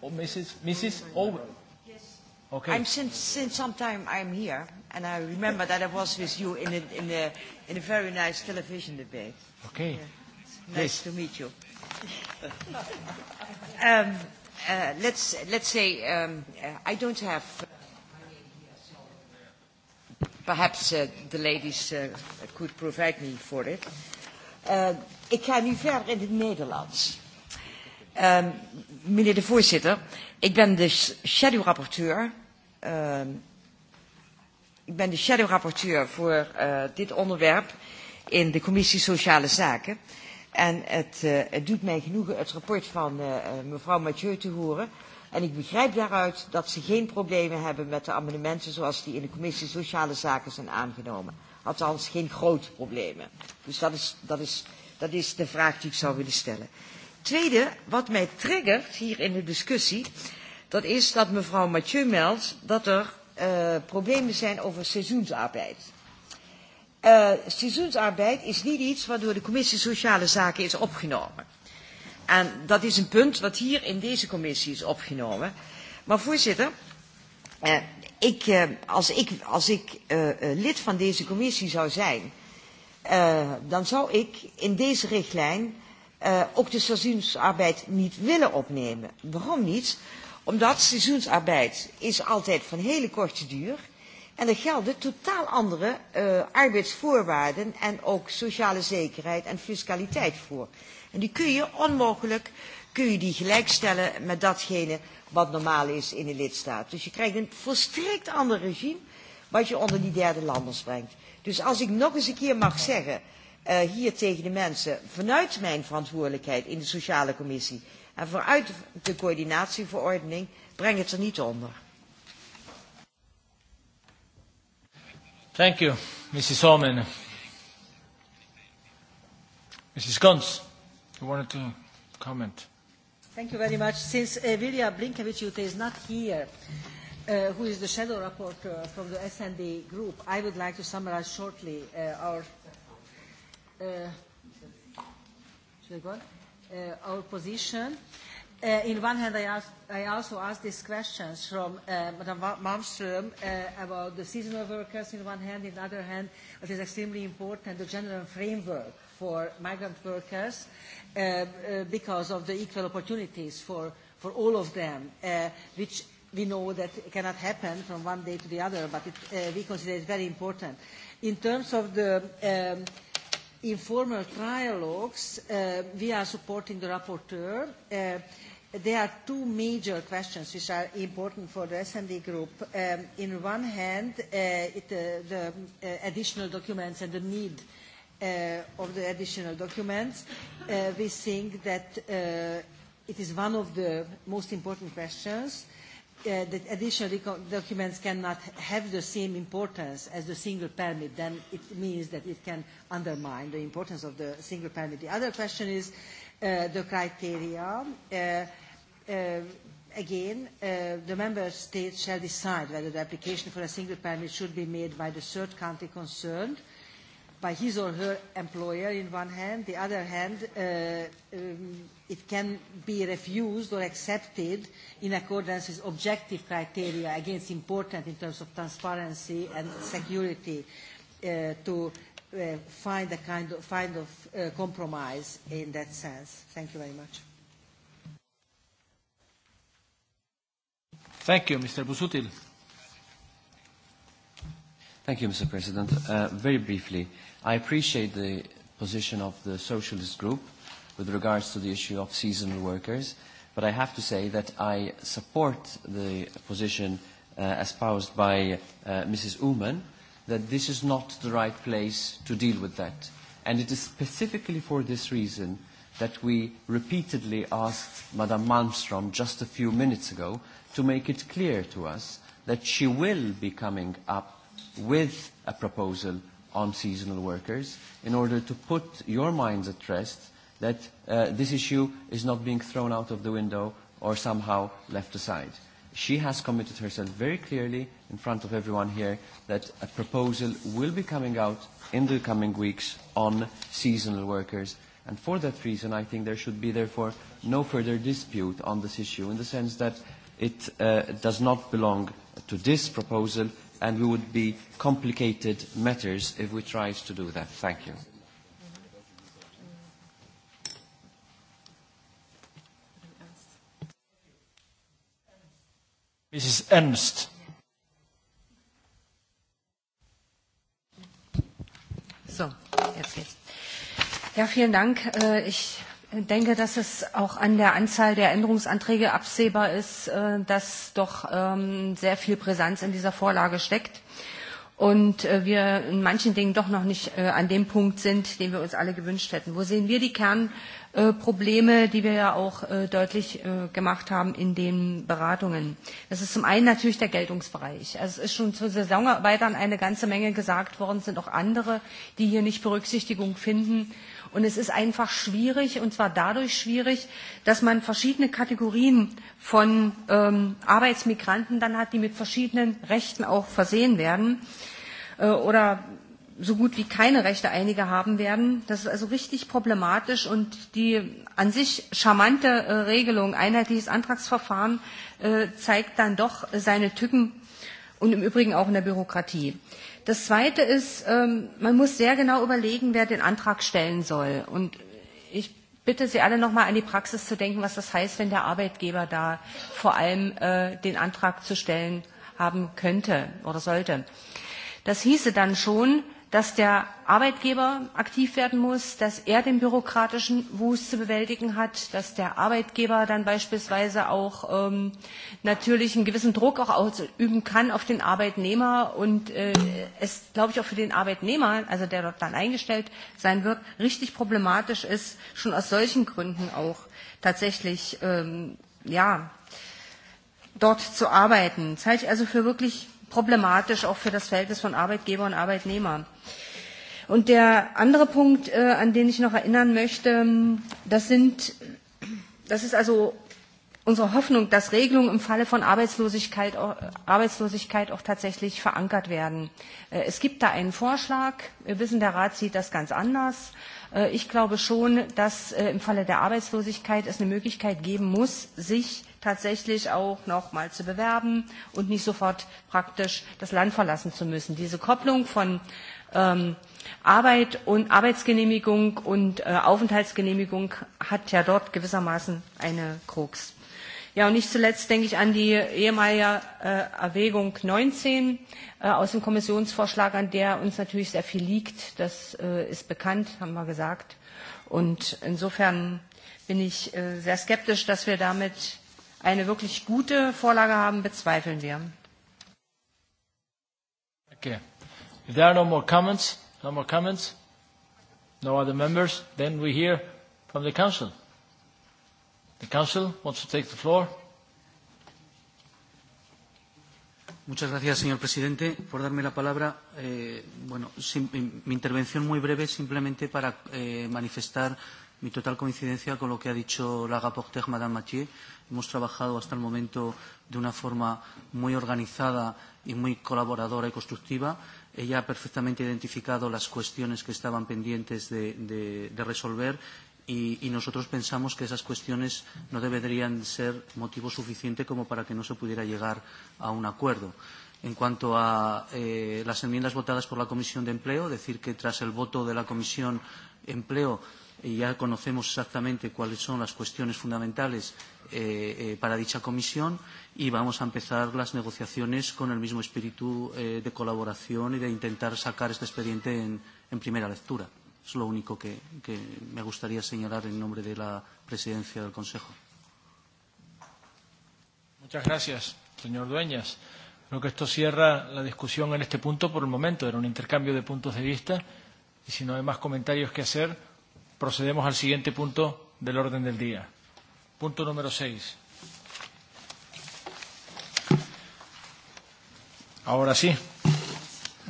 Or Mrs. Mrs. Owen? Yes. Okay. I'm since, since some time I'm here, and I remember that I was with you in a, in a, in a very nice television debate. Okay. Yeah. Nice yes. to meet you. [LAUGHS] um, uh, let's, let's say um, uh, I don't have uh, perhaps uh, the ladies uh, could provide me for it. Uh, ik ga nu verder in het Nederlands. Uh, meneer de voorzitter, ik ben de schaduwrapporteur. Uh, ik ben de schaduwrapporteur voor uh, dit onderwerp in de commissie Sociale Zaken. En het, uh, het doet mij genoegen het rapport van uh, mevrouw Mathieu te horen. En ik begrijp daaruit dat ze geen problemen hebben met de amendementen zoals die in de commissie Sociale Zaken zijn aangenomen. Althans, geen grote problemen. Dus dat is, dat is, dat is de vraag die ik zou willen stellen. Tweede, wat mij triggert hier in de discussie, dat is dat mevrouw Mathieu meldt dat er uh, problemen zijn over seizoensarbeid. Uh, seizoensarbeid is niet iets wat door de commissie Sociale Zaken is opgenomen. En dat is een punt wat hier in deze commissie is opgenomen. Maar voorzitter, uh, ik, uh, als ik, als ik uh, lid van deze commissie zou zijn, uh, dan zou ik in deze richtlijn uh, ook de seizoensarbeid niet willen opnemen. Waarom niet? Omdat seizoensarbeid is altijd van hele korte duur. En er gelden totaal andere uh, arbeidsvoorwaarden en ook sociale zekerheid en fiscaliteit voor. En die kun je onmogelijk kun je die gelijkstellen met datgene wat normaal is in de lidstaat. Dus je krijgt een volstrekt ander regime wat je onder die derde landers brengt. Dus als ik nog eens een keer mag zeggen uh, hier tegen de mensen vanuit mijn verantwoordelijkheid in de sociale commissie en vanuit de coördinatieverordening breng het er niet onder. Thank you, Mrs. Omen. Mrs. Guns, you wanted to comment. Thank you very much. Since uh, eh, Vilja Blinkevichute is not here, uh, who is the shadow rapporteur from the SND group, I would like to summarize shortly uh, our uh, uh, our position. Uh, in one hand, I, asked, I also asked these questions from uh, Madam Malmström uh, about the seasonal workers in one hand, in the other hand, what is extremely important, the general framework for migrant workers uh, uh, because of the equal opportunities for, for all of them, uh, which we know that cannot happen from one day to the other, but it, uh, we consider it very important. In terms of the um, informal trialogues, uh, we are supporting the rapporteur. Uh, there are two major questions which are important for the SND group. Um, in one hand, uh, it, uh, the uh, additional documents and the need uh, of the additional documents. Uh, we think that uh, it is one of the most important questions. Uh, Uh, the additional documents cannot have the same importance as the single permit, then it means that it can undermine the importance of the single permit. The other question is uh, the criteria. Uh, uh, again, uh, the member states shall decide whether the application for a single permit should be made by the third country concerned uh, by his or her employer in one hand, the other hand uh, um, it can be refused or accepted in accordance with objective criteria, again it's important in terms of transparency and security uh, to uh, find a kind of, find of uh, compromise in that sense. Thank you very much. Thank you, Mr. Busutil. Thank you, Mr. President. Uh, very briefly, uh, I appreciate the position of the socialist group with regards to the issue of seasonal workers, but I have to say that I support the position uh, espoused by uh, Mrs. Uman that this is not the right place to deal with that. And it is specifically for this reason that we repeatedly asked Madame Malmström just a few minutes ago to make it clear to us that she will be coming up with a proposal on seasonal workers in order to put your minds at rest that uh, this issue is not being thrown out of the window or somehow left aside. She has committed herself very clearly in front of everyone here that a proposal will be coming out in the coming weeks on seasonal workers. And for that reason, I think there should be, therefore, no further dispute on this issue in the sense that it uh, does not belong to this proposal and we would be complicated matters if we tried to do that. Thank you. Mrs. Ernst. So, jetzt geht's. Ja, vielen Dank. Äh, ich denke, dass es auch an der Anzahl der Änderungsanträge absehbar ist, äh, dass doch ähm, sehr viel Brisanz in dieser Vorlage steckt und äh, wir in manchen Dingen doch noch nicht äh, an dem Punkt sind, den wir uns alle gewünscht hätten. Wo sehen wir die Kernprobleme, die wir ja auch deutlich gemacht haben in den Beratungen? Das ist zum einen natürlich der Geltungsbereich. Also es ist schon zu Saisonarbeitern eine ganze Menge gesagt worden, es sind auch andere, die hier nicht Berücksichtigung finden. Und es ist einfach schwierig, und zwar dadurch schwierig, dass man verschiedene Kategorien von ähm, Arbeitsmigranten dann hat, die mit verschiedenen Rechten auch versehen werden äh, oder so gut wie keine Rechte einige haben werden. Das ist also richtig problematisch und die an sich charmante äh, Regelung, einheitliches Antragsverfahren, äh, zeigt dann doch seine Tücken und im Übrigen auch in der Bürokratie. Das Zweite ist, ähm, man muss sehr genau überlegen, wer den Antrag stellen soll. Und ich bitte Sie alle nochmal an die Praxis zu denken, was das heißt, wenn der Arbeitgeber da vor allem äh, den Antrag zu stellen haben könnte oder sollte. Das hieße dann schon, dass der Arbeitgeber aktiv werden muss, dass er den bürokratischen Wust zu bewältigen hat, dass der Arbeitgeber dann beispielsweise auch ähm, natürlich einen gewissen Druck auch ausüben kann auf den Arbeitnehmer und äh, es, glaube ich, auch für den Arbeitnehmer, also der dort dann eingestellt sein wird, richtig problematisch ist, schon aus solchen Gründen auch tatsächlich ähm, ja, dort zu arbeiten. Das halte ich also für wirklich problematisch auch für das Verhältnis von Arbeitgeber und Arbeitnehmer. Und der andere Punkt, äh, an den ich noch erinnern möchte, ähm, das sind, das ist also unsere Hoffnung, dass Regelungen im Falle von Arbeitslosigkeit auch, Arbeitslosigkeit auch tatsächlich verankert werden. Äh, es gibt da einen Vorschlag. Wir wissen, der Rat sieht das ganz anders. Äh, ich glaube schon, dass äh, im Falle der Arbeitslosigkeit es eine Möglichkeit geben muss, sich tatsächlich auch noch mal zu bewerben und nicht sofort praktisch das Land verlassen zu müssen. Diese Kopplung von ähm, Arbeit und Arbeitsgenehmigung und äh, Aufenthaltsgenehmigung hat ja dort gewissermaßen eine Krux. Ja, und nicht zuletzt denke ich an die ehemalige äh, Erwägung 19 äh, aus dem Kommissionsvorschlag, an der uns natürlich sehr viel liegt. Das äh, ist bekannt, haben wir gesagt. Und insofern bin ich äh, sehr skeptisch, dass wir damit eine wirklich gute Vorlage haben, bezweifeln wir. Okay. If there are no more comments, no more comments, no other members, then we hear from the Council. The Council wants to take the floor. Muchas gracias, señor presidente, por darme la palabra. Eh, bueno, sin, mi intervención muy breve simplemente para eh, manifestar mi total coincidencia con lo que ha dicho la rapporteur, Madame Mathieu, Hemos trabajado hasta el momento de una forma muy organizada y muy colaboradora y constructiva. Ella ha perfectamente identificado las cuestiones que estaban pendientes de, de, de resolver y, y nosotros pensamos que esas cuestiones no deberían ser motivo suficiente como para que no se pudiera llegar a un acuerdo. En cuanto a eh, las enmiendas votadas por la Comisión de Empleo, decir que tras el voto de la Comisión Empleo y ya conocemos exactamente cuáles son las cuestiones fundamentales eh, eh, para dicha comisión y vamos a empezar las negociaciones con el mismo espíritu eh, de colaboración y de intentar sacar este expediente en, en primera lectura. Es lo único que, que me gustaría señalar en nombre de la presidencia del Consejo. Muchas gracias, señor Dueñas. Creo que esto cierra la discusión en este punto por el momento. Era un intercambio de puntos de vista y si no hay más comentarios que hacer Procedemos al siguiente punto del orden del día. Punto número 6. Ahora sí.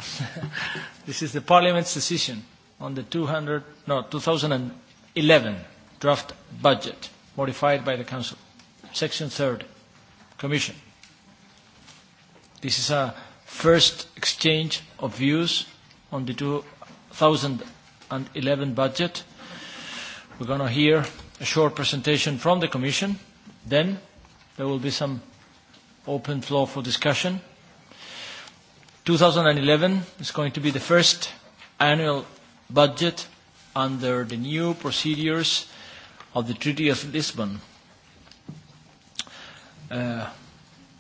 [LAUGHS] This is the Parliament's decision on the 200, no, 2011 draft budget modified by the Council. Section 3rd, Commission. This is a first exchange of views on the 2011 budget We're going to hear a short presentation from the Commission. Then there will be some open floor for discussion. 2011 is going to be the first annual budget under the new procedures of the Treaty of Lisbon. Uh,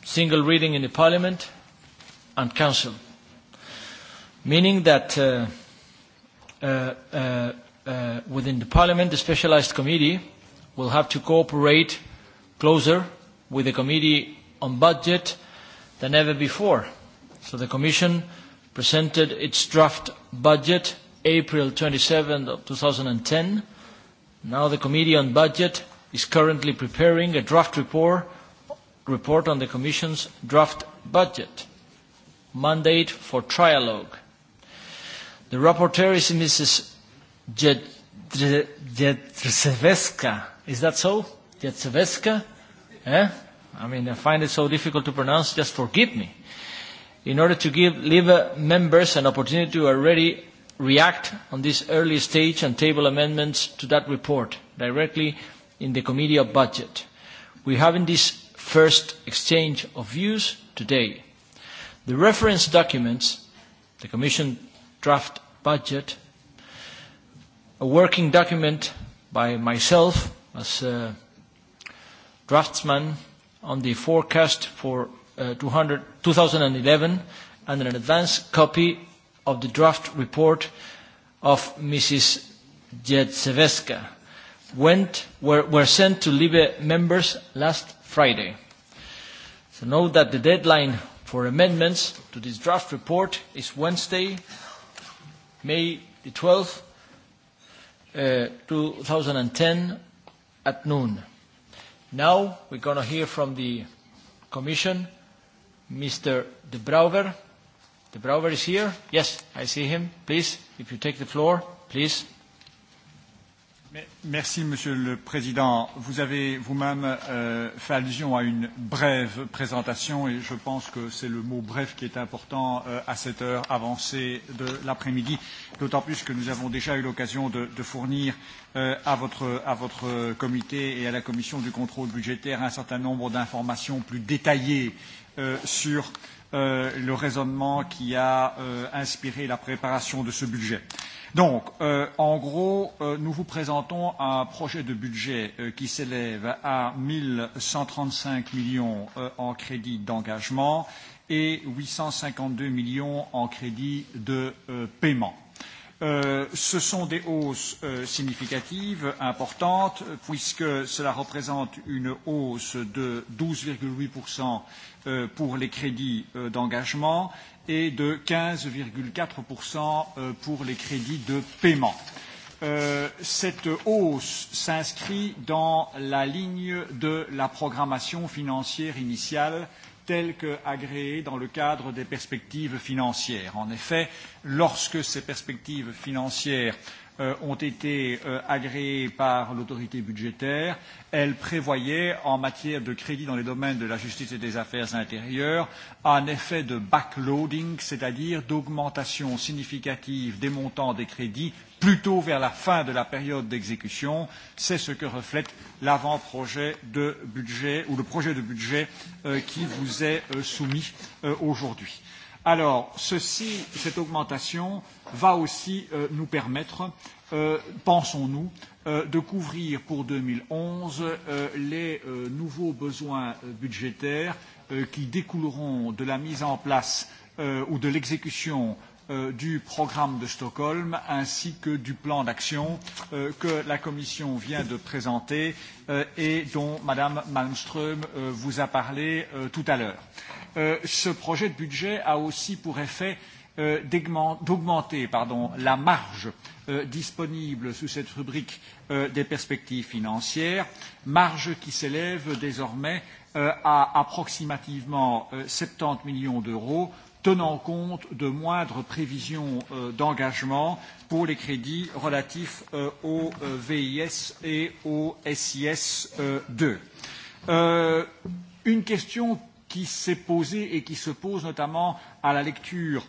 single reading in the Parliament and Council, meaning that uh, uh, uh, uh, within the Parliament, the specialized committee will have to cooperate closer with the Committee on Budget than ever before. So the Commission presented its draft budget April 27, 2010. Now the Committee on Budget is currently preparing a draft report, report on the Commission's draft budget, mandate for trialogue. The rapporteur is Mrs. Jedrzejewska. Is that so? Jedrzejewska? Eh? I mean, I find it so difficult to pronounce, just forgive me. In order to give LIVA members an opportunity to already react on this early stage and table amendments to that report directly in the Committee of Budget. We have in this first exchange of views today. The reference documents, the Commission draft budget, a working document by myself as a draftsman on the forecast for uh, 2011 and an advance copy of the draft report of Mrs. Jedrzejewska went, were, were sent to LIBE members last Friday. So note that the deadline for amendments to this draft report is Wednesday, May the 12th, 2010 uh, at noon. Now we're going to hear from the Commission, Mr. De Brouwer. De Brouwer is here. Yes, I see him. Please, if you take the floor, please. Merci, Monsieur le Président. Vous avez vous-même euh, fait allusion à une brève présentation et je pense que c'est le mot bref qui est important euh, à cette heure avancée de l'après-midi, d'autant plus que nous avons déjà eu l'occasion de, de fournir euh, à, votre, à votre comité et à la Commission du contrôle budgétaire un certain nombre d'informations plus détaillées euh, sur euh, le raisonnement qui a euh, inspiré la préparation de ce budget. Donc, euh, en gros, euh, nous vous présentons un projet de budget euh, qui s'élève à 1135 millions euh, en crédits d'engagement et 852 millions en crédits de euh, paiement. Euh, ce sont des hausses euh, significatives, importantes, puisque cela représente une hausse de 12,8% euh, pour les crédits euh, d'engagement et de 15,4% euh, pour les crédits de paiement. Euh, cette hausse s'inscrit dans la ligne de la programmation financière initiale euh, telles qu'agréées dans le cadre des perspectives financières. En effet, lorsque ces perspectives financières euh, ont été euh, agréées par l'autorité budgétaire. Elle prévoyait, en matière de crédit dans les domaines de la justice et des affaires intérieures, un effet de backloading, c'est-à-dire d'augmentation significative des montants des crédits plutôt vers la fin de la période d'exécution. C'est ce que reflète l'avant-projet de budget ou le projet de budget euh, qui vous est euh, soumis euh, aujourd'hui. Alors, ceci, cette augmentation va aussi euh, nous permettre, euh, pensons-nous, euh, de couvrir pour 2011 euh, les euh, nouveaux besoins budgétaires euh, qui découleront de la mise en place euh, ou de l'exécution euh, du programme de Stockholm ainsi que du plan d'action euh, que la Commission vient de présenter euh, et dont Madame Malmström euh, vous a parlé euh, tout à l'heure. Euh, ce projet de budget a aussi pour effet euh, d'augmenter la marge euh, disponible sous cette rubrique euh, des perspectives financières, marge qui s'élève désormais euh, à approximativement euh, 70 millions d'euros, tenant compte de moindres prévisions euh, d'engagement pour les crédits relatifs euh, au euh, VIS et au SIS euh, 2. Euh, une question qui s'est posée et qui se pose notamment à la lecture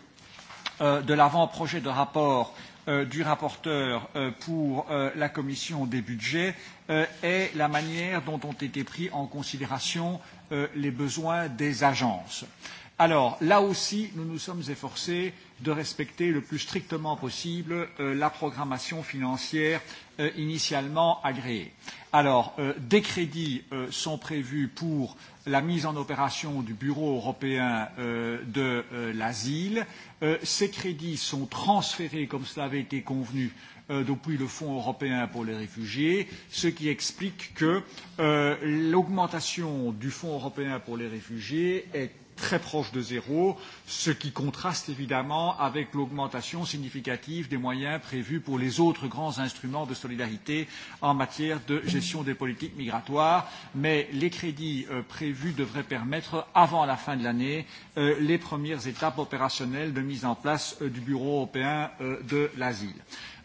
euh, de l'avant-projet de rapport euh, du rapporteur euh, pour euh, la commission des budgets euh, est la manière dont ont été pris en considération euh, les besoins des agences. Alors là aussi, nous nous sommes efforcés de respecter le plus strictement possible euh, la programmation financière euh, initialement agréée. Alors, euh, des crédits euh, sont prévus pour euh, la mise en opération du Bureau européen euh, de euh, l'asile. Euh, ces crédits sont transférés, comme cela avait été convenu, euh, depuis le Fonds européen pour les réfugiés, ce qui explique que euh, l'augmentation du Fonds européen pour les réfugiés est très proche de zéro, ce qui contraste évidemment avec l'augmentation significative des moyens prévus pour les autres grands instruments de solidarité en matière de gestion des politiques migratoires. Mais les crédits euh, prévus devraient permettre, avant la fin de l'année, euh, les premières étapes opérationnelles de mise en place euh, du Bureau européen euh, de l'asile.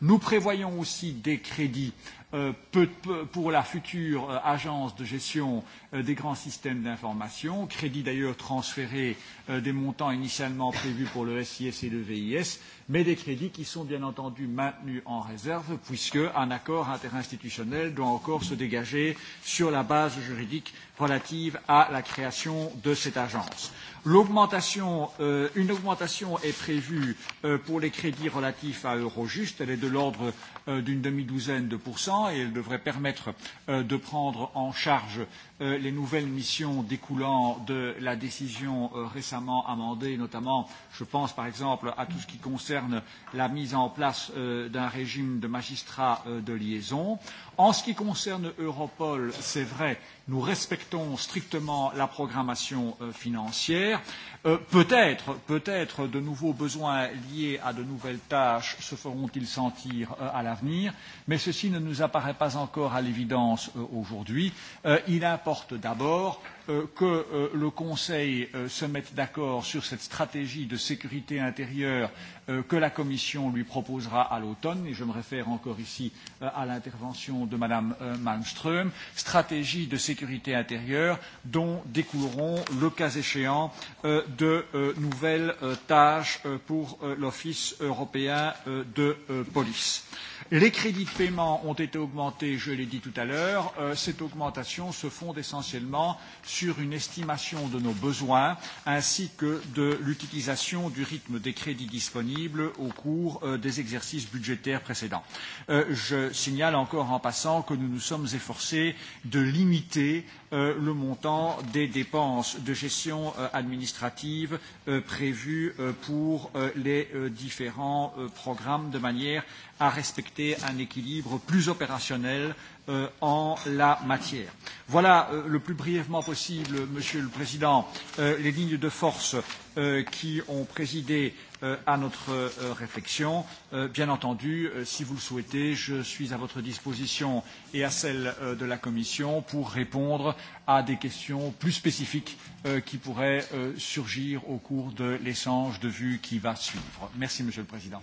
Nous prévoyons aussi des crédits Euh, peut, pour la future euh, agence de gestion euh, des grands systèmes d'information, crédit d'ailleurs transféré des montants initialement prévus pour le SIS et le VIS, mais des crédits qui sont bien entendu maintenus en réserve puisque un accord interinstitutionnel doit encore se dégager sur la base juridique relative à la création de cette agence. L'augmentation, euh, une augmentation est prévue euh, pour les crédits relatifs à Eurojust, elle est de l'ordre Euh, d'une demi-douzaine de pourcents et elle devrait permettre euh, de prendre en charge euh, les nouvelles missions découlant de la décision récemment amendée, notamment, je pense par exemple à tout ce qui concerne la mise en place d'un régime de magistrats de liaison. En ce qui concerne Europol, c'est vrai, nous respectons strictement la programmation financière. Peut-être, peut-être de nouveaux besoins liés à de nouvelles tâches se feront-ils sentir à la l'avenir, mais ceci ne nous apparaît pas encore à l'évidence euh, aujourd'hui. Euh, il importe d'abord euh, que euh, le Conseil euh, se mette d'accord sur cette stratégie de sécurité intérieure euh, que la Commission lui proposera à l'automne, et je me réfère encore ici euh, à l'intervention de Madame euh, Malmström, stratégie de sécurité intérieure dont découleront, le cas échéant, euh, de euh, nouvelles euh, tâches euh, pour euh, l'Office européen euh, de euh, police. Euh, Les crédits de paiement ont été augmentés, je l'ai dit tout à l'heure. Euh, cette augmentation se fonde essentiellement sur une estimation de nos besoins ainsi que de l'utilisation du rythme des crédits disponibles au cours euh, des exercices budgétaires précédents. Euh, je signale encore en passant que nous nous sommes efforcés de limiter euh, le montant des dépenses de gestion euh, administrative euh, prévues euh, pour euh, les euh, différents euh, programmes de manière à respecter un équilibre plus opérationnel euh, en la matière. Voilà euh, le plus brièvement possible, Monsieur le Président, euh, les lignes de force euh, qui ont présidé euh, à notre euh, réflexion. Euh, bien entendu, euh, si vous le souhaitez, je suis à votre disposition et à celle euh, de la Commission pour répondre à des questions plus spécifiques euh, qui pourraient euh, surgir au cours de l'échange de vues qui va suivre. Merci, Monsieur le Président.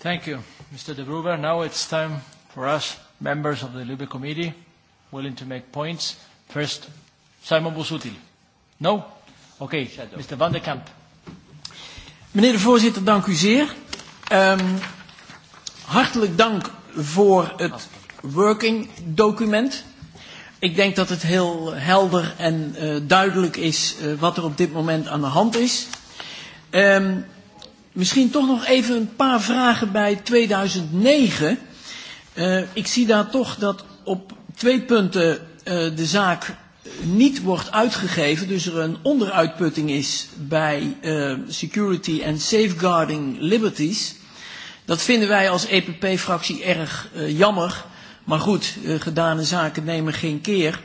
Thank you, Mr. De Bruber. Now it's time for us, members of the Libre Committee, willing to make points. First, Simon Busuttil. No? Oké, okay. Mr. Van der Kamp. Meneer de voorzitter, dank u zeer. Um, hartelijk dank voor het working document. Ik denk dat het heel helder en uh, duidelijk is uh, wat er op dit moment aan de hand is. Um, Misschien toch nog even een paar vragen bij 2009. Uh, eh, ik zie daar toch dat op twee punten uh, de zaak niet wordt uitgegeven, dus er een onderuitputting is bij uh, security and safeguarding liberties. Dat vinden wij als EPP-fractie erg uh, jammer. Maar goed, uh, gedane zaken nemen geen keer.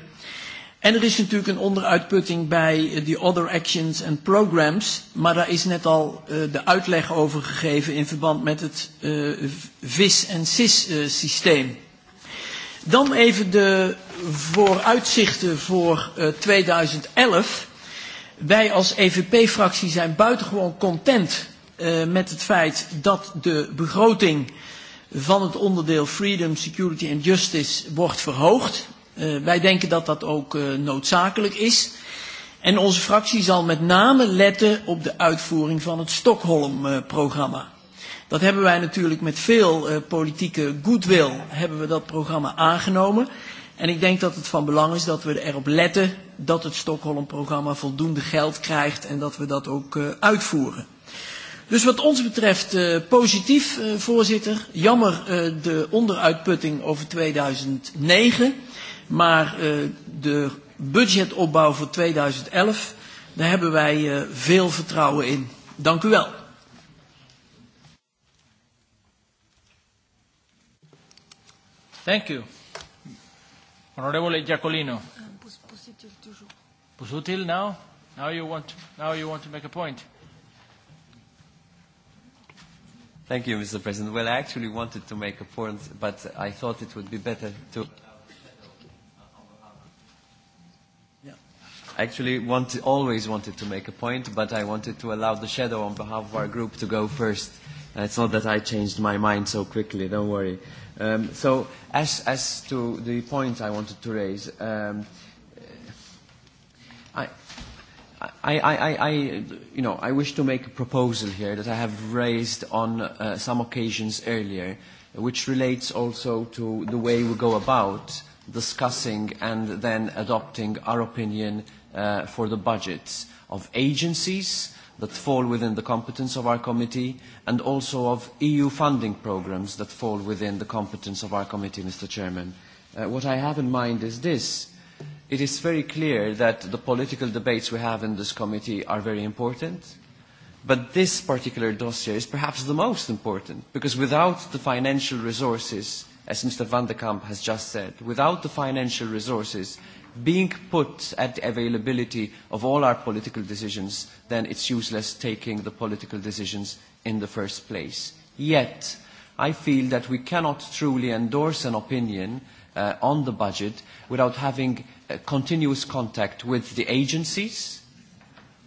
En er is natuurlijk een onderuitputting bij eh, de other actions and programs, maar daar is net al uh, de uitleg over gegeven in verband met het uh, VIS- en CIS-systeem. Dan even de vooruitzichten voor uh, 2011. Wij als EVP-fractie zijn buitengewoon content uh, met het feit dat de begroting van het onderdeel Freedom, Security and Justice wordt verhoogd. Uh, wij denken dat dat ook uh, noodzakelijk is. En onze fractie zal met name letten op de uitvoering van het Stockholm-programma. Dat hebben wij natuurlijk met veel uh, politieke goodwill hebben we dat programma aangenomen. En ik denk dat het van belang is dat we erop letten dat het Stockholm-programma voldoende geld krijgt en dat we dat ook uh, uitvoeren. Dus wat ons betreft uh, positief, uh, voorzitter. Jammer uh, de onderuitputting over 2009. Maar uh, de budgetopbouw voor 2011, daar hebben wij uh, veel vertrouwen in. Dank u wel. Thank you. Honorable Giacolino. Busutil eh, now? Now you want now you want to make a point. Thank you, Mr. President. Well, I actually wanted to make a point, but I thought it would be better to actually to, always wanted to make a point, but I wanted to allow the shadow on behalf of our group to go first. Uh, it's not that I changed my mind so quickly, don't worry. Um, so as, as to the point I wanted to raise, um, I, I, I, I, you know, I wish to make a proposal here that I have raised on uh, some occasions earlier, which relates also to the way we go about discussing and then adopting our opinion uh, for the budgets of agencies that fall within the competence of our committee and also of EU funding programs that fall within the competence of our committee, Mr. Chairman. Uh, what I have in mind is this. It is very clear that the political debates we have in this committee are very important, but this particular dossier is perhaps the most important because without the financial resources, as Mr. Van de Kamp has just said, without the financial resources, being put at the availability of all our political decisions, then it's useless taking the political decisions in the first place. Yet, I feel that we cannot truly endorse an opinion uh, on the budget without having uh, continuous contact with the agencies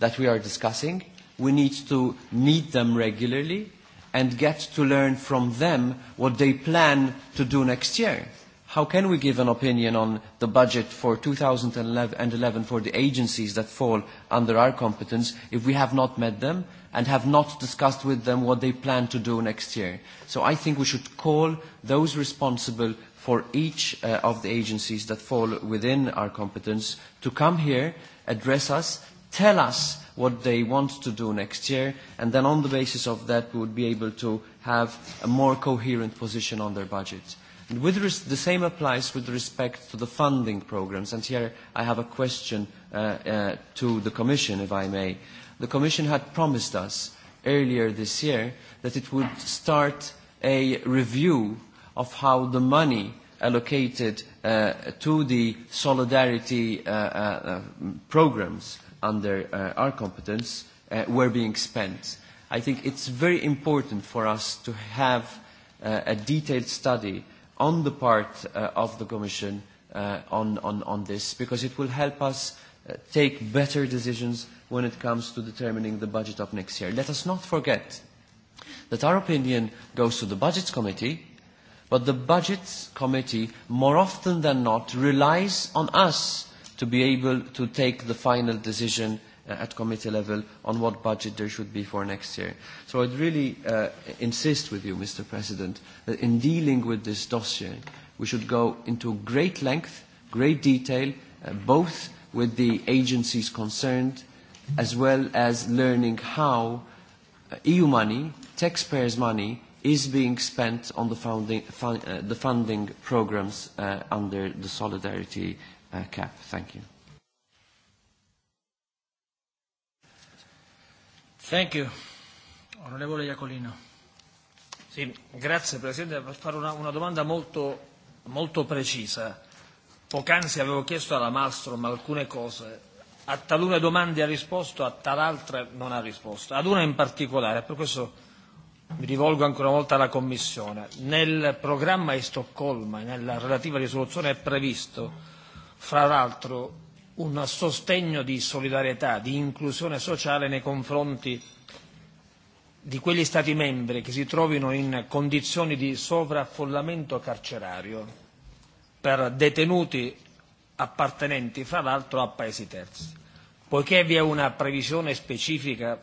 that we are discussing. We need to meet them regularly and get to learn from them what they plan to do next year how can we give an opinion on the budget for 2011 for the agencies that fall under our competence if we have not met them and have not discussed with them what they plan to do next year? So I think we should call those responsible for each uh, of the agencies that fall within our competence to come here, address us, tell us what they want to do next year, and then on the basis of that we would be able to have a more coherent position on their budget with res the same applies with respect to the funding programs. And here I have a question uh, uh, to the Commission, if I may. The Commission had promised us earlier this year that it would start a review of how the money allocated uh, to the solidarity uh, uh, um, programs under uh, our competence uh, were being spent. I think it's very important for us to have uh, a detailed study on the part uh, of the Commission uh, on, on, on this, because it will help us uh, take better decisions when it comes to determining the budget of next year. Let us not forget that our opinion goes to the Budgets Committee, but the Budgets Committee, more often than not, relies on us to be able to take the final decision Uh, at committee level on what budget there should be for next year. So I'd really uh, insist with you, Mr. President, that in dealing with this dossier, we should go into great length, great detail, uh, both with the agencies concerned, as well as learning how uh, EU money, taxpayers' money, is being spent on the, funding, fun, uh, the funding programs uh, under the solidarity uh, cap. Thank you. Thank you. Onorevole Iacolino. Sì, grazie Presidente per fare una, una domanda molto, molto precisa. Poc'anzi avevo chiesto alla Malmström alcune cose, a talune domande ha risposto, a tal'altre non ha risposto, ad una in particolare, per questo mi rivolgo ancora una volta alla Commissione. Nel programma di Stoccolma, nella relativa risoluzione, è previsto, fra l'altro, un sostegno di solidarietà, di inclusione sociale nei confronti di quegli Stati membri che si trovino in condizioni di sovraffollamento carcerario per detenuti appartenenti, fra l'altro, a paesi terzi. Poiché vi è una previsione specifica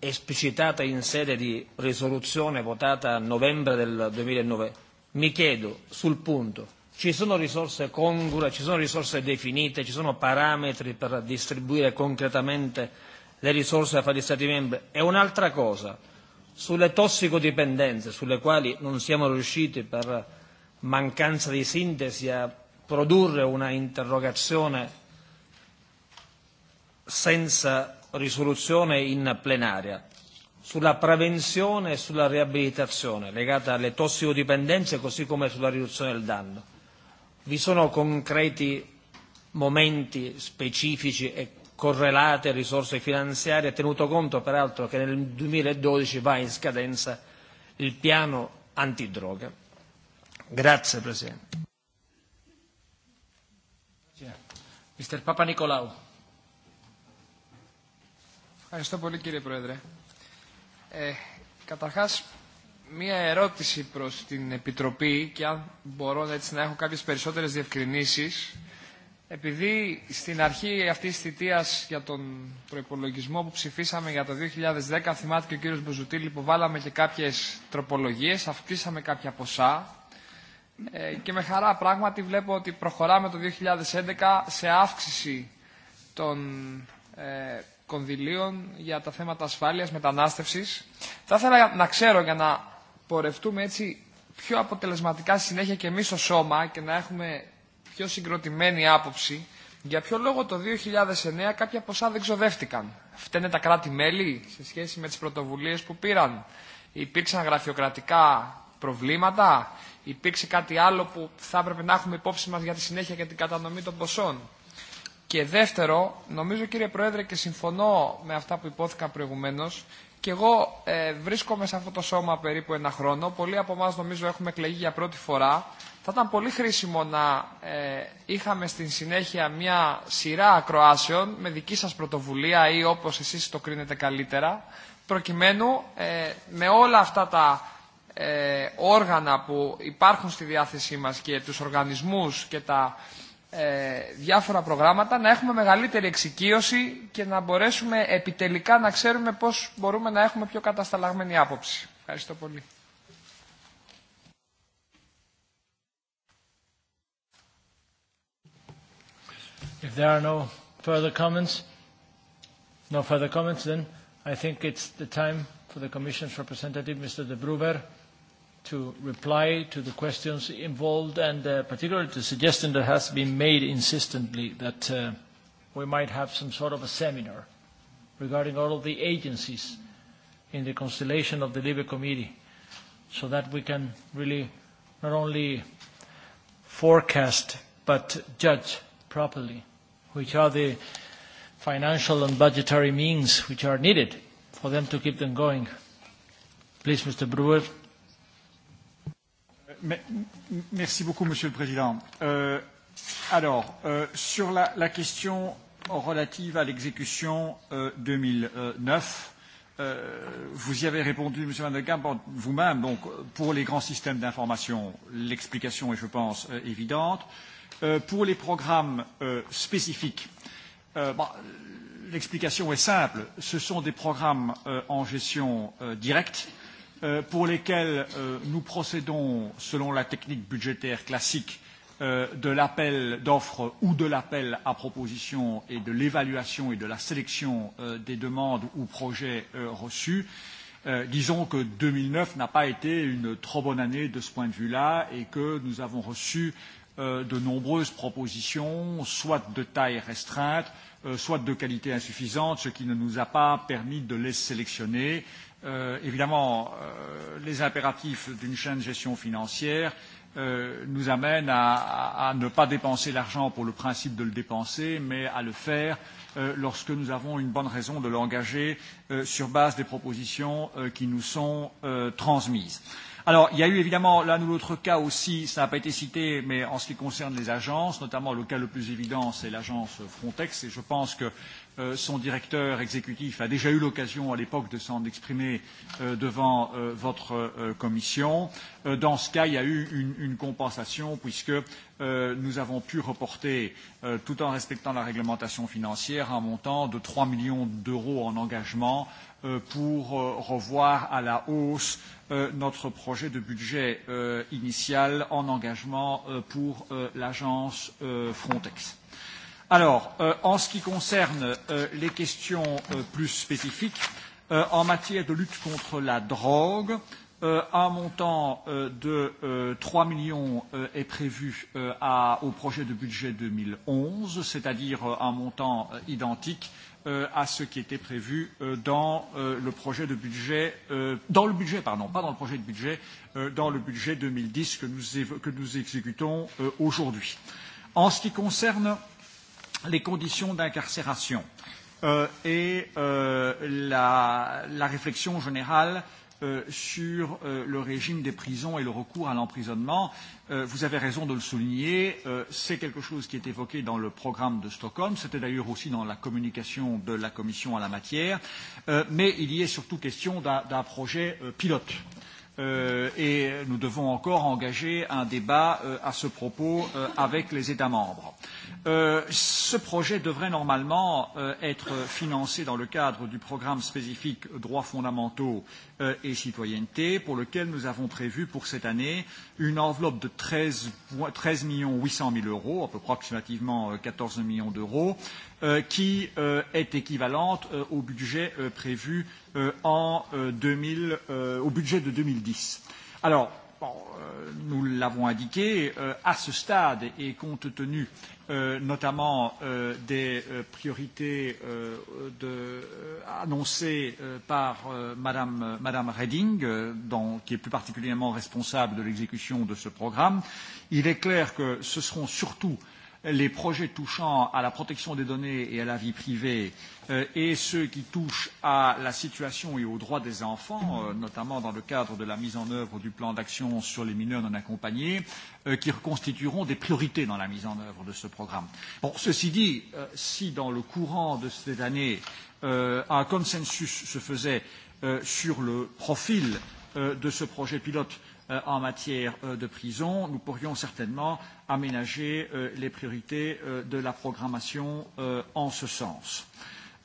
esplicitata in sede di risoluzione votata a novembre del 2009, mi chiedo sul punto ci sono risorse congure, ci sono risorse definite, ci sono parametri per distribuire concretamente le risorse a da fare gli Stati membri. E un'altra cosa, sulle tossicodipendenze, sulle quali non siamo riusciti per mancanza di sintesi a produrre una interrogazione senza risoluzione in plenaria sulla prevenzione e sulla riabilitazione legata alle tossicodipendenze così come sulla riduzione del danno vi sono concreti momenti specifici e correlate risorse finanziarie, tenuto conto peraltro che nel 2012 va in scadenza il piano antidroga. Grazie Presidente. Mr. Papa Nicolau. Ευχαριστώ πολύ κύριε Πρόεδρε. Ε, καταρχάς μία ερώτηση προς την Επιτροπή και αν μπορώ έτσι να έχω κάποιες περισσότερες διευκρινήσεις. Επειδή στην αρχή αυτής της θητείας για τον προϋπολογισμό που ψηφίσαμε για το 2010, θυμάται και ο κύριος Μποζουτήλη, υποβάλαμε και κάποιες τροπολογίες, αυξήσαμε κάποια ποσά ε, και με χαρά πράγματι βλέπω ότι προχωράμε το 2011 σε αύξηση των ε, κονδυλίων για τα θέματα ασφάλειας, μετανάστευσης. Θα ήθελα να ξέρω για να πορευτούμε έτσι πιο αποτελεσματικά συνέχεια και εμείς στο σώμα και να έχουμε πιο συγκροτημένη άποψη για ποιο λόγο το 2009 κάποια ποσά δεν ξοδεύτηκαν. Φταίνε τα κράτη-μέλη σε σχέση με τις πρωτοβουλίες που πήραν. Υπήρξαν γραφειοκρατικά προβλήματα, υπήρξε κάτι άλλο που θα έπρεπε να έχουμε υπόψη μας για τη συνέχεια και την κατανομή των ποσών. Και δεύτερο, νομίζω κύριε Πρόεδρε και συμφωνώ με αυτά που υπόθηκαν προηγουμένως, Και εγώ ε, βρίσκομαι σε αυτό το σώμα περίπου ένα χρόνο. Πολλοί από εμά νομίζω έχουμε εκλεγεί για πρώτη φορά. Θα ήταν πολύ χρήσιμο να ε, είχαμε στην συνέχεια μια σειρά ακροάσεων με δική σας πρωτοβουλία ή όπως εσείς το κρίνετε καλύτερα, προκειμένου ε, με όλα αυτά τα ε, όργανα που υπάρχουν στη διάθεσή μας και τους οργανισμούς και τα ε, διάφορα προγράμματα να έχουμε μεγαλύτερη εξοικείωση και να μπορέσουμε επιτελικά να ξέρουμε πώς μπορούμε να έχουμε πιο κατασταλαγμένη άποψη. Ευχαριστώ πολύ. If there are no further comments, no further comments, then I think it's the time for the Commission's representative, Mr. De Bruber, to reply to the questions involved and uh, particularly the suggestion that has been made insistently that uh, we might have some sort of a seminar regarding all of the agencies in the constellation of the Libre Committee so that we can really not only forecast but judge properly which are the financial and budgetary means which are needed for them to keep them going. Please, Mr. Brewer. Merci beaucoup, Monsieur le Président. Euh, alors, euh, sur la, la question relative à l'exécution euh, 2009, euh, vous y avez répondu, Monsieur Van der Kamp, vous-même. Donc, pour les grands systèmes d'information, l'explication est, je pense, euh, évidente. Euh, pour les programmes euh, spécifiques, euh, bah, l'explication est simple. Ce sont des programmes euh, en gestion euh, directe euh, Euh, pour lesquels euh, nous procédons selon la technique budgétaire classique euh, de l'appel d'offres ou de l'appel à proposition et de l'évaluation et de la sélection des demandes ou projets reçus. Euh, disons que 2009 n'a pas été une trop bonne année de ce point de vue-là et que nous avons reçu euh, de nombreuses propositions, soit de taille restreinte, euh, soit de qualité insuffisante, ce qui ne nous a pas permis de les sélectionner. Euh, évidemment, euh, les impératifs d'une chaîne gestion financière euh, nous amènent à, à, à ne pas dépenser l'argent pour le principe de le dépenser, mais à le faire euh, lorsque nous avons une bonne raison de l'engager euh, sur base des propositions euh, qui nous sont euh, transmises. Alors, il y a eu évidemment l'un ou l'autre cas aussi, ça n'a pas été cité, mais en ce qui concerne les agences, notamment le cas le plus évident, c'est l'agence Frontex, et je pense que Euh, son directeur exécutif a déjà eu l'occasion à l'époque de s'en exprimer euh, devant euh, votre commission. dans ce cas, il y a eu une, une compensation puisque nous avons pu reporter, tout en respectant la réglementation financière, un montant de 3 millions d'euros en engagement pour revoir à la hausse notre projet de budget initial en engagement pour l'agence Frontex. Alors, euh, en ce qui concerne euh, les questions euh, plus spécifiques, euh, en matière de lutte contre la drogue, euh, un montant euh, de euh, 3 millions euh, est prévu euh, à, au projet de budget 2011, c'est-à-dire euh, un montant euh, identique euh, à ce qui était prévu euh, dans euh, le projet de budget, euh, dans le budget, pardon, pas dans le projet de budget, euh, dans le budget 2010 que nous, que nous exécutons euh, aujourd'hui. En ce qui concerne euh, les conditions d'incarcération euh, et euh, la, la réflexion générale euh, sur euh, le régime des prisons et le recours à l'emprisonnement. Euh, vous avez raison de le souligner, euh, c'est quelque chose qui est évoqué dans le programme de Stockholm, c'était d'ailleurs aussi dans la communication de la Commission à la matière, euh, mais il y est surtout question d'un projet euh, pilote. Euh, et nous devons encore engager un débat euh, à ce propos euh, avec les États membres. Euh, ce projet devrait normalement euh, être financé dans le cadre du programme spécifique droits fondamentaux euh, et citoyenneté, pour lequel nous avons prévu pour cette année une enveloppe de 13, 13 800 000 euros, à peu approximativement 14 euh, millions d'euros, euh, qui euh, est équivalente euh, au budget euh, prévu euh, en euh, 2000, euh, au budget de 2010. Alors, bon, euh, nous l'avons indiqué, euh, à ce stade et compte tenu euh, notamment euh, des euh, priorités euh, de, euh, annoncées euh, par euh, Madame, euh, Madame Reding, euh, dans, qui est plus particulièrement responsable de l'exécution de ce programme. Il est clair que ce seront surtout euh, les projets touchant à la protection des données et à la vie privée euh, et ceux qui touchent à la situation et aux droits des enfants, euh, notamment dans le cadre de la mise en œuvre du plan d'action sur les mineurs non accompagnés, euh, qui reconstitueront des priorités dans la mise en œuvre de ce programme. Bon, ceci dit, euh, si dans le courant de cette année, euh, un consensus se faisait euh, sur le profil euh, de ce projet pilote, euh, en matière euh, de prison, nous pourrions certainement aménager euh, les priorités euh, de la programmation euh, en ce sens.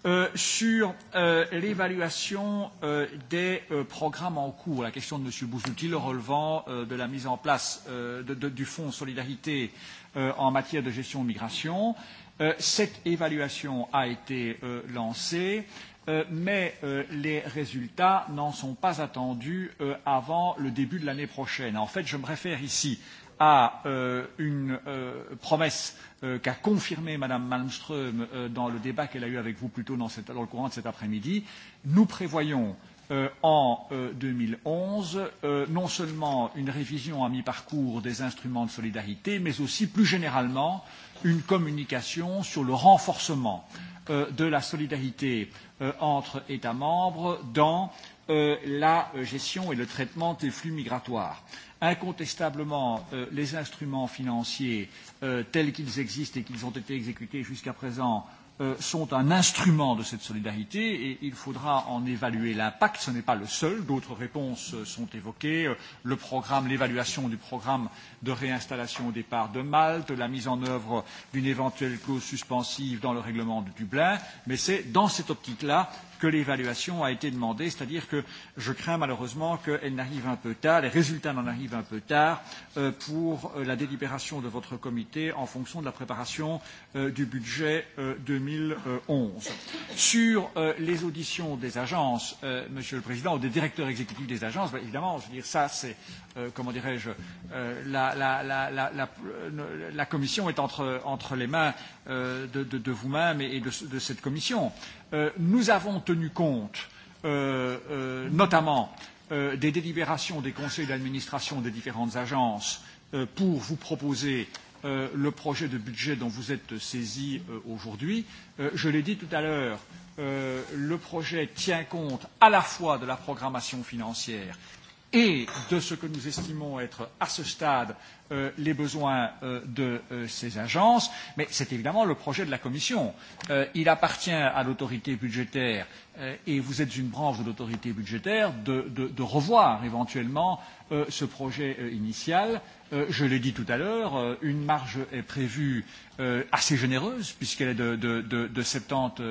Euh, sur euh, l'évaluation euh, des euh, programmes en cours, la question de M. Bouzoutil relevant euh, de la mise en place euh, de, de, du Fonds Solidarité euh, en matière de gestion de migration, Euh, cette évaluation a été euh, lancée, euh, mais euh, les résultats n'en sont pas attendus euh, avant le début de l'année prochaine. En fait, je me réfère ici à euh, une euh, promesse euh, qu'a confirmée Mme Malmström euh, dans le débat qu'elle a eu avec vous plus tôt dans, cette, dans le courant de cet après-midi. Nous prévoyons euh, en euh, 2011 euh, non seulement une révision à mi-parcours des instruments de solidarité, mais aussi plus généralement une communication sur le renforcement euh, de la solidarité euh, entre États membres dans euh, la gestion et le traitement des flux migratoires. Incontestablement, euh, les instruments financiers euh, tels qu'ils existent et qu'ils ont été exécutés jusqu'à présent Euh, sont un instrument de cette solidarité et il faudra en évaluer l'impact. Ce n'est pas le seul. D'autres réponses euh, sont évoquées. Euh, le programme, l'évaluation du programme de réinstallation au départ de Malte, la mise en œuvre d'une éventuelle clause suspensive dans le règlement de Dublin. Mais c'est dans cette optique-là que l'évaluation a été demandée, c'est-à-dire que je crains malheureusement qu'elle n'arrive un peu tard, les résultats n'en arrivent un peu tard euh, pour euh, la délibération de votre comité en fonction de la préparation euh, du budget euh, 2011. Sur euh, les auditions des agences, euh, Monsieur le Président, ou des directeurs exécutifs des agences, ben, évidemment, je veux dire, ça c'est, euh, comment dirais-je, euh, la, la, la, la, la, la Commission est entre, entre les mains euh, de, de, de vous-même et de, de cette Commission. Euh, nous avons tenu compte euh, euh, notamment euh, des délibérations des conseils d'administration des différentes agences euh, pour vous proposer euh, le projet de budget dont vous êtes saisi euh, aujourd'hui. Euh, je l'ai dit tout à l'heure, euh, le projet tient compte à la fois de la programmation financière et de ce que nous estimons être à ce stade euh, les besoins euh, de euh, ces agences, mais c'est évidemment le projet de la Commission. Euh, il appartient à l'autorité budgétaire euh, et vous êtes une branche de l'autorité budgétaire de, de, de revoir éventuellement euh, ce projet euh, initial euh, Euh, je l'ai dit tout à l'heure, euh, une marge est prévue euh, assez généreuse puisqu'elle est de, de, de, de 70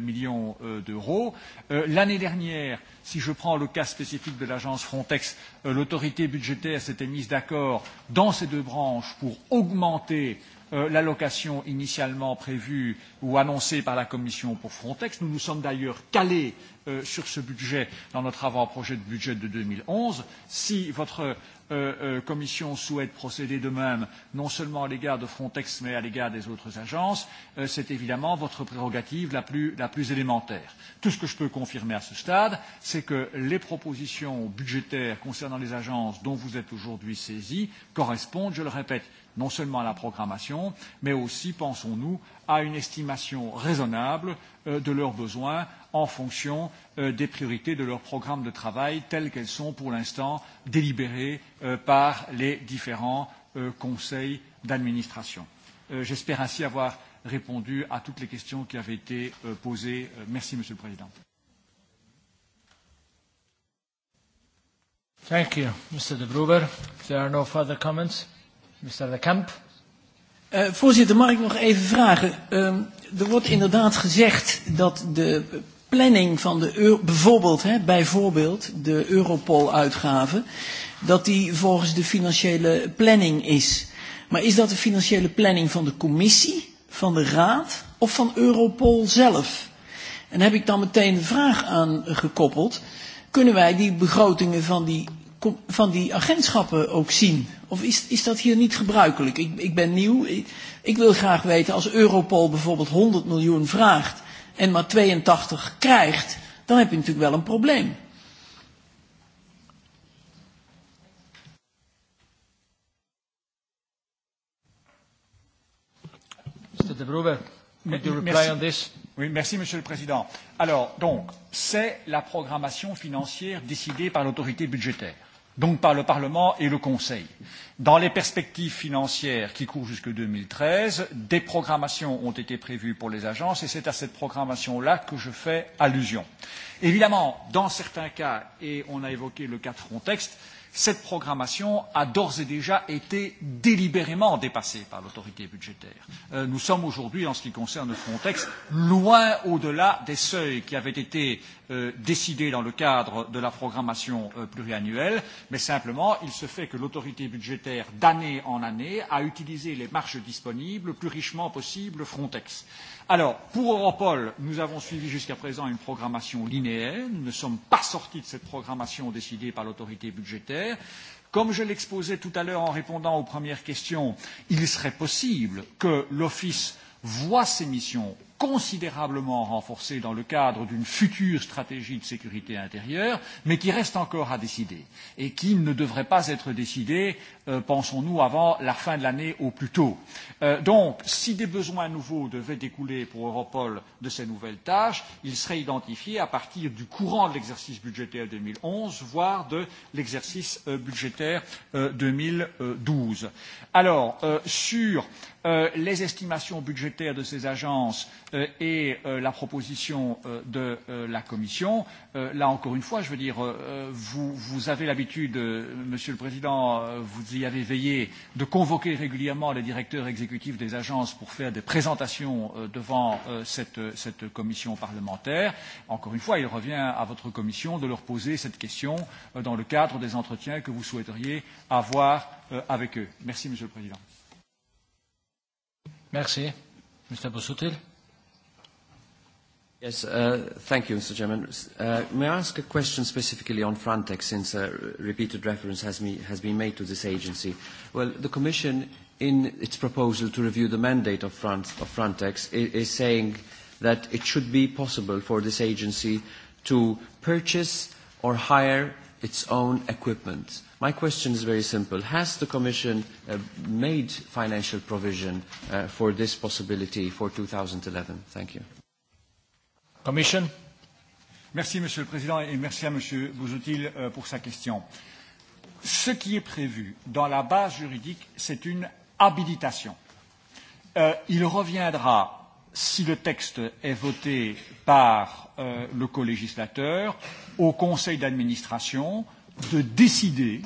millions d'euros. L'année dernière, si je prends le cas spécifique de l'agence Frontex, l'autorité budgétaire s'était mise d'accord dans ces deux branches pour augmenter l'allocation initialement prévue ou annoncée par la Commission pour Frontex. Nous nous sommes d'ailleurs calés euh, sur ce budget dans notre avant-projet de budget de 2011. Si votre Euh, euh, Commission souhaite procéder de même, non seulement à l'égard de Frontex, mais à l'égard des autres agences, euh, c'est évidemment votre prérogative la plus, la plus élémentaire. Tout ce que je peux confirmer à ce stade, c'est que les propositions budgétaires concernant les agences dont vous êtes aujourd'hui saisis correspondent, je le répète, non seulement à la programmation, mais aussi, pensons-nous, à une estimation raisonnable euh, de leurs besoins en fonction euh, des priorités de leur programme de travail telles qu'elles sont pour l'instant délibérées euh, par les différents euh, conseils d'administration. Euh, J'espère ainsi avoir répondu à toutes les questions qui avaient été euh, posées. Euh, merci, Monsieur le Président. Thank you, Mr. De Bruber. There are no further comments. Mr. De Kamp. Uh, voorzitter, mag ik nog even vragen? Uh, er wordt inderdaad gezegd dat de planning van de, euro, bijvoorbeeld, hè, bijvoorbeeld de Europol-uitgaven, dat die volgens de financiële planning is. Maar is dat de financiële planning van de commissie, van de raad of van Europol zelf? En heb ik dan meteen een vraag aan gekoppeld. Kunnen wij die begrotingen van die van die agentschappen ook zien? Of is, is dat hier niet gebruikelijk? Ik, ik ben nieuw. Ik, ik wil graag weten, als Europol bijvoorbeeld 100 miljoen vraagt en maar 82 krijgt, dan heb je natuurlijk wel een probleem. Mr. De Broebe, would you reply Merci. on this? Oui, merci Monsieur le Président. Alors, donc, c'est la programmation financière décidée par l'autorité budgétaire donc par le Parlement et le Conseil. Dans les perspectives financières qui courent jusque 2013, des programmations ont été prévues pour les agences et c'est à cette programmation-là que je fais allusion. Évidemment, dans certains cas, et on a évoqué le cas de Frontex, cette programmation a d'ores et déjà été délibérément dépassée par l'autorité budgétaire. Euh, nous sommes aujourd'hui, en ce qui concerne Frontex, loin au-delà des seuils qui avaient été euh, décidés dans le cadre de la programmation euh, pluriannuelle, mais simplement, il se fait que l'autorité budgétaire, d'année en année, a utilisé les marges disponibles plus richement possible Frontex. Alors, pour Europol, nous avons suivi jusqu'à présent une programmation linéaire. Nous ne sommes pas sortis de cette programmation décidée par l'autorité budgétaire. Comme je l'exposais tout à l'heure en répondant aux premières questions, il serait possible que l'Office voit ses missions considérablement renforcée dans le cadre d'une future stratégie de sécurité intérieure, mais qui reste encore à décider et qui ne devrait pas être décidée, euh, pensons-nous, avant la fin de l'année au plus tôt. Euh, donc, si des besoins nouveaux devaient découler pour Europol de ces nouvelles tâches, ils seraient identifiés à partir du courant de l'exercice budgétaire 2011, voire de l'exercice euh, budgétaire euh, 2012. Alors, euh, sur euh, les estimations budgétaires de ces agences euh, et euh, la proposition euh, de euh, la Commission. Euh, là encore une fois, je veux dire, euh, euh, vous, vous avez l'habitude, euh, Monsieur le Président, euh, vous y avez veillé, de convoquer régulièrement les directeurs exécutifs des agences pour faire des présentations euh, devant euh, cette, euh, cette commission parlementaire. Encore une fois, il revient à votre commission de leur poser cette question euh, dans le cadre des entretiens que vous souhaiteriez avoir euh, avec eux. Merci, Monsieur le Président. Merci. Mr. Busutil. Yes, uh, thank you, Mr. Chairman. Uh, may I ask a question specifically on Frontex, since a uh, repeated reference has, me, has been made to this agency? Well, the Commission, in its proposal to review the mandate of, Front, of Frontex, is, is saying that it should be possible for this agency to purchase or hire its own equipment. My question is very simple. Has the Commission uh, made financial provision uh, for this possibility for 2011? Thank you. Commission. Merci, Monsieur le Président, et merci à Monsieur Bouzoutil euh, pour sa question. Ce qui est prévu dans la base juridique, c'est une habilitation. Euh, il reviendra si le texte est voté par euh, le colégislateur, au conseil d'administration de décider,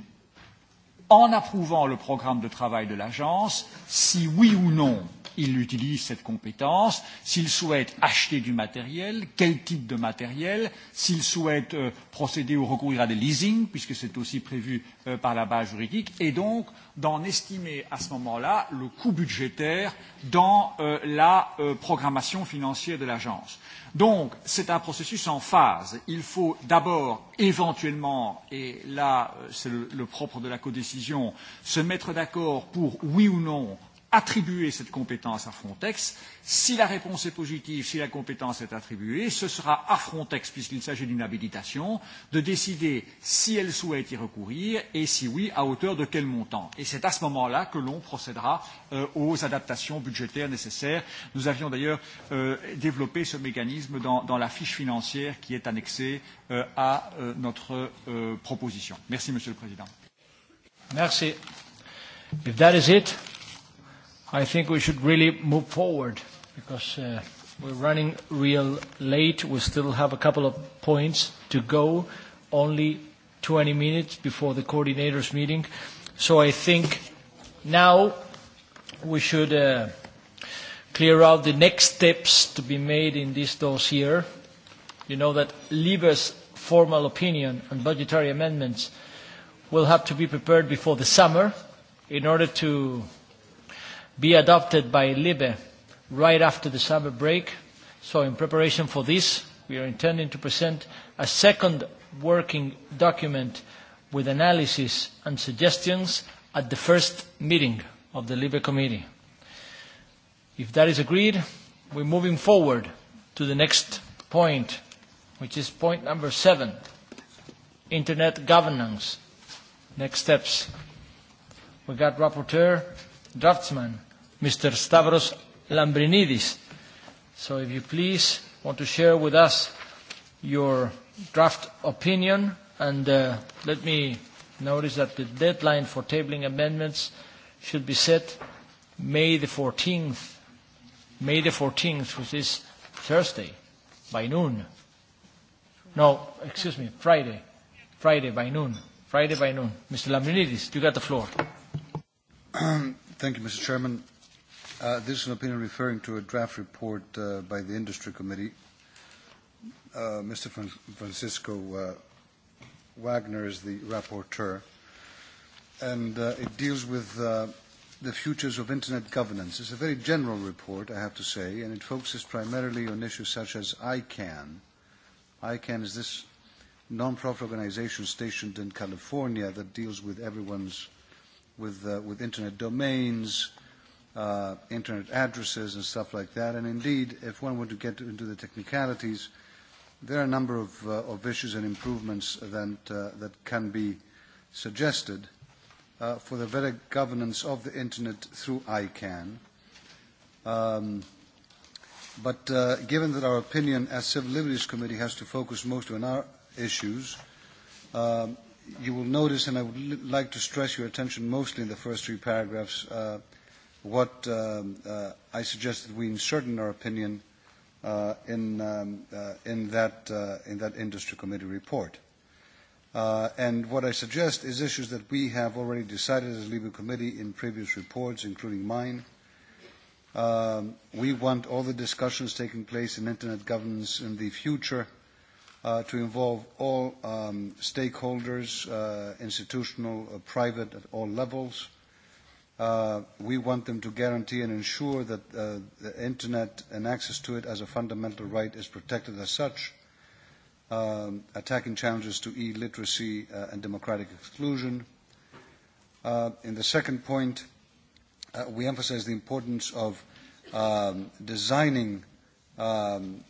en approuvant le programme de travail de l'agence, si oui ou non il utilise cette compétence, s'il souhaite acheter du matériel, quel type de matériel, s'il souhaite euh, procéder ou recourir à des leasing, puisque c'est aussi prévu euh, par la base juridique, et donc d'en estimer à ce moment-là le coût budgétaire dans euh, la euh, programmation financière de l'agence. Donc, c'est un processus en phase. Il faut d'abord, éventuellement, et là, euh, c'est le, le propre de la codécision, se mettre d'accord pour, oui ou non, attribuer cette compétence à Frontex. Si la réponse est positive, si la compétence est attribuée, ce sera à Frontex, puisqu'il s'agit d'une habilitation, de décider si elle souhaite y recourir et si oui, à hauteur de quel montant. Et c'est à ce moment-là que l'on procédera euh, aux adaptations budgétaires nécessaires. Nous avions d'ailleurs euh, développé ce mécanisme dans, dans la fiche financière qui est annexée euh, à euh, notre euh, proposition. Merci, Monsieur le Président. Merci. If that is it, I think we should really move forward because uh, we're running real late. We still have a couple of points to go, only 20 minutes before the coordinators' meeting. So I think now we should uh, clear out the next steps to be made in this dossier. You know that LIBE's formal opinion on budgetary amendments will have to be prepared before the summer in order to be adopted by LIBE right after the summer break. So in preparation for this, we are intending to present a second working document with analysis and suggestions at the first meeting of the LIBE Committee. If that is agreed, we're moving forward to the next point, which is point number seven, Internet governance. Next steps. We got rapporteur, draftsman, Mr. Stavros Lambrinidis. So if you please want to share with us your draft opinion, and uh, let me notice that the deadline for tabling amendments should be set May the 14th, May the 14th, which is Thursday, by noon. No, excuse me, Friday, Friday by noon, Friday by noon. Mr. Lambrinidis, you got the floor. Thank you, Mr. Chairman. Uh, this is an opinion referring to a draft report uh, by the Industry Committee. Uh, Mr. Fran Francisco uh, Wagner is the rapporteur, and uh, it deals with uh, the futures of Internet governance. It's a very general report, I have to say, and it focuses primarily on issues such as ICANN. ICANN is this non-profit organization stationed in California that deals with everyone's, with, uh, with Internet domains, uh, uh, internet addresses and stuff like that. And indeed, if one were to get into the technicalities, there are a number of, uh, of issues and improvements that, uh, that can be suggested uh, for the better governance of the internet through ICANN. Um, but uh, given that our opinion as Civil Liberties Committee has to focus most on our issues, uh, you will notice, and I would like to stress your attention mostly in the first three paragraphs, uh, what I um, uh, I we insert in our opinion uh, in, um, uh, in, that, uh, in that industry committee report. Uh, and what I suggest is issues that we have already decided as Libre Committee in previous reports, including mine. Um, we want all the discussions taking place in Internet governance in the future uh, to involve all um, stakeholders, uh, institutional, uh, private, at all levels. Uh, we want them to guarantee and ensure that uh, the internet and access to it as a fundamental right is protected as such, um, attacking challenges to e-literacy uh, and democratic exclusion. Uh, in the second point, uh, we emphasize the importance of um, designing um,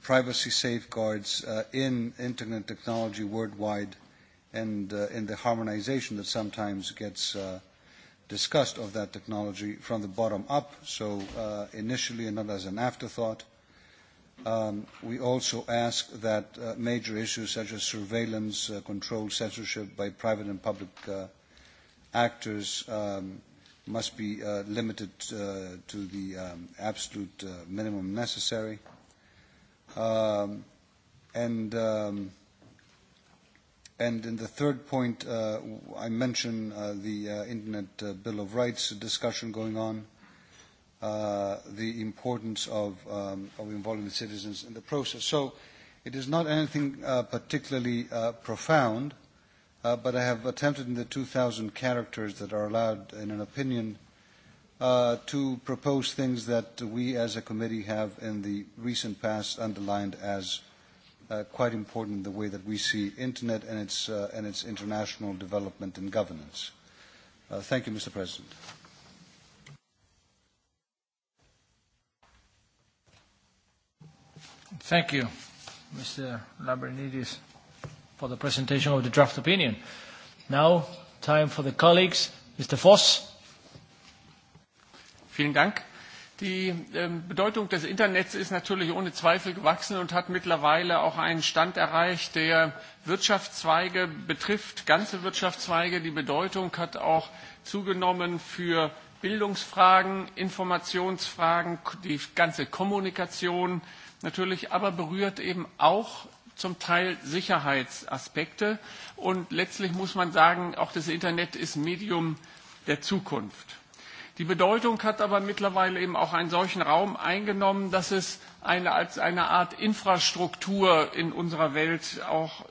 privacy safeguards uh, in internet technology worldwide and uh, in the harmonization that sometimes gets uh, discussed of that technology from the bottom up, so uh, initially and not as an afterthought. Um, we also ask that uh, major issues such as surveillance, uh, control, censorship by private and public uh, actors um, must be uh, limited uh, to the um, absolute uh, minimum necessary. Um, and um, And in the third point, uh, I mention uh, the uh, Internet uh, Bill of Rights discussion going on, uh, the importance of, um, of involving citizens in the process. So it is not anything uh, particularly uh, profound, uh, but I have attempted in the 2,000 characters that are allowed in an opinion uh, to propose things that we as a committee have in the recent past underlined as uh, quite important in the way that we see Internet and its, uh, and its international development and governance. Uh, thank you, Mr. President. Thank you, Mr. Lambrinidis, for the presentation of the draft opinion. Now, time for the colleagues. Mr. Voss. Vielen Dank. Die ähm, Bedeutung des Internets ist natürlich ohne Zweifel gewachsen und hat mittlerweile auch einen Stand erreicht, der Wirtschaftszweige betrifft, ganze Wirtschaftszweige. Die Bedeutung hat auch zugenommen für Bildungsfragen, Informationsfragen, die ganze Kommunikation natürlich, aber berührt eben auch zum Teil Sicherheitsaspekte. Und letztlich muss man sagen, auch das Internet ist Medium der Zukunft. Die Bedeutung hat aber mittlerweile eben auch einen solchen Raum eingenommen, dass es eine, als eine Art Infrastruktur in unserer Welt auch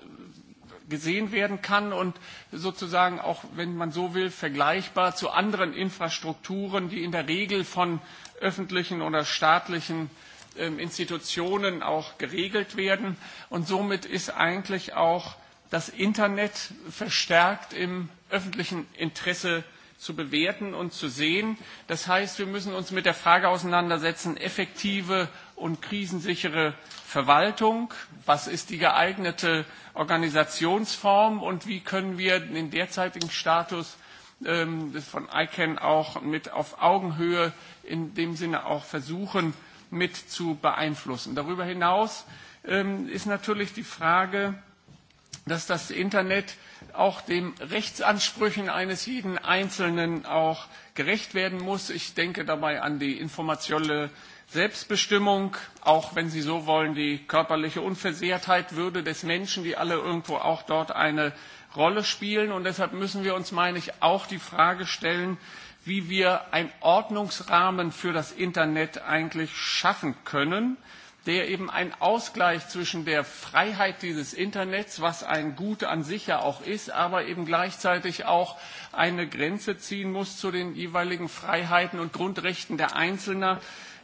gesehen werden kann und sozusagen auch, wenn man so will, vergleichbar zu anderen Infrastrukturen, die in der Regel von öffentlichen oder staatlichen ähm, Institutionen auch geregelt werden. Und somit ist eigentlich auch das Internet verstärkt im öffentlichen Interesse zu bewerten und zu sehen. Das heißt, wir müssen uns mit der Frage auseinandersetzen, effektive und krisensichere Verwaltung, was ist die geeignete Organisationsform und wie können wir den derzeitigen Status ähm, des von ICANN auch mit auf Augenhöhe in dem Sinne auch versuchen mit zu beeinflussen. Darüber hinaus ähm, ist natürlich die Frage, dass das Internet auch den Rechtsansprüchen eines jeden Einzelnen auch gerecht werden muss. Ich denke dabei an die informationelle Selbstbestimmung, auch wenn Sie so wollen, die körperliche Unversehrtheit, Würde des Menschen, die alle irgendwo auch dort eine Rolle spielen. Und deshalb müssen wir uns, meine ich, auch die Frage stellen, wie wir einen Ordnungsrahmen für das Internet eigentlich schaffen können der eben einen Ausgleich zwischen der Freiheit dieses Internets, was ein Gut an sich ja auch ist, aber eben gleichzeitig auch eine Grenze ziehen muss zu den jeweiligen Freiheiten und Grundrechten der Einzelner,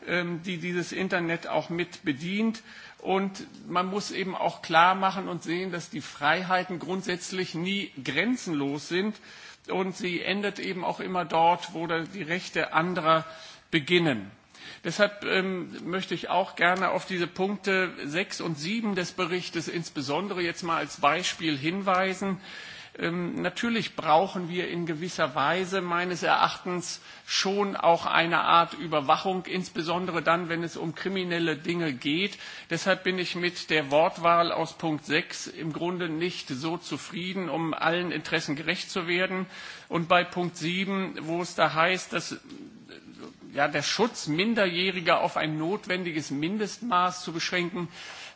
ähm, die dieses Internet auch mit bedient. Und man muss eben auch klar machen und sehen, dass die Freiheiten grundsätzlich nie grenzenlos sind und sie endet eben auch immer dort, wo da die Rechte anderer beginnen. Deshalb ähm, möchte ich auch gerne auf diese Punkte sechs und sieben des Berichtes insbesondere jetzt mal als Beispiel hinweisen. Ähm, natürlich brauchen wir in gewisser Weise meines Erachtens schon auch eine Art Überwachung, insbesondere dann, wenn es um kriminelle Dinge geht. Deshalb bin ich mit der Wortwahl aus Punkt 6 im Grunde nicht so zufrieden, um allen Interessen gerecht zu werden. Und bei Punkt 7, wo es da heißt, dass ja, der Schutz Minderjähriger auf ein notwendiges Mindestmaß zu beschränken,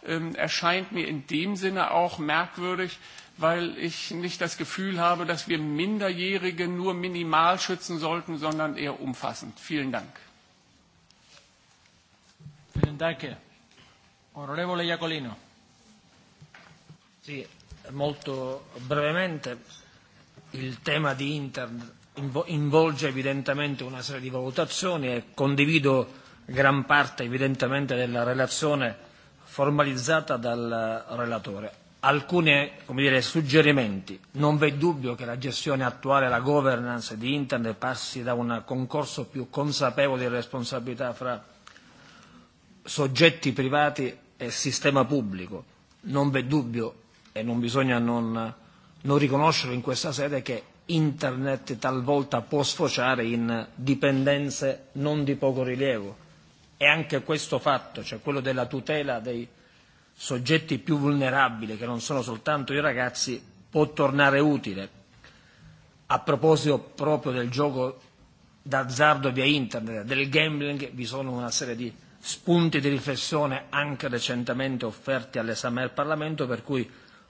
ähm, erscheint mir in dem Sinne auch merkwürdig, weil ich nicht das Gefühl habe, dass wir Minderjährige nur minimal schützen sollten, sondern eher umfassend. Vielen Dank. Vielen Dank. Onorevole Iacolino. Sì, molto brevemente. Il tema di Internet involge evidentemente una serie di valutazioni e condivido gran parte evidentemente della relazione formalizzata dal relatore. Alcuni come dire, suggerimenti. Non v'è dubbio che la gestione attuale, la governance di Internet passi da un concorso più consapevole di responsabilità fra soggetti privati e sistema pubblico. Non v'è dubbio e non bisogna non, non riconoscere in questa sede che internet talvolta può sfociare in dipendenze non di poco rilievo. E anche questo fatto, cioè quello della tutela dei soggetti più vulnerabili, che non sono soltanto i ragazzi, può tornare utile. A proposito proprio del gioco d'azzardo via internet, del gambling, vi sono una serie di spunti di riflessione anche recentemente offerti all'esame del Parlamento, per cui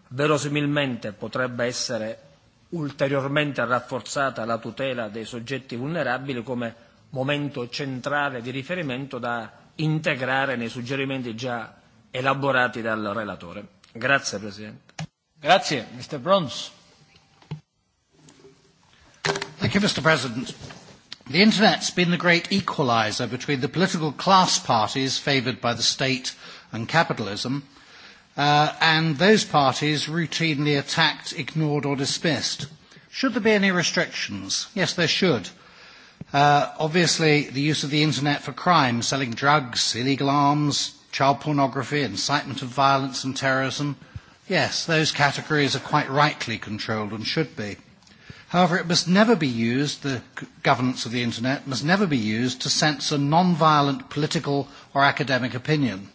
verosimilmente potrebbe essere ulteriormente rafforzata la tutela dei soggetti vulnerabili come momento centrale di riferimento da integrare nei suggerimenti già elaborati dal relatore. Grazie Presidente. Grazie. Mr. Bruns. Thank you, Mr. President. The Internet's been the great equalizer between the political class parties favored by the state and capitalism uh, and those parties routinely attacked, ignored or dismissed. Should there be any restrictions? Yes, there should. Uh, obviously, the use of the internet for crime, selling drugs, illegal arms, child pornography, incitement of violence and terrorism, yes, those categories are quite rightly controlled and should be. However, it must never be used, the governance of the internet must never be used to censor non-violent political or academic opinion.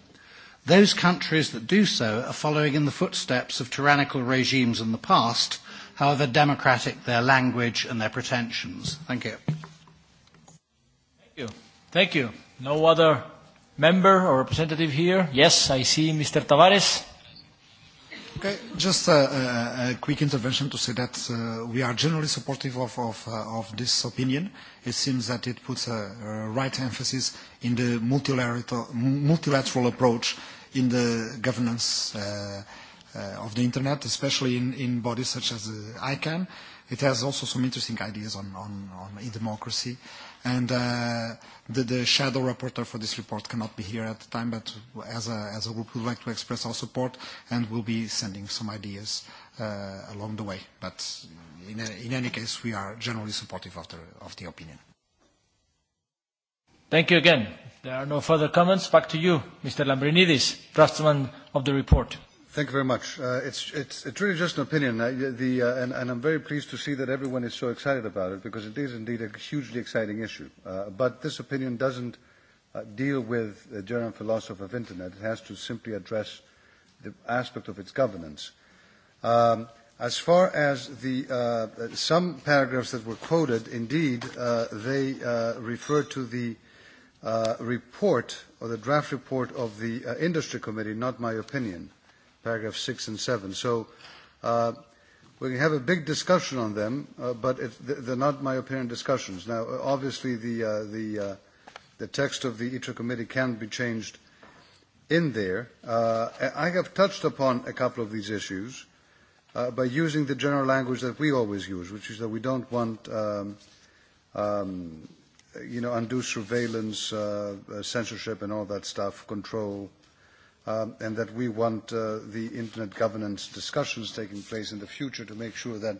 Those countries that do so are following in the footsteps of tyrannical regimes in the past, however democratic their language and their pretensions. Thank you. Thank you. Thank you. No other member or representative here? Yes, I see Mr. Tavares. Okay, just a, a, a quick intervention to say that uh, we are generally supportive of, of, uh, of this opinion. It seems that it puts a, a right emphasis in the multilateral, multilateral approach in the governance uh, uh, of the Internet, especially in, in bodies such as uh, ICANN. It has also some interesting ideas on, on, on e-democracy. And uh, the, the shadow rapporteur for this report cannot be here at the time, but as a, as a group, we'd like to express our support and we'll be sending some ideas uh, along the way. But in, a, in any case, we are generally supportive of the, of the opinion. Thank you again. There are no further comments. Back to you, Mr. Lambrinidis, draftsman of the report. Thank you very much. Uh, it's, it's, it's really just an opinion, uh, the, uh, and, and I'm very pleased to see that everyone is so excited about it because it is indeed a hugely exciting issue. Uh, but this opinion doesn't uh, deal with the German philosophy of Internet. It has to simply address the aspect of its governance. Um, as far as the, uh, some paragraphs that were quoted, indeed, uh, they uh, refer to the uh, report or the draft report of the uh, industry committee, not my opinion, paragraph six and seven. So uh, we can have a big discussion on them, uh, but it, they're not my opinion discussions. Now, uh, obviously, the, uh, the, uh, the text of the ITRA committee can be changed in there. Uh, I have touched upon a couple of these issues uh, by using the general language that we always use, which is that we don't want um, um, you know, undue surveillance, uh, uh, censorship and all that stuff, control, um, and that we want uh, the internet governance discussions taking place in the future to make sure that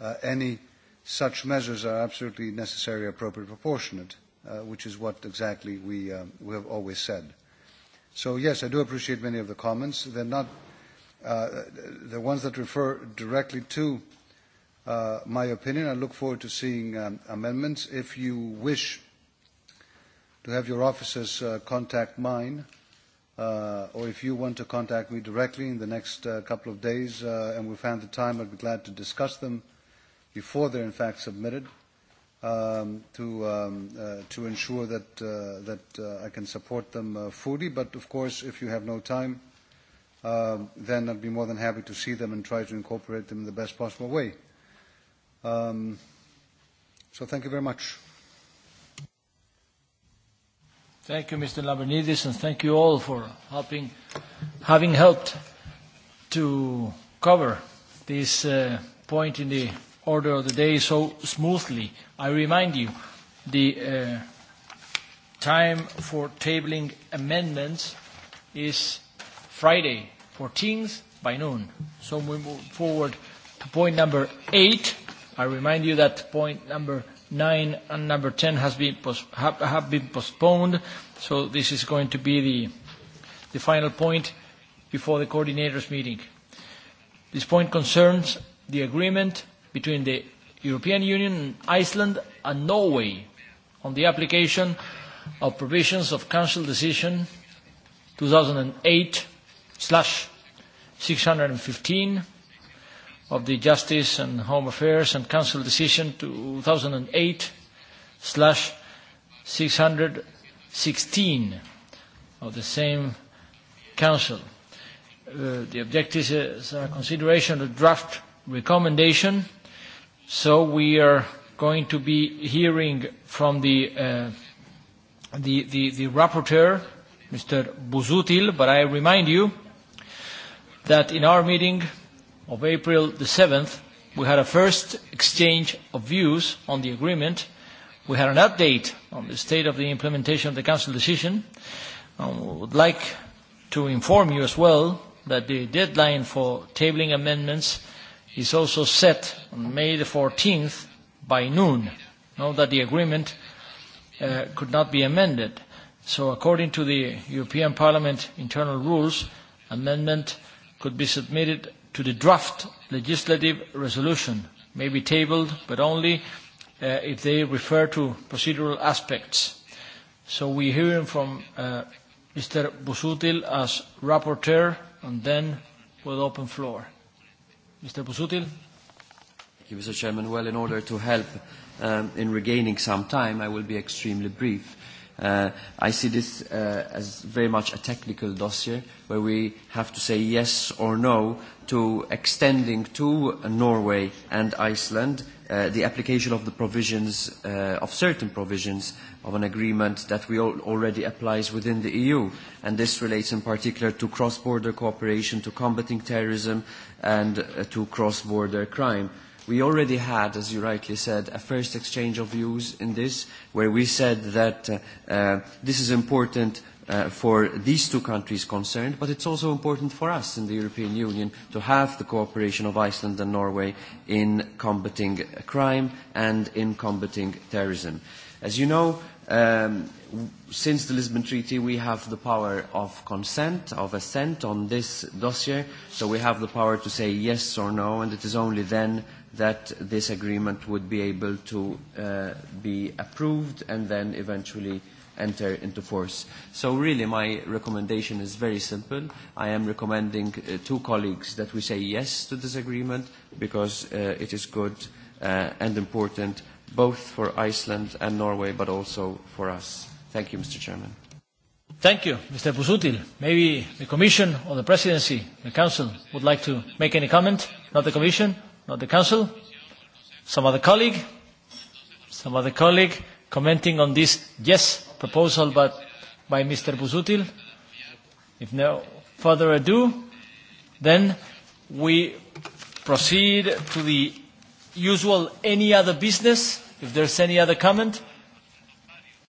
uh, any such measures are absolutely necessary, appropriate, proportionate, uh, which is what exactly we, um, we have always said. So yes, I do appreciate many of the comments. They're not uh, the ones that refer directly to Uh, my opinion. I look forward to seeing um, amendments. If you wish to have your officers uh, contact mine, uh, or if you want to contact me directly in the next uh, couple of days, uh, and we find the time, I'd be glad to discuss them before they're in fact submitted um, to, um, uh, to ensure that, uh, that uh, I can support them uh, fully. But of course, if you have no time, um, then I'd be more than happy to see them and try to incorporate them in the best possible way. Um, so thank you very much. Thank you, Mr. Labrinidis, and thank you all for helping, having helped to cover this uh, point in the order of the day so smoothly. I remind you, the uh, time for tabling amendments is Friday, 14th by noon. So we move forward to point number eight. I remind you that point number nine and number 10 has been have, have been postponed, so this is going to be the, the final point before the coordinators' meeting. This point concerns the agreement between the European Union, and Iceland and Norway on the application of provisions of Council Decision 2008/615 of the Justice and Home Affairs and Council Decision 2008/616 of the same Council. Uh, the objective is a consideration of draft recommendation. So we are going to be hearing from the, uh, the, the, the rapporteur, Mr. Buzutil, but I remind you that in our meeting of April the 7th, we had a first exchange of views on the agreement. We had an update on the state of the implementation of the Council decision. I would like to inform you as well that the deadline for tabling amendments is also set on May the 14th by noon. Note that the agreement uh, could not be amended. So according to the European Parliament internal rules, amendment could be submitted to the draft legislative resolution may be tabled, but only uh, if they refer to procedural aspects. So hear him from uh, Mr. Busutil as rapporteur, and then we'll open floor. Mr. Busutil. Thank you, Mr. Chairman. Well, in order to help um, in regaining some time, I will be extremely brief. Uh, I see this uh, as very much a technical dossier where we have to say yes or no to extending to Norway and Iceland uh, the application of the provisions, uh, of certain provisions of an agreement that we all already applies within the EU. And this relates in particular to cross-border cooperation, to combating terrorism and uh, to cross-border crime we already had, as you rightly said, a first exchange of views in this, where we said that uh, uh, this is important uh, for these two countries concerned, but it's also important for us in the European Union to have the cooperation of Iceland and Norway in combating crime and in combating terrorism. As you know, um, since the Lisbon Treaty, we have the power of consent, of assent on this dossier, so we have the power to say yes or no, and it is only then that this agreement would be able to uh, be approved and then eventually enter into force. So really my recommendation is very simple. I am recommending uh, two colleagues that we say yes to this agreement because uh, it is good uh, and important both for Iceland and Norway but also for us. Thank you, Mr. Chairman. Thank you, Mr. Busutil. Maybe the Commission or the Presidency, the Council, would like to make any comment? Not the Commission? not the Council, some other colleague, some other colleague commenting on this yes proposal but by Mr. Busutil. If no further ado, then we proceed to the usual any other business, if there's any other comment.